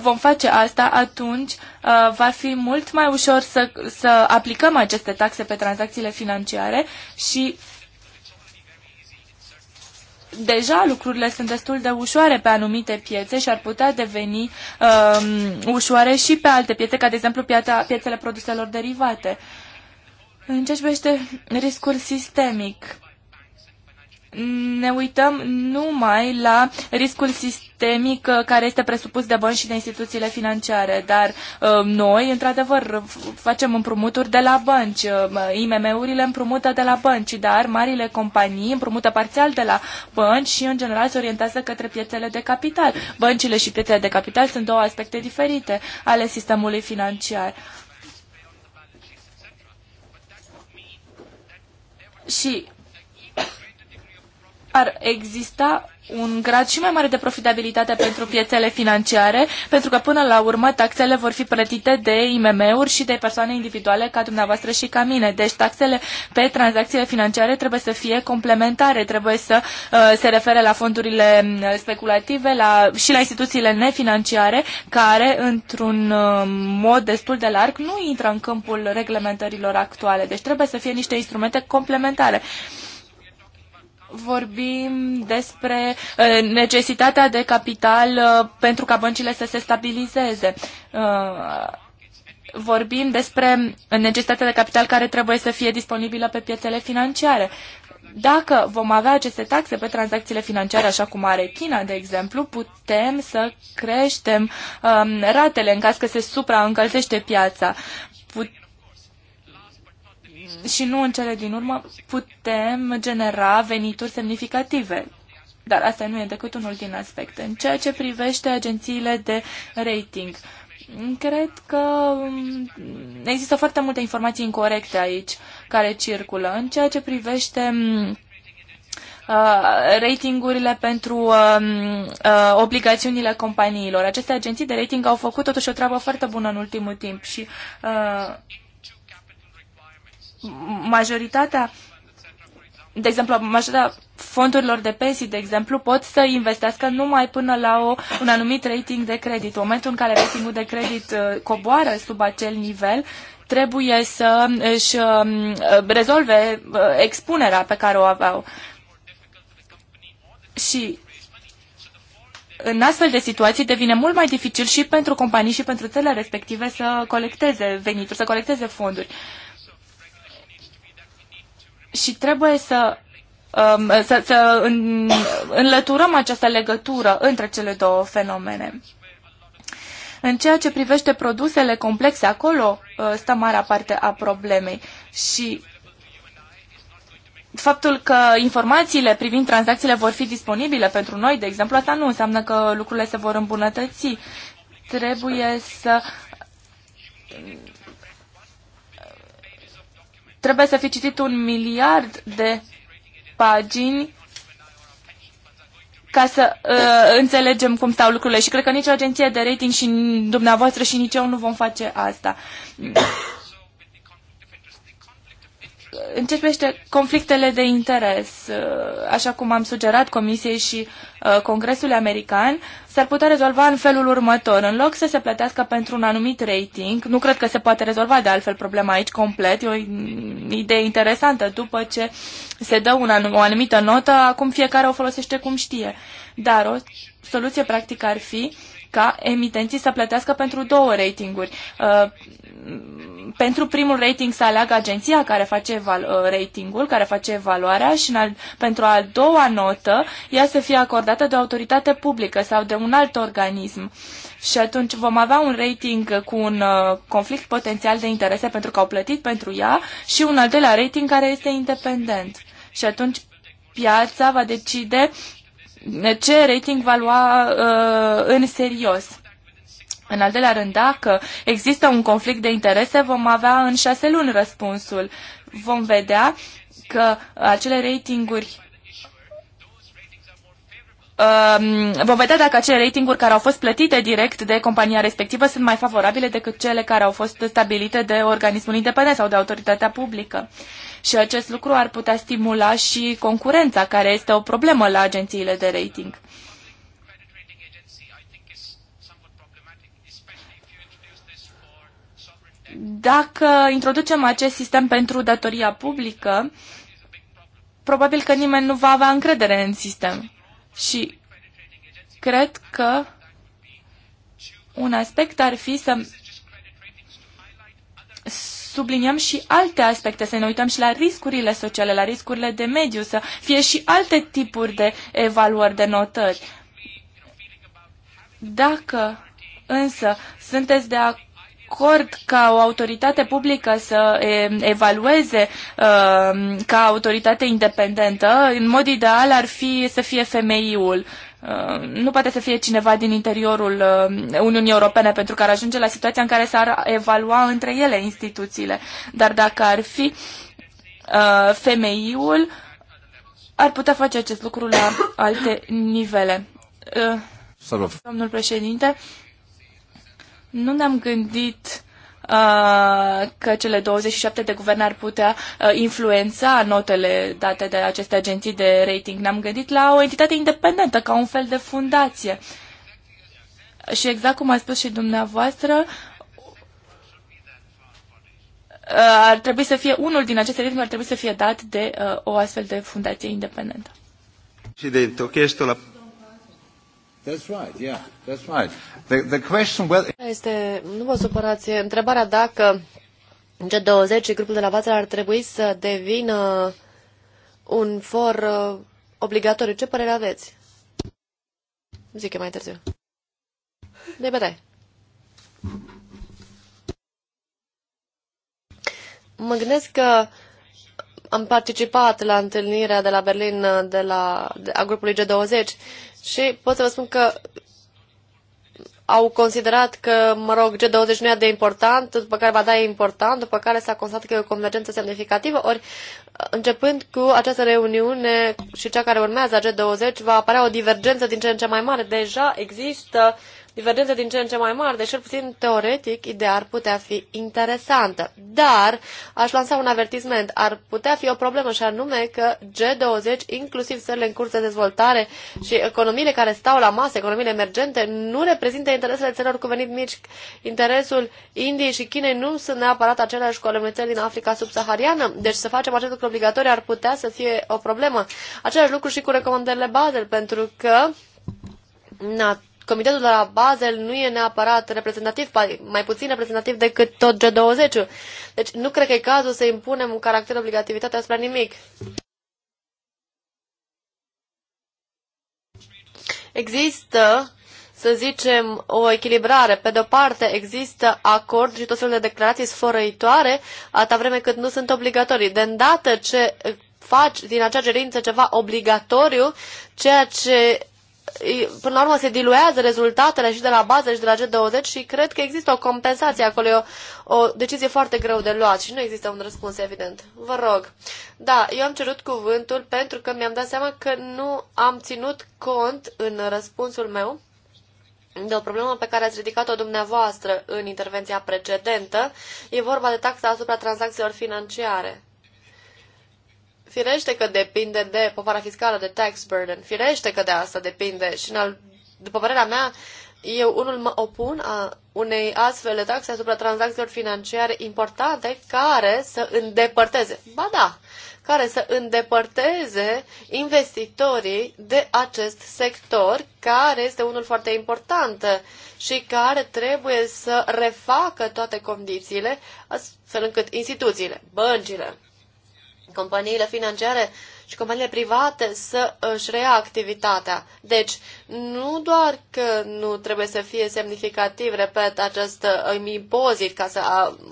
vom face asta, atunci uh, va fi mult mai ușor să, să aplicăm aceste taxe pe tranzacțiile financiare și deja lucrurile sunt destul de ușoare pe anumite piețe și ar putea deveni um, ușoare și pe alte piețe, ca de exemplu piața, piețele produselor derivate. În ce riscul sistemic, ne uităm numai la riscul sistemic uh, care este presupus de bănci și de instituțiile financiare, dar uh, noi, într-adevăr, facem împrumuturi de la bănci. Uh, IMM-urile împrumută de la bănci, dar marile companii împrumută parțial de la bănci și, în general, se orientează către piețele de capital. Băncile și piețele de capital sunt două aspecte diferite ale sistemului financiar. Și ar exista un grad și mai mare de profitabilitate pentru piețele financiare, pentru că până la urmă taxele vor fi plătite de IMM-uri și de persoane individuale ca dumneavoastră și ca mine. Deci taxele pe tranzacțiile financiare trebuie să fie complementare, trebuie să uh, se refere la fondurile uh, speculative la, și la instituțiile nefinanciare care, într-un uh, mod destul de larg, nu intră în câmpul reglementărilor actuale. Deci trebuie să fie niște instrumente complementare. Uh, vorbim despre uh, necesitatea de capital uh, pentru ca băncile să se stabilizeze. Uh, vorbim despre necesitatea de capital care trebuie să fie disponibilă pe piețele financiare. Dacă vom avea aceste taxe pe tranzacțiile financiare, așa cum are China, de exemplu, putem să creștem um, ratele în caz că se supraîncălzește piața și nu în cele din urmă putem genera venituri semnificative. Dar asta nu e decât unul din aspecte. În ceea ce privește agențiile de rating, cred că um, există foarte multe informații incorrecte aici care circulă. În ceea ce privește um, uh, ratingurile pentru uh, uh, obligațiunile companiilor. Aceste agenții de rating au făcut totuși o treabă foarte bună în ultimul timp și uh, majoritatea de exemplu, majoritatea fondurilor de pensii, de exemplu, pot să investească numai până la o, un anumit rating de credit. În momentul în care ratingul de credit uh, coboară sub acel nivel, trebuie să își um, rezolve uh, expunerea pe care o aveau. Și în astfel de situații devine mult mai dificil și pentru companii și pentru țările respective să colecteze venituri, să colecteze fonduri. Uh, și trebuie să, um, să, să înlăturăm această legătură între cele două fenomene. În ceea ce privește produsele complexe, acolo uh, stă marea parte a problemei și faptul că informațiile privind tranzacțiile vor fi disponibile pentru noi, de exemplu, asta nu înseamnă că lucrurile se vor îmbunătăți. Trebuie să Trebuie să fi citit un miliard de pagini ca să uh, înțelegem cum stau lucrurile și cred că nici o agenție de rating și dumneavoastră și nici eu nu vom face asta în ce privește conflictele de interes, uh, așa cum am sugerat Comisiei și uh, Congresului American, s-ar putea rezolva în felul următor. În loc să se plătească pentru un anumit rating, nu cred că se poate rezolva de altfel problema aici complet, e o idee interesantă. După ce se dă un anum- o anumită notă, acum fiecare o folosește cum știe. Dar o soluție practică ar fi ca emitenții să plătească pentru două ratinguri. Uh, pentru primul rating să aleagă agenția care face uh, ratingul, care face evaluarea și al, pentru a doua notă ea să fie acordată de o autoritate publică sau de un alt organism. Și atunci vom avea un rating cu un uh, conflict potențial de interese pentru că au plătit pentru ea și un al doilea rating care este independent. Și atunci piața va decide ce rating va lua uh, în serios. În al doilea rând, dacă există un conflict de interese, vom avea în șase luni răspunsul. Vom vedea că acele ratinguri um, vom vedea dacă acele ratinguri care au fost plătite direct de compania respectivă sunt mai favorabile decât cele care au fost stabilite de organismul independent sau de autoritatea publică. Și acest lucru ar putea stimula și concurența, care este o problemă la agențiile de rating. Dacă introducem acest sistem pentru datoria publică, probabil că nimeni nu va avea încredere în sistem. Și cred că un aspect ar fi să subliniem și alte aspecte, să ne uităm și la riscurile sociale, la riscurile de mediu, să fie și alte tipuri de evaluări, de notări. Dacă însă sunteți de acord acord ca o autoritate publică să evalueze uh, ca autoritate independentă, în mod ideal ar fi să fie femeiul. Uh, nu poate să fie cineva din interiorul uh, Uniunii Europene pentru că ar ajunge la situația în care s-ar evalua între ele instituțiile. Dar dacă ar fi femeiul, ar putea face acest lucru la alte nivele. Domnul președinte, nu ne-am gândit uh, că cele 27 de guverne ar putea uh, influența notele date de aceste agenții de rating. Ne-am gândit la o entitate independentă, ca un fel de fundație. Și exact cum a spus și dumneavoastră, uh, ar trebui să fie unul din aceste ritmuri ar trebui să fie dat de o astfel de fundație independentă. Presidente, ho la That's right, yeah, that's right. The, the question whether... Este, nu vă supărați, întrebarea dacă G20 și grupul de la Vațel ar trebui să devină un for uh, obligatoriu. Ce părere aveți? Zic eu mai târziu. De bătaie. Mă gândesc că am participat la întâlnirea de la Berlin uh, de la, de, a grupului G20 și pot să vă spun că au considerat că, mă rog, G20 nu e de important, după care va da e important, după care s-a constatat că e o convergență semnificativă, ori începând cu această reuniune și cea care urmează a G20, va apărea o divergență din ce în ce mai mare. Deja există uh, divergențe din ce în ce mai mari, deși cel puțin teoretic ideea ar putea fi interesantă. Dar aș lansa un avertisment, ar putea fi o problemă și anume că G20, inclusiv țările în curs de dezvoltare și economiile care stau la masă, economiile emergente, nu reprezintă interesele țărilor cu venit mici. Interesul Indiei și Chinei nu sunt neapărat aceleași cu ale din Africa subsahariană, deci să facem acest lucru obligatoriu ar putea să fie o problemă. Același lucru și cu recomandările Basel, pentru că not comitetul de la Basel nu e neapărat reprezentativ, mai puțin reprezentativ decât tot G20. Deci nu cred că e cazul să impunem un caracter obligativitate asupra nimic. Există să zicem, o echilibrare. Pe de-o parte, există acord și tot felul de declarații sfărăitoare, atâta vreme cât nu sunt obligatorii. De îndată ce faci din acea gerință ceva obligatoriu, ceea ce până la urmă se diluează rezultatele și de la bază și de la G20 și cred că există o compensație acolo, o, o decizie foarte greu de luat și nu există un răspuns evident. Vă rog. Da, eu am cerut cuvântul pentru că mi-am dat seama că nu am ținut cont în răspunsul meu de o problemă pe care ați ridicat-o dumneavoastră în intervenția precedentă. E vorba de taxa asupra tranzacțiilor financiare. Firește că depinde de povara fiscală, de tax burden. Firește că de asta depinde. Și, în al, după părerea mea, eu unul mă opun a unei astfel de taxe asupra tranzacțiilor financiare importante care să îndepărteze. Ba da, care să îndepărteze investitorii de acest sector, care este unul foarte important și care trebuie să refacă toate condițiile, astfel încât instituțiile, băncile, companiile financiare și companiile private să își reia activitatea. Deci, nu doar că nu trebuie să fie semnificativ, repet, acest um, impozit ca să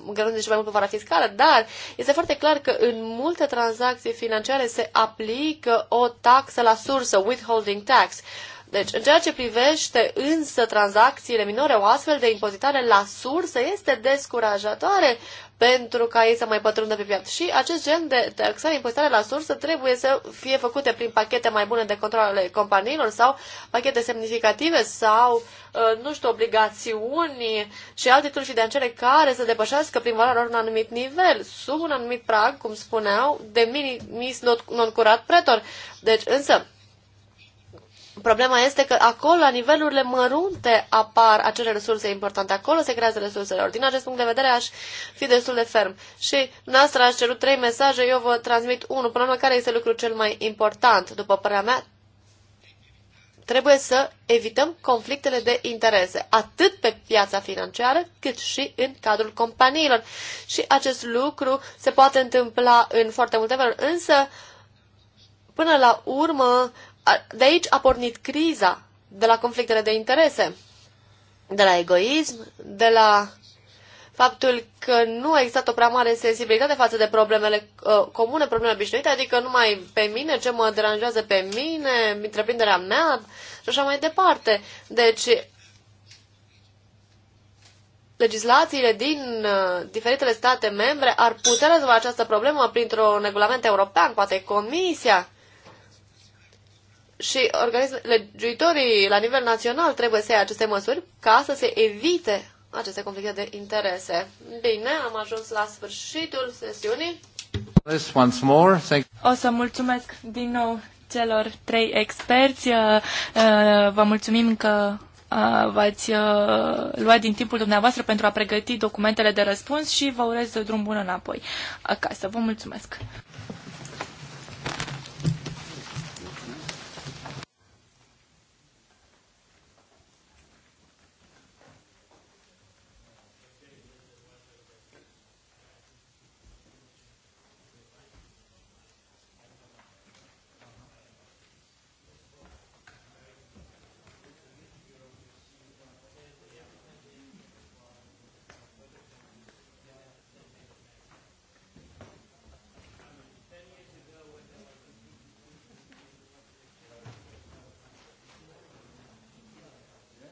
uh, găsim și mai mult povara fiscală, dar este foarte clar că în multe tranzacții financiare se aplică o taxă la sursă, withholding tax. Deci, în ceea ce privește însă tranzacțiile minore, o astfel de impozitare la sursă este descurajatoare pentru ca ei să mai pătrundă pe piață. Și acest gen de taxare, impozitare la sursă, trebuie să fie făcute prin pachete mai bune de control ale companiilor sau pachete semnificative sau, ă, nu știu, obligațiuni și alte titluri financiare care să depășească prin valoarea lor un anumit nivel, sub un anumit prag, cum spuneau, de minimis non curat pretor. Deci, însă, Problema este că acolo, la nivelurile mărunte, apar acele resurse importante. Acolo se creează resursele. Ori, din acest punct de vedere, aș fi destul de ferm. Și noastră aș cerut trei mesaje, eu vă transmit unul. Până la care este lucrul cel mai important, după părerea mea? Trebuie să evităm conflictele de interese, atât pe piața financiară, cât și în cadrul companiilor. Și acest lucru se poate întâmpla în foarte multe feluri. Însă, până la urmă, de aici a pornit criza, de la conflictele de interese, de la egoism, de la faptul că nu a existat o prea mare sensibilitate față de problemele uh, comune, problemele obișnuite, adică numai pe mine, ce mă deranjează pe mine, întreprinderea mea și așa mai departe. Deci, legislațiile din ă, diferitele state membre ar putea rezolva această problemă printr-un regulament european, poate Comisia și legiuitorii la nivel național trebuie să ia aceste măsuri ca să se evite aceste conflicte de interese. Bine, am ajuns la sfârșitul sesiunii. Once more. Thank o să mulțumesc din nou celor trei experți. Uh, uh, vă mulțumim că uh, v-ați luat din timpul dumneavoastră pentru a pregăti documentele de răspuns și vă urez drum bun înapoi acasă. Vă mulțumesc!